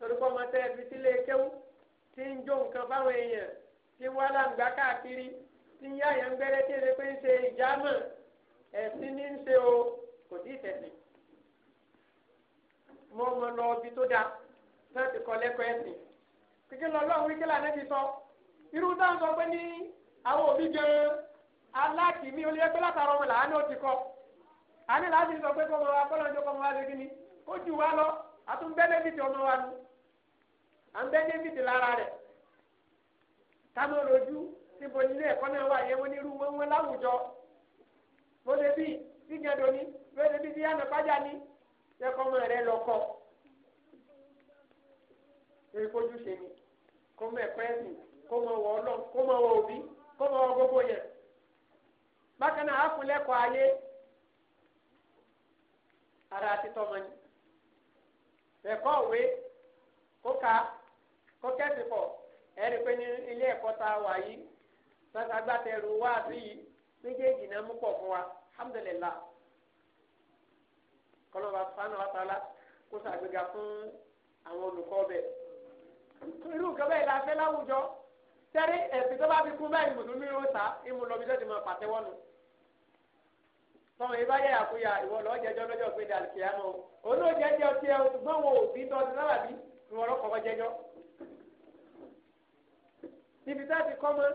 torí pé ọmọ tẹ́ fi sílé kéwú tí ń jó nǹkan fáwọn èèyàn tí wọ́n aláǹgbá káàkiri tí ń yáyà ń gbẹ́rẹ́ tí èdè pé ń ṣe ìjámọ̀ ẹ̀sìn ní ń ṣe o kò tí ì tẹ̀sìn. mo mọ lọ ibi tó dáa láti kọ́ lẹ́kọ̀ọ́ ẹ̀sìn kékeré lọ́lọ́run wíkẹ́ lànà ti sọ irú táwọn sọ pé ní àwọn òbí gan-an olóyè pé látara ọmọ làánú ó ti kọ́ àní láti sọ pé kọ́ ọmọ wa kọ́ lọ́jọ́ kọ́ ọmọ wa lé kíní ó ju wa lọ àtúnbẹ́lẹ́ ọmọ wa nù à ń bẹ́ david lára rẹ̀ kámọ́ rojú níbo nílé ẹ̀kọ́ náà wà yẹn wọ́n ní irú wọn wọn láwùjọ mo lè bí sígẹ̀dọ̀ ni mo lè bí síyànà pàjá ni yẹ́kọ́ ọmọ rẹ lọ kọ́ lórí kójú ṣe ni kó mọ ẹ̀kọ́ ẹ̀sìn kó mọ wọ ọlọ́ kó mọ wọ òbí kó mọ wọ gbogbo yẹn bákan náà àfúnlẹ́kọ̀ọ́ ayé ara àti tọmọ ni ẹ̀kọ́ òwe kó ka kó kẹ́sì pọ̀ ẹ̀rí pé ní ilé ẹ̀kọ́ tá a wà yìí sàgbàtẹ̀rù wá sí yìí méjèèjì náà mú pọ̀ fún wa alhamdulilah kọlọ́ba fana wa ta la kó sàgbéga fún àwọn olùkọ́ bẹ̀. irú nǹkan bẹ́ẹ̀ la fẹ́ láwùjọ sẹ́rí ẹ̀sìn tó bá fi kún bẹ́ẹ̀ mùsùlùmí ó sá ìmú lọ bí sẹ́ẹ̀tì máa pàtẹ́wọ́ nù. sọ̀rọ̀ yìí bá yẹ àkúyà ìwọ lọ́ọ́ jẹjọ́ lọ́jọ́ pé dàlùkìyàmọ́ òun ò jẹjọ́ tiẹ̀ ṣùgbọ́n wọn ò bí tọ́ ti sábàbí ìwọ lọ́kọ̀ọ́ jẹjọ́ níbi tá a ti kọ́ mọ́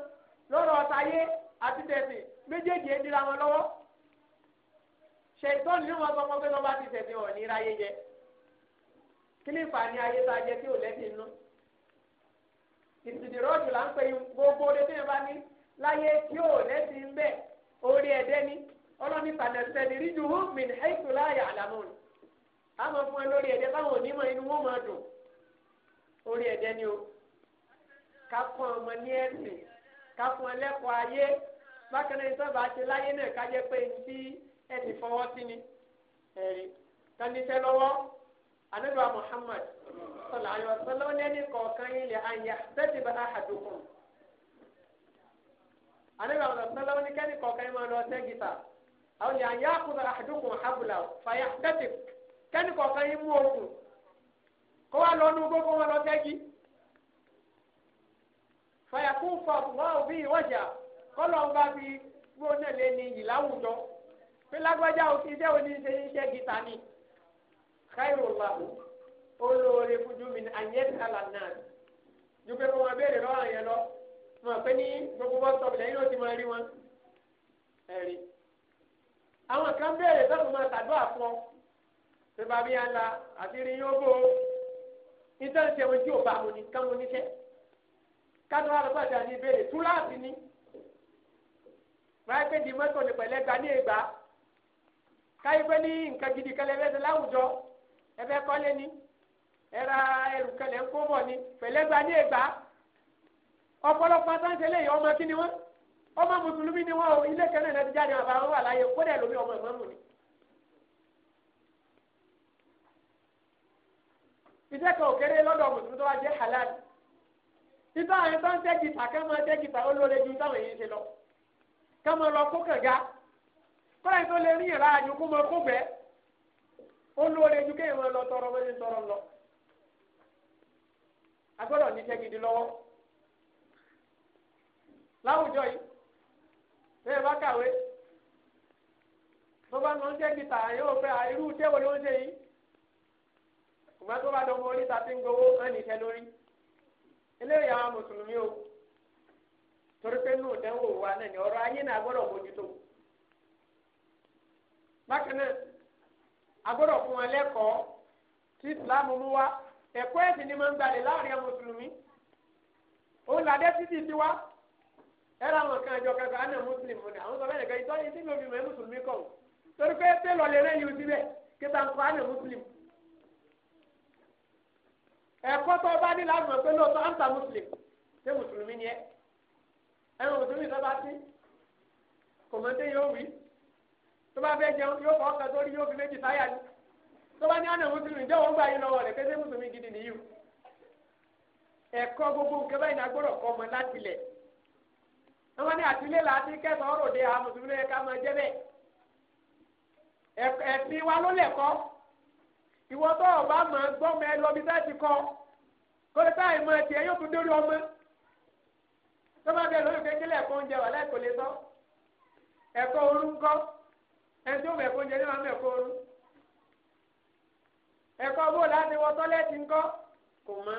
lọ́rọ̀ ọ̀tayé àti tẹ̀sìn méjèèjì ẹ̀ dira wọn lọ́wọ́ ṣètọ́ni ló máa sọ fún pé lọ́ba ti tẹ̀sìn ọ̀ ní iráyé jẹ kí ni ìfàní ayé tá a jẹ tí ò lẹ́sìn nú ìsìdìrọ́jù là ń pè gbogbo orí tí wọn bá ní láyé tí ò lẹ́sìn bẹ́ẹ̀ orí ẹ̀dẹ́ ni ọlọ́ni fànàṣẹ́ni ríjú hùmìn ẹ̀sùn láàyè àlàmọ́ọ̀nù àmọ́ fún ẹ lórí ẹ̀dẹ́ báwọn onímọ̀ inú wọn máa dùn orí ẹ̀dẹ́ ni o kakún ọmọ ní ẹ̀sìn kakún ẹlẹ́kọ̀ọ́ ayé bákan náà ìtọ́ba ti láyé náà kájẹ́ pé ntí ẹ̀sìn fọwọ́ sí ni ẹ̀rí kanisẹ́ lọ́wọ́ anabiwa Muhammad sọlá ayọ sọlá lẹ́ni kọ̀ọ̀kan yìí lè àyà sẹ́tì bá àhàdùkùn anabiwa sọlá lẹ́ni kẹ́ni kọ̀ọ̀kan yìí máa lọ sẹ́ gita àwọn lè àyà kúrò àhàdùkùn habula fàyà sẹ́tì kẹ́ni kọ̀ọ̀kan yìí mú òkun kó wà lọ́nu gbogbo wọn lọ sẹ́gi fàyàkú fọwọ́ òbí ìwọ́jà kọ́lọ̀ ń bá fi gbóná lé ní ìláwùjọ pé lágbájá òkè iṣẹ́ òní ṣe iṣẹ́ gita ni káyọ̀ làwù olóore fújú mi àyẹ̀ sálà náà ju pé kó wọn béèrè lọ́wọ́ yẹn lọ wọn pé ní gbogbo bọ́sítọ̀pù lẹ́yìn ó ti máa rí wọn ẹ̀rí àwọn kan béèrè sọ́kùn máa tàdúrà fún ọ pé bàbá yẹn la àti rí yóò bó o nítorí tí wọn tí ò bá mo ní ká mo níṣẹ́ kátó wà lọ́pọ̀ àti àní ìbéèrè túláàsì ni wáyé pé di mọ́tò ní pẹ̀lẹ́ gba ní ìgbà káyé pé ní nǹkan gidi kẹlẹ́ ẹ̀fẹ́ láwùjọ ẹ̀fẹ́ kọ́lé ni ẹ̀ra ẹrù kẹlẹ́ ń kó bọ̀ ni pẹ̀lẹ́ gba ní ìgbà ọ̀pọ̀lọpọ̀ àtàǹtẹ̀ lè ọmọ kí ni wọ́n ọmọ mùsùlùmí ni wọ́n ilé kẹ́lẹ́ náà ti jáde àbá wọn wà láyé kó dẹ̀ lómi ọmọ ìmọ̀mù ni. ìjẹ́kọ̀ òkèrè lọ́dọ̀ mùsùlùmí tó wá jẹ́ halal títọ́ àwọn tó ń tẹ́ gìtà ká máa tẹ́ gìtà ó lóore ju táwọn èyí ṣe lọ ká máa lọ kó kànga kọ́lá tó lè rí ìlà àjò kó máa kó gbẹ́ ó lóore ju kéèyàn máa lọ tọrọ mọ́ ní tọrọ lọ. a gbọ́dọ̀ ní tẹ́ gidi lọ́wọ́ láwùjọ yìí bẹ́ẹ̀ bá kàwé tó bá ń lọ ń tẹ́ gìtà yóò fẹ́ irú tẹ́wọ̀ ni wọ́n ṣe yìí ìgbà tó bá dọ̀ mọ́ orí ta ti ń gbowó ẹ̀ ya àwọn mùsùlùmí o torí pé inú ìdánwò wa náà ni ọ̀rọ̀ ayé náà gbọ́dọ̀ mójútó bákan náà fún wọn lẹ́kọ̀ọ́ tí islam mú wa ẹ̀kọ́ ẹ̀sìn ni máa ń gbalẹ̀ láàrin àwọn mùsùlùmí òun làdé títí sí wa ẹ̀rọ àwọn kan àjọ kankan àná muslim mu ni àwọn sọ bẹ́ẹ̀ nìkan ìtọ́ni tí mi ò fi mùsùlùmí torí pé pé yìí ó ti kí ń ẹ̀kọ́ tó bá ní láti mọ̀ pé lóòótọ́ áńtà ṣé mùsùlùmí ni ẹ ẹ̀rọ mùsùlùmí tó bá sí kòmọ́tẹ́ yóò wí tó bá fẹ́ jẹun yóò fọ́ ọkàn sórí yóò fi méjì tó bá ní mùsùlùmí gbà yín o ẹ̀kọ́ gbogbo nǹkan báyìí náà gbọ́dọ̀ kọ́ ọmọ láti lẹ̀ wọ́n ní àtìlẹ́ láti kẹ́sàn-án ìwọ tó o bá mọ̀ ẹ́ gbọ́mọ ẹ lọ bí sáà ti kọ́ kórè táyì mọ̀ ẹ́ tiẹ̀ yóò tún dórí ọmọ tó bá bẹ̀rẹ̀ lórí kékeré ẹ̀kọ́ oúnjẹ wà láì kò lè tọ́ ẹ̀kọ́ orúkọ ẹni tó mọ ẹ̀kọ́ oúnjẹ ní wàá mọ ẹ̀kọ́ orú ẹ̀kọ́ bó láti wọ tọ́lẹ́tì ńkọ́ kò mọ́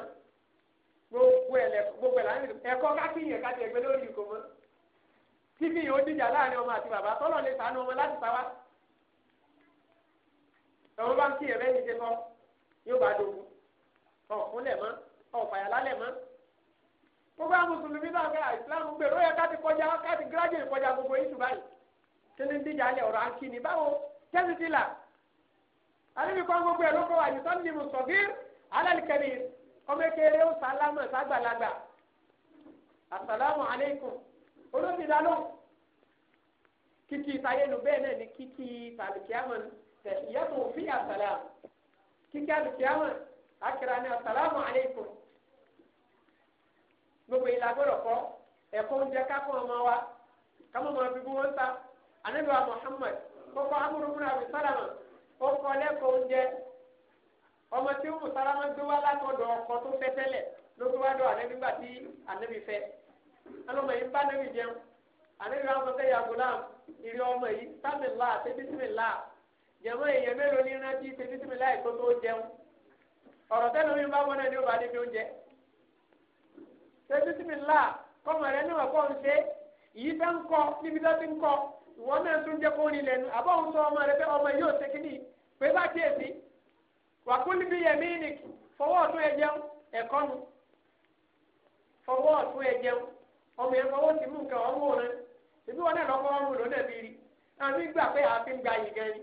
gbogbo ẹ̀ gbogbo ẹ̀ láti ẹ̀kọ́ kákìyàn káti ẹ̀gbẹ́ lórí kò mọ́ kíkìyàn ó dìjà láàrin ọmọ àti bàbá tọ́lọ̀ lè sànú ọmọ láti pa ẹ̀rọ bá ń kí ẹ̀rẹ́ ní ṣe kọ́ yóò bá dogun ọ̀ fúnlẹ̀ mọ́ ọ̀ fàyàlálẹ̀ mọ́ gbogbo àwọn mùsùlùmí náà fẹ́ àìsílámù pé ó yẹ káti kọjá káti gírájì kọjá gbogbo ìṣù báyìí kí ni díjà alẹ́ ọ̀rọ̀ àǹkì ni báwo tẹ́sí ti là àdébí kan gbogbo ẹ̀ ló kọ́ àyè tó ń di mùsọ̀gír alálìkẹ́rì ọmọ ekele ó sálámù sàgbàlagbà asàlámù aleykum olóṣèlú alóhùn kìkì ìtayélu bẹ́ẹ̀ náà ni kìkì ìtàlùkìámọ́ni. تحيته فيها سلام كي كان القيامة أكراني السلام عليكم gbogbo a gbọ́dọ̀ kọ ẹ̀kọ́ oúnjẹ kákọ ọmọ wa muhammad kókó amúrúmúra àbí sálámà ó kọ lẹ́kọ̀ọ́ oúnjẹ ọmọ tí ó mú sálámà gbé wá látọ̀dọ̀ ọkọ tó fẹ́ tẹ́lẹ̀ ló tó wá dọ anabi jẹ̀mọ́ èèyàn mélòó ní rántí ṣe títí mi láì tó tó jẹun ọ̀rọ̀ tẹ́lẹ̀ mi bá wọlé ní ó bá dé fi oúnjẹ ṣe títí mi là kọ́mọ rẹ níwọ̀n kọ́ ń ṣe yìí fẹ́ ń kọ́ níbi tó ti ń kọ́ ìwọ náà tún jẹ́ kó rìn lẹ́nu àbọ̀ ń sọ ọmọ rẹ pé ọmọ yóò ṣe kíní pé bá tiẹ̀ sí wàkúlì bí yẹmí ni fọwọ́ ọ̀tún ẹ jẹun ẹ̀kọ́ nu fọwọ́ ọ̀tún ẹ jẹun ọmọ yẹn fọwọ́ ti mú nǹkan ọmọ rẹ ìbí wọn náà lọ́kọ́ ọmọ rẹ ó bí rí àmì gbà pé àfi ń gba yìí gan ni.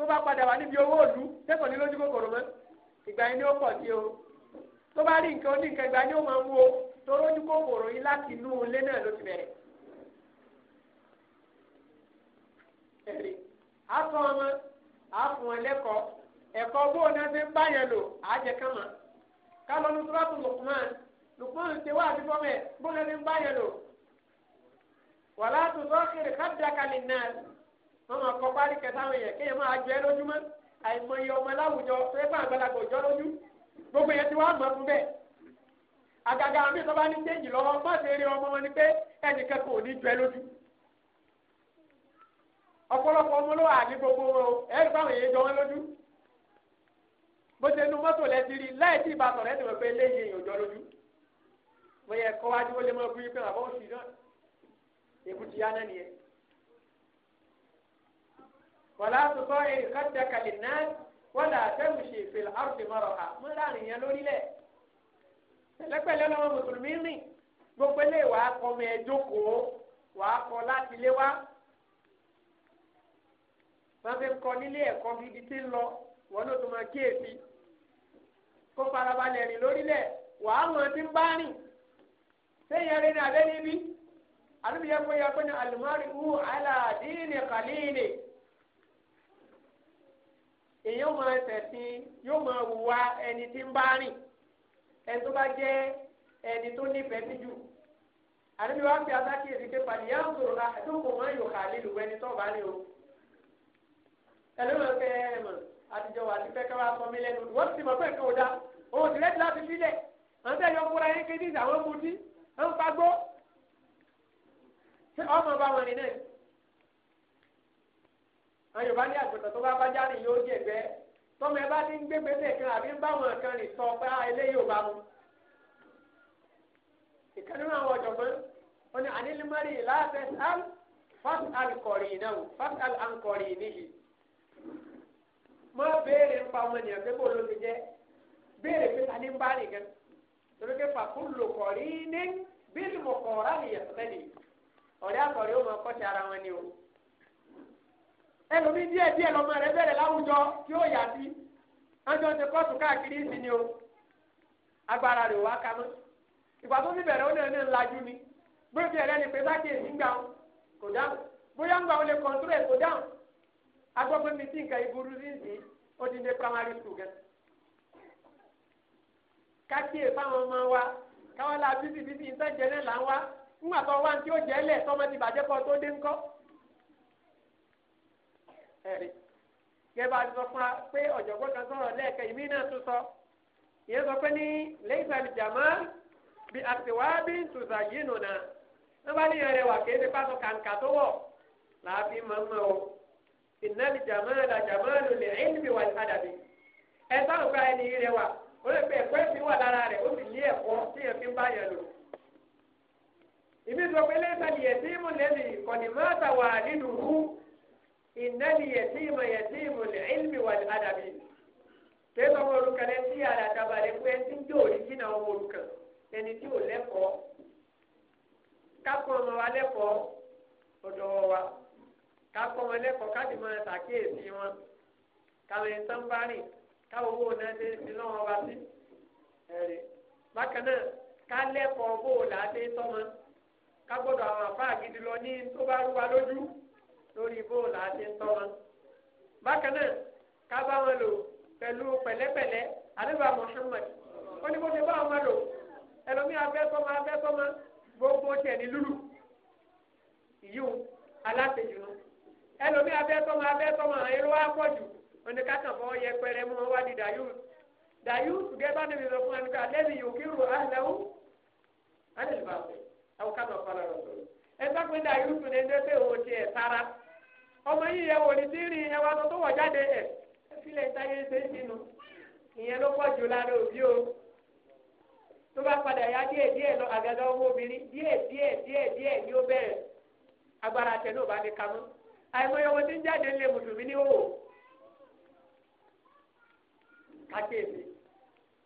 tó bá padà wà níbi owó òlu sẹ́kọ̀ọ́ ní lójú kòkòrò mọ́ ìgbà yẹn ni ó pọ̀ sí o tó bá rí nǹkan oníkan ìgbà yẹn ó máa ń wo tó lójú kòkòrò yìí láti inú ilé náà ló ti bẹ̀rẹ̀. ẹ̀rí a sọ ọmọ a fún wọn lẹ́kọ̀ọ́ ẹ̀kọ́ bó náà ṣe ń bá yẹn lò á jẹ kán mọ́ ká lọ ní sọ́dọ̀tù Lukman Lukman ṣe wá àti fọ́mẹ̀ bó náà ṣe ń bá yẹn lò wàlá tó sọ́ọ́ wọn máa kọ parí kẹta àwọn èèyàn kéèyàn máa jẹ lójúmọ́ àìmọye ọmọ láwùjọ pépà àgbàlagbà òjọ lójú gbogbo yẹn ti wá mọ fún bẹ́ẹ̀ àgàgà àmì tó bá ní téèjì lọ́wọ́ má ṣe rí ọmọ wọn ni pé ẹnìkan kò ní jẹ lójú ọ̀pọ̀lọpọ̀ ọmọ ló wà ní gbogbo wọn o ẹrù báwọn èèyàn jọ wọn lójú bó ṣe nu mọ́tò lẹ ti rí láì tí ìbá sọ̀rọ̀ ẹ̀sìn wọn pé eléyìí èèyàn jọ lójú bóyá ẹ̀kọ́ wájú ó lè mọ fún yín pé àbọ̀ òṣì náà èkúti yá náà nìyẹn wàlá tutọ́ ìkọ́jà kàlí náà wọ́n àtẹ̀mùsì fìlà ọ̀rùsì mọ́rọ̀ ha mú láàrin yẹn lórílẹ̀ pẹ̀lẹ́pẹ̀lẹ́ lọ́wọ́ mùsùlùmí rìn gbogbo ilé wàá kọ́ ọmọ ẹ̀ jókòó wàá kọ́ láti lé wá wọ́n fi ń kọ́ nílé ẹ̀kọ́ bí ibi tí ń lọ wọ́n ló tún máa kíyèsí kó farabalẹ̀ rìn lórílẹ̀ wàá mọ̀ tí ń bá rìn sẹ́yìn rìn ní abẹ́ níbí àdúgbò yẹ kó yẹ kó èyàn máa tẹ̀sìn yóò máa wùwà ẹni tí ń bá rìn ẹni tó bá jẹ́ ẹni tó nífẹ̀ẹ́ sí jù àdébí wá fi adákìyèsí pé pàdéyà ń sọ̀rọ̀ la àdókò máa yọ kàlí lù ẹni tó bá rìn o ẹlẹ́wọ̀n kẹ́ ẹ mọ̀ àtijọ́ wà sí fẹ́ ká wá sọ mí lẹ́nu wọ́n ti mọ̀ pé nǹkan ò da òun ti rẹ́dí láti sílẹ̀ àwọn tẹ́ yọ fúnra yín kéde àwọn mutí ń fagbó ọmọ bá wọn rìn náà àwọn yorùbá ní àgùntàn tó bá bá jáde yóò jẹgbẹ tọmọ ẹ bá ti ń gbé gbèsè kan àbí ń bá wọn kan rìn sọ pé ah, eléyìí ò bá mu ìkan nínú àwọn ọ̀jọ̀gbọ́n ó ní ànílímọ́rì láàfẹ́ sal fat alkọ̀rì náà fat alankọ̀rì níyì mọ béèrè ń pa ọmọnìyàn pé bó ló ti jẹ béèrè pé ta ní ń bá nìkan torí pé fàkúlò kọ̀rí ní bílímù kọ̀ọ̀rá nìyẹn sẹ́ni ọ̀rẹ́ àkọ̀rẹ́ ó máa kọ́ ẹlòmí díẹ̀ díẹ̀ lọmọ rẹ bẹ̀rẹ̀ láwùjọ tí ó yà sí ẹjọ́ ti kọ́ọ̀tù káàkiri ìsì ni o agbára rẹ̀ wá kamọ́ ìgbà tó ti bẹ̀rẹ̀ ó lè ní ńlájú ni bóyá ti ẹ̀rẹ́ ni pé bá tiẹ̀ sí gbà ó kò dáhùn bóyá ń gbà ó lè kọ̀ǹtúrò kò dáhùn agbọ́pẹ́ mi sí nǹkan ìburú sí ìsì ó ti dé primary school gẹ́ kákíyè fáwọn ọmọ wa káwọn la bísí bísí ìtẹ́jẹ́ náà là ń wá ńgbà tó wá ní tí ó jẹ́ lẹ̀ tọ́mọ ẹ̀rí gẹ́gẹ́ bá a ti sọ fún wa pé ọ̀jọ̀gbọ́n kan sọ̀rọ̀ lẹ́ẹ̀kẹ́ ìmí náà tún sọ ìyẹn sọ pé ní lẹ́yìn àlìjàmá bí àtiwá bí tùzà yìí nù náà wọ́n bá níyàn rẹ̀ wà kéde pásọ kàǹkà tó wọ̀ làáfi mọ̀mọ́ o ìná àlìjàmá àlìjàmá lò lè ẹ̀yìn mi wà ládàbí ẹ sáwọn gba ẹni rẹ̀ wà ó lè pe ẹ̀kọ́ ẹ̀fín wà lára rẹ̀ ó sì ní ẹ̀kọ́ tí ẹ̀fín bá yẹn lò ìmí sọ pé lẹ́sàn-án yẹ̀ sí mọ̀lẹ́bí kọ̀nìmọ́ta wà nínú innani yatima yatimu ilmi wal adabi tẹ́lẹ̀ ọmọ olùkọ́ lẹ́yìn tí yàrá pé jìnnà ọmọ olùkọ́ ẹni tí yóò lẹ́kọ̀ọ́ kákọ́ ọmọ wa lẹ́kọ̀ọ́ ọ̀dọ̀ wa ọmọ lẹ́kọ̀ọ́ káàdì máa ṣàkíyèsí wọn káwọn ẹni káwọn owó náà ṣe ti lọ́wọ́ wa sí ẹ̀rí bákan náà ká lẹ́kọ̀ọ́ bóòlù àti sọ́mọ ká gbọ́dọ̀ àwọn àfáà gidi lọ ní tó bá rú wa lójú. lórí bóòlù àti ntọ́mọ. bákan náà ká bá wọn lò pẹ̀lú pẹ̀lẹ́pẹ̀lẹ́ àdébà Muhammad ó ní bó ṣe bá wọn lò ẹlòmí abẹ́sọ́mọ abẹ́sọ́mọ gbogbo tiẹ̀ ní lulu ìyíwò alátẹ̀jùnú ẹlòmí abẹ́sọ́mọ abẹ́sọ́mọ èrò àpọ̀jù oníkàtàn fọwọ́ yẹ pẹrẹ mú wọn wá di dayúù dayúù tùgẹ́ bá níbi sọ fún ẹnìkan lẹ́nu yòókì rò áhìlẹ́wò ánìlbàfẹ́ àwọn kàtàn fọlọ́ rọ̀ sọ̀rọ̀. ẹgbẹ́ pé dà yóò fún ẹgbẹ́ pé òun ti ẹ̀ sára ọmọ yìí yẹ wò ní tí rí ìyẹn wá tó wọ̀ jáde ẹ̀ sílẹ̀ táyé ṣe ń sinú ìyẹn ló pọ̀ jù lára òbí o tó bá padà yá díẹ̀ díẹ̀ lọ àgàgà owó obìnrin díẹ̀ díẹ̀ díẹ̀ díẹ̀ ni ó bẹ̀rẹ̀ agbára tẹ̀ ló bá ní kamú àìmọye owó tí ń jáde lè mùsùlùmí ní òwò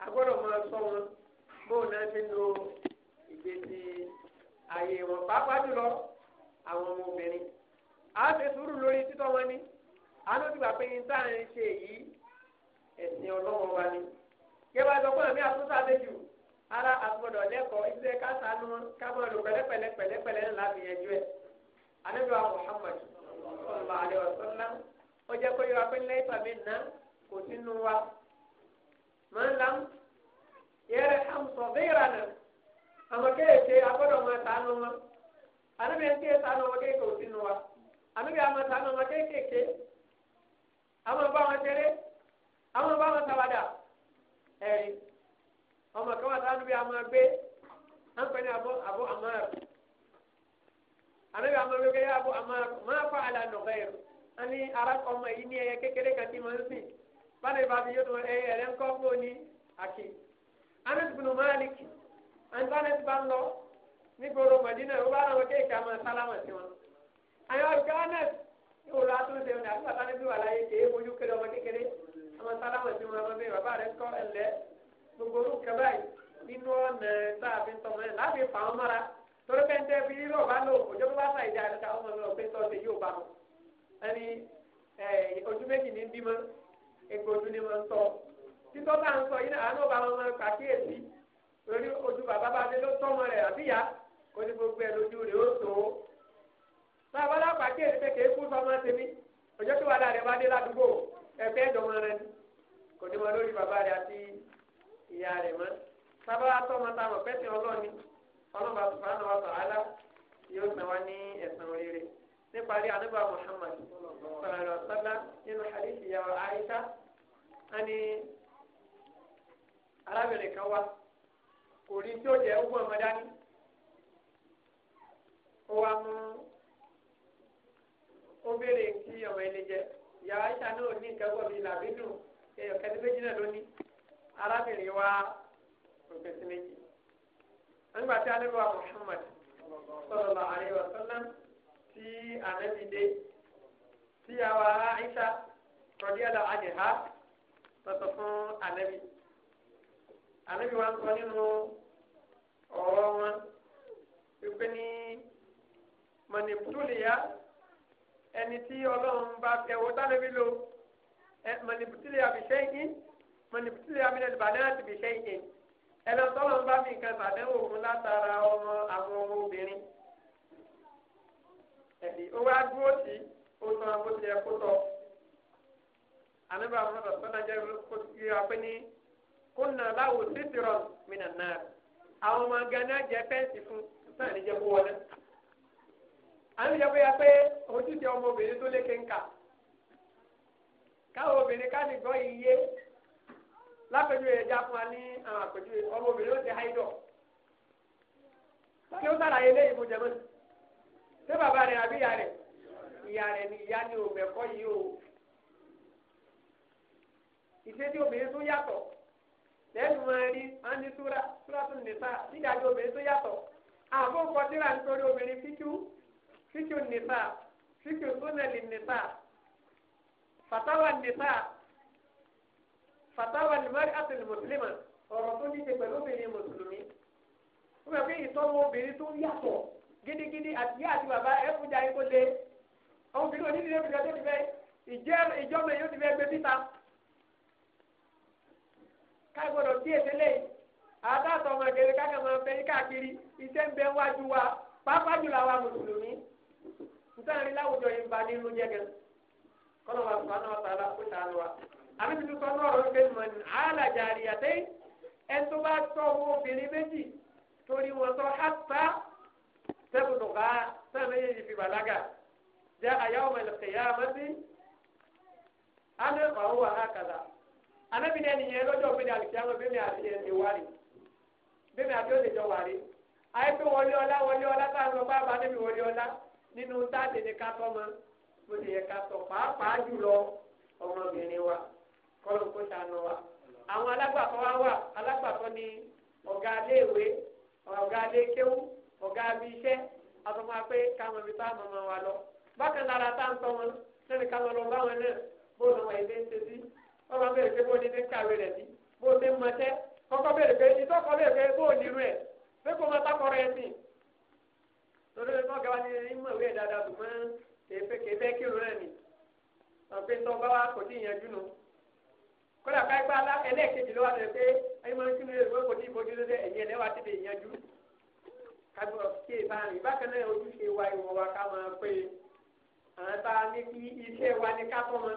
agbọ́dọ̀ máa sọ wọn àyè wọn pàápàá jùlọ àwọn ọmọ obìnrin a ṣe sùúrù lórí títọ́ wọn ni a ló ti gbà pé ní tá à ń ṣe yìí ẹ̀sìn ọlọ́wọ́ wa ni kébà sọ fún àmì àtúntà àlejò ara àgbọ̀dọ̀ lẹ́kọ̀ọ́ iṣẹ́ kásánú kámọ́ọ̀lù pẹ̀lẹ́pẹ̀lẹ́ pẹ̀lẹ́pẹ̀lẹ́ ńlá fi yẹn ju ẹ̀ anábìwá Muhammad sallallahu alaihi wasallam ó jẹ́ kó yọ apẹ́lẹ́ ìfàmì náà kò sínú wa mọ̀ ńlá yẹ́rẹ̀ hàm sọ̀ náà àwọn kéèké agbọ́dọ̀ máa sànù wọn ànábì ẹni tí yẹ sànù wọn kéèké òsì nù wa ànábì àmọ́ sànù wọn kéèké àwọn bá wọn ṣeré àwọn bá wọn ṣàwàdà ẹ̀rí ọmọ kan wà sànù bí a máa gbé ànkọ́ni àbọ̀ àbọ̀ àmọ́ràn ànábì àmọ́ gbé àbọ̀ àmọ́ràn máa fọ àlà nọ̀gẹ́ yẹn ani arakọ ọmọ yìí ní ẹyẹ kékeré kan tí mo ń sìn bá lè bá mi yóò tó ẹyẹ rẹ ń kọ́ fóònù àǹtánẹ́tì bá ń lọ nígboro mọ̀dínà ó bá ràn wọ́n kéèké àmọ́ sálámà sí wọn. àyàn olùkọ́ anẹ́tì yóò lọ àtúnṣe wọn àti bàtà níbi wà láyé kéé fojú kéré ọmọ kékeré àmọ́ sálámà sí wọn ọmọ bẹ́ẹ̀ bàbá rẹ̀ kọ́ ẹ̀lẹ́ gbogbo orúkọ báyìí nínú ọ̀nà tá a fi ń tọmọ ẹ̀ láti fà wọn mọ́ra torí pé ń tẹ́ fi rírọ̀ bá lò òjò bá sà ìdí àdìsá ọmọ mi ò pé tọ́ ṣe yóò bá wọn. ẹni ojú méjì ní bímọ egbò ojú ni wọn sọ títọ́ bá ń sọ yìí náà àánú bá wọn máa kàkíyèsí torí ojú bàbá bá dé ló tọ́mọ rẹ̀ àbíyá kó ní gbogbo ẹ̀ lójú rẹ̀ ó tó. bàbá lápá kí èdè kékeré kú sọmọ tèmi ọjọ́ tó wà láàrin bá dé ládùúgbò ẹgbẹ́ ìdánwò rẹ̀ ni kò ní mọ lórí bàbá rẹ̀ àti ìyá rẹ̀ mọ́. bàbá wa tọ́mọ táwọn pẹ́sìn ọlọ́ọ̀ni ọlọ́ọ̀bà sùpàánù wa sàhálà yóò sàn wá ní ẹ̀sán rere níparí àdúgbò Muhammad sọ̀rọ̀ sọ́lá nínú Aisha ẹni arábìnrin kan wá kò rí tí ó jẹ́ ogún ọmọ dání ó wá mú ó béèrè tí ọmọ ẹni jẹ ìyá aisha náà ní nǹkan pọ̀ bíi làbínú ẹyọ kẹtí méjì náà ló ní arábìnrin wa òkèsí méjì nígbà tí alẹ́ wa Muhammad sallallahu alaihi wasallam tí ànábì dé tí àwa aisha radiyallahu anha lọ́sọ̀ fún ànábì ànábì wa sọ nínú ọ̀rọ̀ wọn wípé ní mọ̀nìpútùlìyà ẹni tí ọlọ́run bá tẹ̀wọ́ tánàbí lò mọ̀nìpútùlìyà bí sẹ́yìn mọ̀nìpútùlìyà bí lẹ́nu bàdánà ti bí sẹ́yìn ẹni ọlọ́run bá fi nǹkan sàdánwò fún látara ọmọ àwọn ọmọ obìnrin ẹ̀dì ó wá dúró sí ó sọ àwọn bó ti yẹ kó tọ̀ ànábì àwọn ọ̀sán náà jẹ́ kó ti yẹ apẹ́ ní. kunna lahu sitran minan nar àwọn ọmọ gánà jẹ fẹ́ǹsì fún náà níjẹ́ kó wọlé. àwọn ìjọba yà pé ojúṣe ọmọbìnrin tó lékè ń káwọn obìnrin iye lápẹjù ẹja fún wa ní àwọn àpẹjù ọmọbìnrin ó ti kí ó bàbá rẹ. àbí ìyá ni ìyá ni o ìṣe obìnrin yàtọ̀ lẹ́nu máa rí wọn ní súra súra tún nìfà nídàájọ́ obìnrin tó yàtọ̀ àwọn fún kọtíra nítorí obìnrin fíkú fíkú nìfà fíkú súnẹ̀lì nìfà fatawa nìfà fatawa nìmọ́rí àtẹnì mùsùlùmá ọ̀rọ̀ tó ní ṣe pẹ̀lú obìnrin mùsùlùmí wọ́n mọ̀ pé ìtọ́wò obìnrin tó yàtọ̀ gidigidi àti yá àti bàbá ẹ̀fúnjà yìí kó lé ọmọbìnrin onídìrí ẹ̀fúnjà tó ti fẹ́ ìjọ́mọ̀ èyí ó ti fẹ́ gbé kágbọ́dọ̀ sí ètè lẹ́yìn àtàtọ̀ ọmọ ìgbèrè káàkiri máa fẹ́ káàkiri iṣẹ́ ń bẹ wájú wa pàápàá jùlọ àwa mùsùlùmí nítorí láwùjọ yìí ń ba nínú jẹgẹ kọ́nà wa sùpánà wa sàlá kó sàánù wa. àbí tuntun sọ náà ọ̀rọ̀ ìgbésùn mọ́ni àlàjà àríyàtẹ́ ẹni tó bá tọ́ owó obìnrin méjì torí wọn sọ hàtà sẹ́kùn tó bá sẹ́kùn méjèèjì fi bàlágà jẹ́ àyàwó mẹ́lẹ̀kẹ̀yà mẹ́sì alẹ́ ọ̀hún wà hákàdà anabi náà nìyẹn lọ́jọ́ pé ní alìkíyàmọ́ bẹ́ẹ̀ mi àti ẹ̀ wárí bẹ́ẹ̀ mi àti ó lè jọ wárí àyè pé wọlé ọlá wọlé ọlá tá a sọ bá bá débi wọlé ọlá nínú táàtì ní ká tọ́ mọ́ mo lè yẹ ká tọ́ pàápàá jùlọ ọmọbìnrin wa kọ́lù kó sànù wa àwọn alágbàtọ́ wa wà alágbàtọ́ ni ọ̀gá iléèwé ọ̀gá iléekéwú ọ̀gá abiṣẹ́ àtọ́mọ́ pé káwọn ibi tá a mọ̀ mọ́ wa lọ bákan lára tá a ń tọ́ wọn lẹ́nu káwọn lọ bá wọn náà bóun náà wà ilé ń ṣe wọ́n máa bẹ̀rẹ̀ pé bó ní ti ń kàwé rẹ̀ sí bó ti ń mọtẹ́ kọ́kọ́ bẹ̀rẹ̀ pé ìtọ́kọ́ bẹ̀rẹ̀ pé bó nírú ẹ̀ pé kó máa takọ̀rọ̀ ẹ̀ sìn. torí pé kọ́kẹ́ wa ní ìmọ̀ ìwé dáadáa ṣùgbọ́n kèéfé kírun náà nì ọ̀pẹ tó bá wa kò tí ì yanjú nù. kódà káyipá ẹlẹ́ẹ̀kejì ló wà lọ pé ẹ̀yin máa ń kírun ẹ̀ kò tí ì bójú lé ẹ̀yin ẹ̀lẹ́ wa ti lè yanjú. kábọ̀ kí ìbá rìn bákan náà ojúṣe wa ìwọ̀ wa ká máa pé àwọn tá a ní kí iṣẹ́ wa ní ká tọ́ wọn.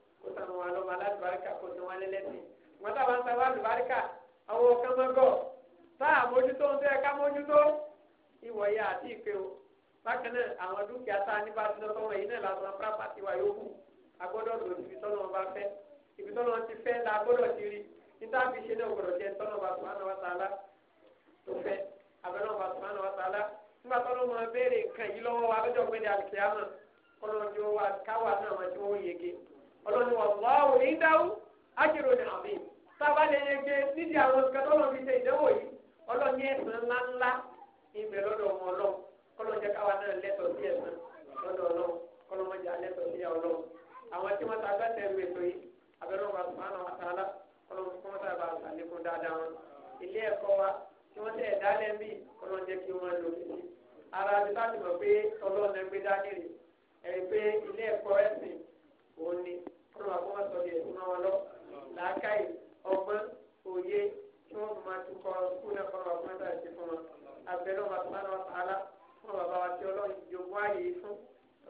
kó sànù wọn lọ́mọ alálùbáríkà kó sàn wọn lẹ́lẹ́sìn wọn sábà ń sábà alùbáríkà àwọn ọ̀kan mọ́gọ́ sáà mójútó ń tẹ́ ká mójútó ìwọ̀yé àti ìpè o bákan náà àwọn dúkìá tá a ní bá ti lọ sọ́wọ́ yìí náà làwọn pápátí wa yòókù agbọ́dọ̀ lò síbi tọ́nà wọn bá fẹ́ ibi tọ́nà wọn ti fẹ́ la gbọ́dọ̀ ti rí a fi ṣe náà gbọ́dọ̀ jẹ tọ́nà wọn subhanahu wa ta'ala tó fẹ́ abẹ́nà wọn subhanahu wa ta'ala nígbà tọ́nà wọn béèrè nǹkan yìí lọ́wọ́ wa lọ́jọ́ pé ní àlùkìyámà kọ́nà ọjọ́ wa káwa náà wọn ti ọlọ́ni wà wá òní ń dáwó ájúrò ní àbí sábà lè yẹ gbé nídìí àwọn ìkẹtọ lọ fi ṣe ìdánwò yìí ọlọ́ni ẹ̀sán ńlá ńlá ìgbẹ́ lọ́dọ̀ ọmọ ọlọ́run kọ́lọ́ jẹ́ káwa náà lẹ́tọ̀ sí ẹ̀sán lọ́dọ̀ ọlọ́run kọ́lọ́ mọ́ jà lẹ́tọ̀ sí ọlọ́run àwọn tí wọ́n ta gbẹ́sẹ̀ ń wẹ̀tọ̀ yìí abẹ́rọ̀ ara ti bá ti mọ̀ pé ọlọ́run ẹgbẹ́ dá nílé ẹ̀ pé ilé ẹ̀kọ́ ẹ̀sìn òun ni ọlọ́wà kó má sọ di ẹ̀kú náà lọ làákàyè ọgbọ́n òye tí wọ́n máa tún kọ́ skul náà kọ́lọ́wà kó má sọ àti fún wọn abẹ́rẹ́ wọn bá lọ sàálà fún bàbá wa tí ọlọ́run jogún ààyè fún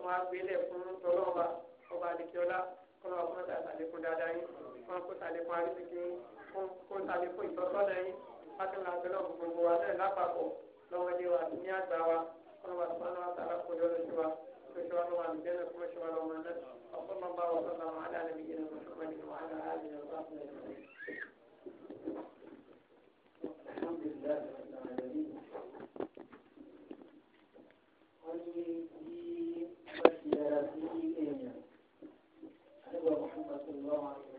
wọn agbélẹ̀ fún tọ́lọ́wà ọba àdìkíọ́lá kọ́lọ́wà kó má sọ àtàlẹ́kùn dáadáa yín fún kó sàlẹ́kùn àrísìkí fún kó sàlẹ́kùn ìtọ́sọ́nà yín fásitì àbẹ́lẹ́ gbogbo wa náà lápapọ̀ lọ́wọ́dé fún kó sàlẹ́kùn fún ìtọ́sọ́nà yín fásitì àbẹ́lẹ́ gbogbo gbogbo wa náà lápapọ̀ lọ́wọ́dé wa wa ní وصلى الله وسلم على نبينا محمد وعلى آله وصحبه أجمعين الحمد لله رب العالمين ولي وسيلتي ابو محمد صلى الله عليه وسلم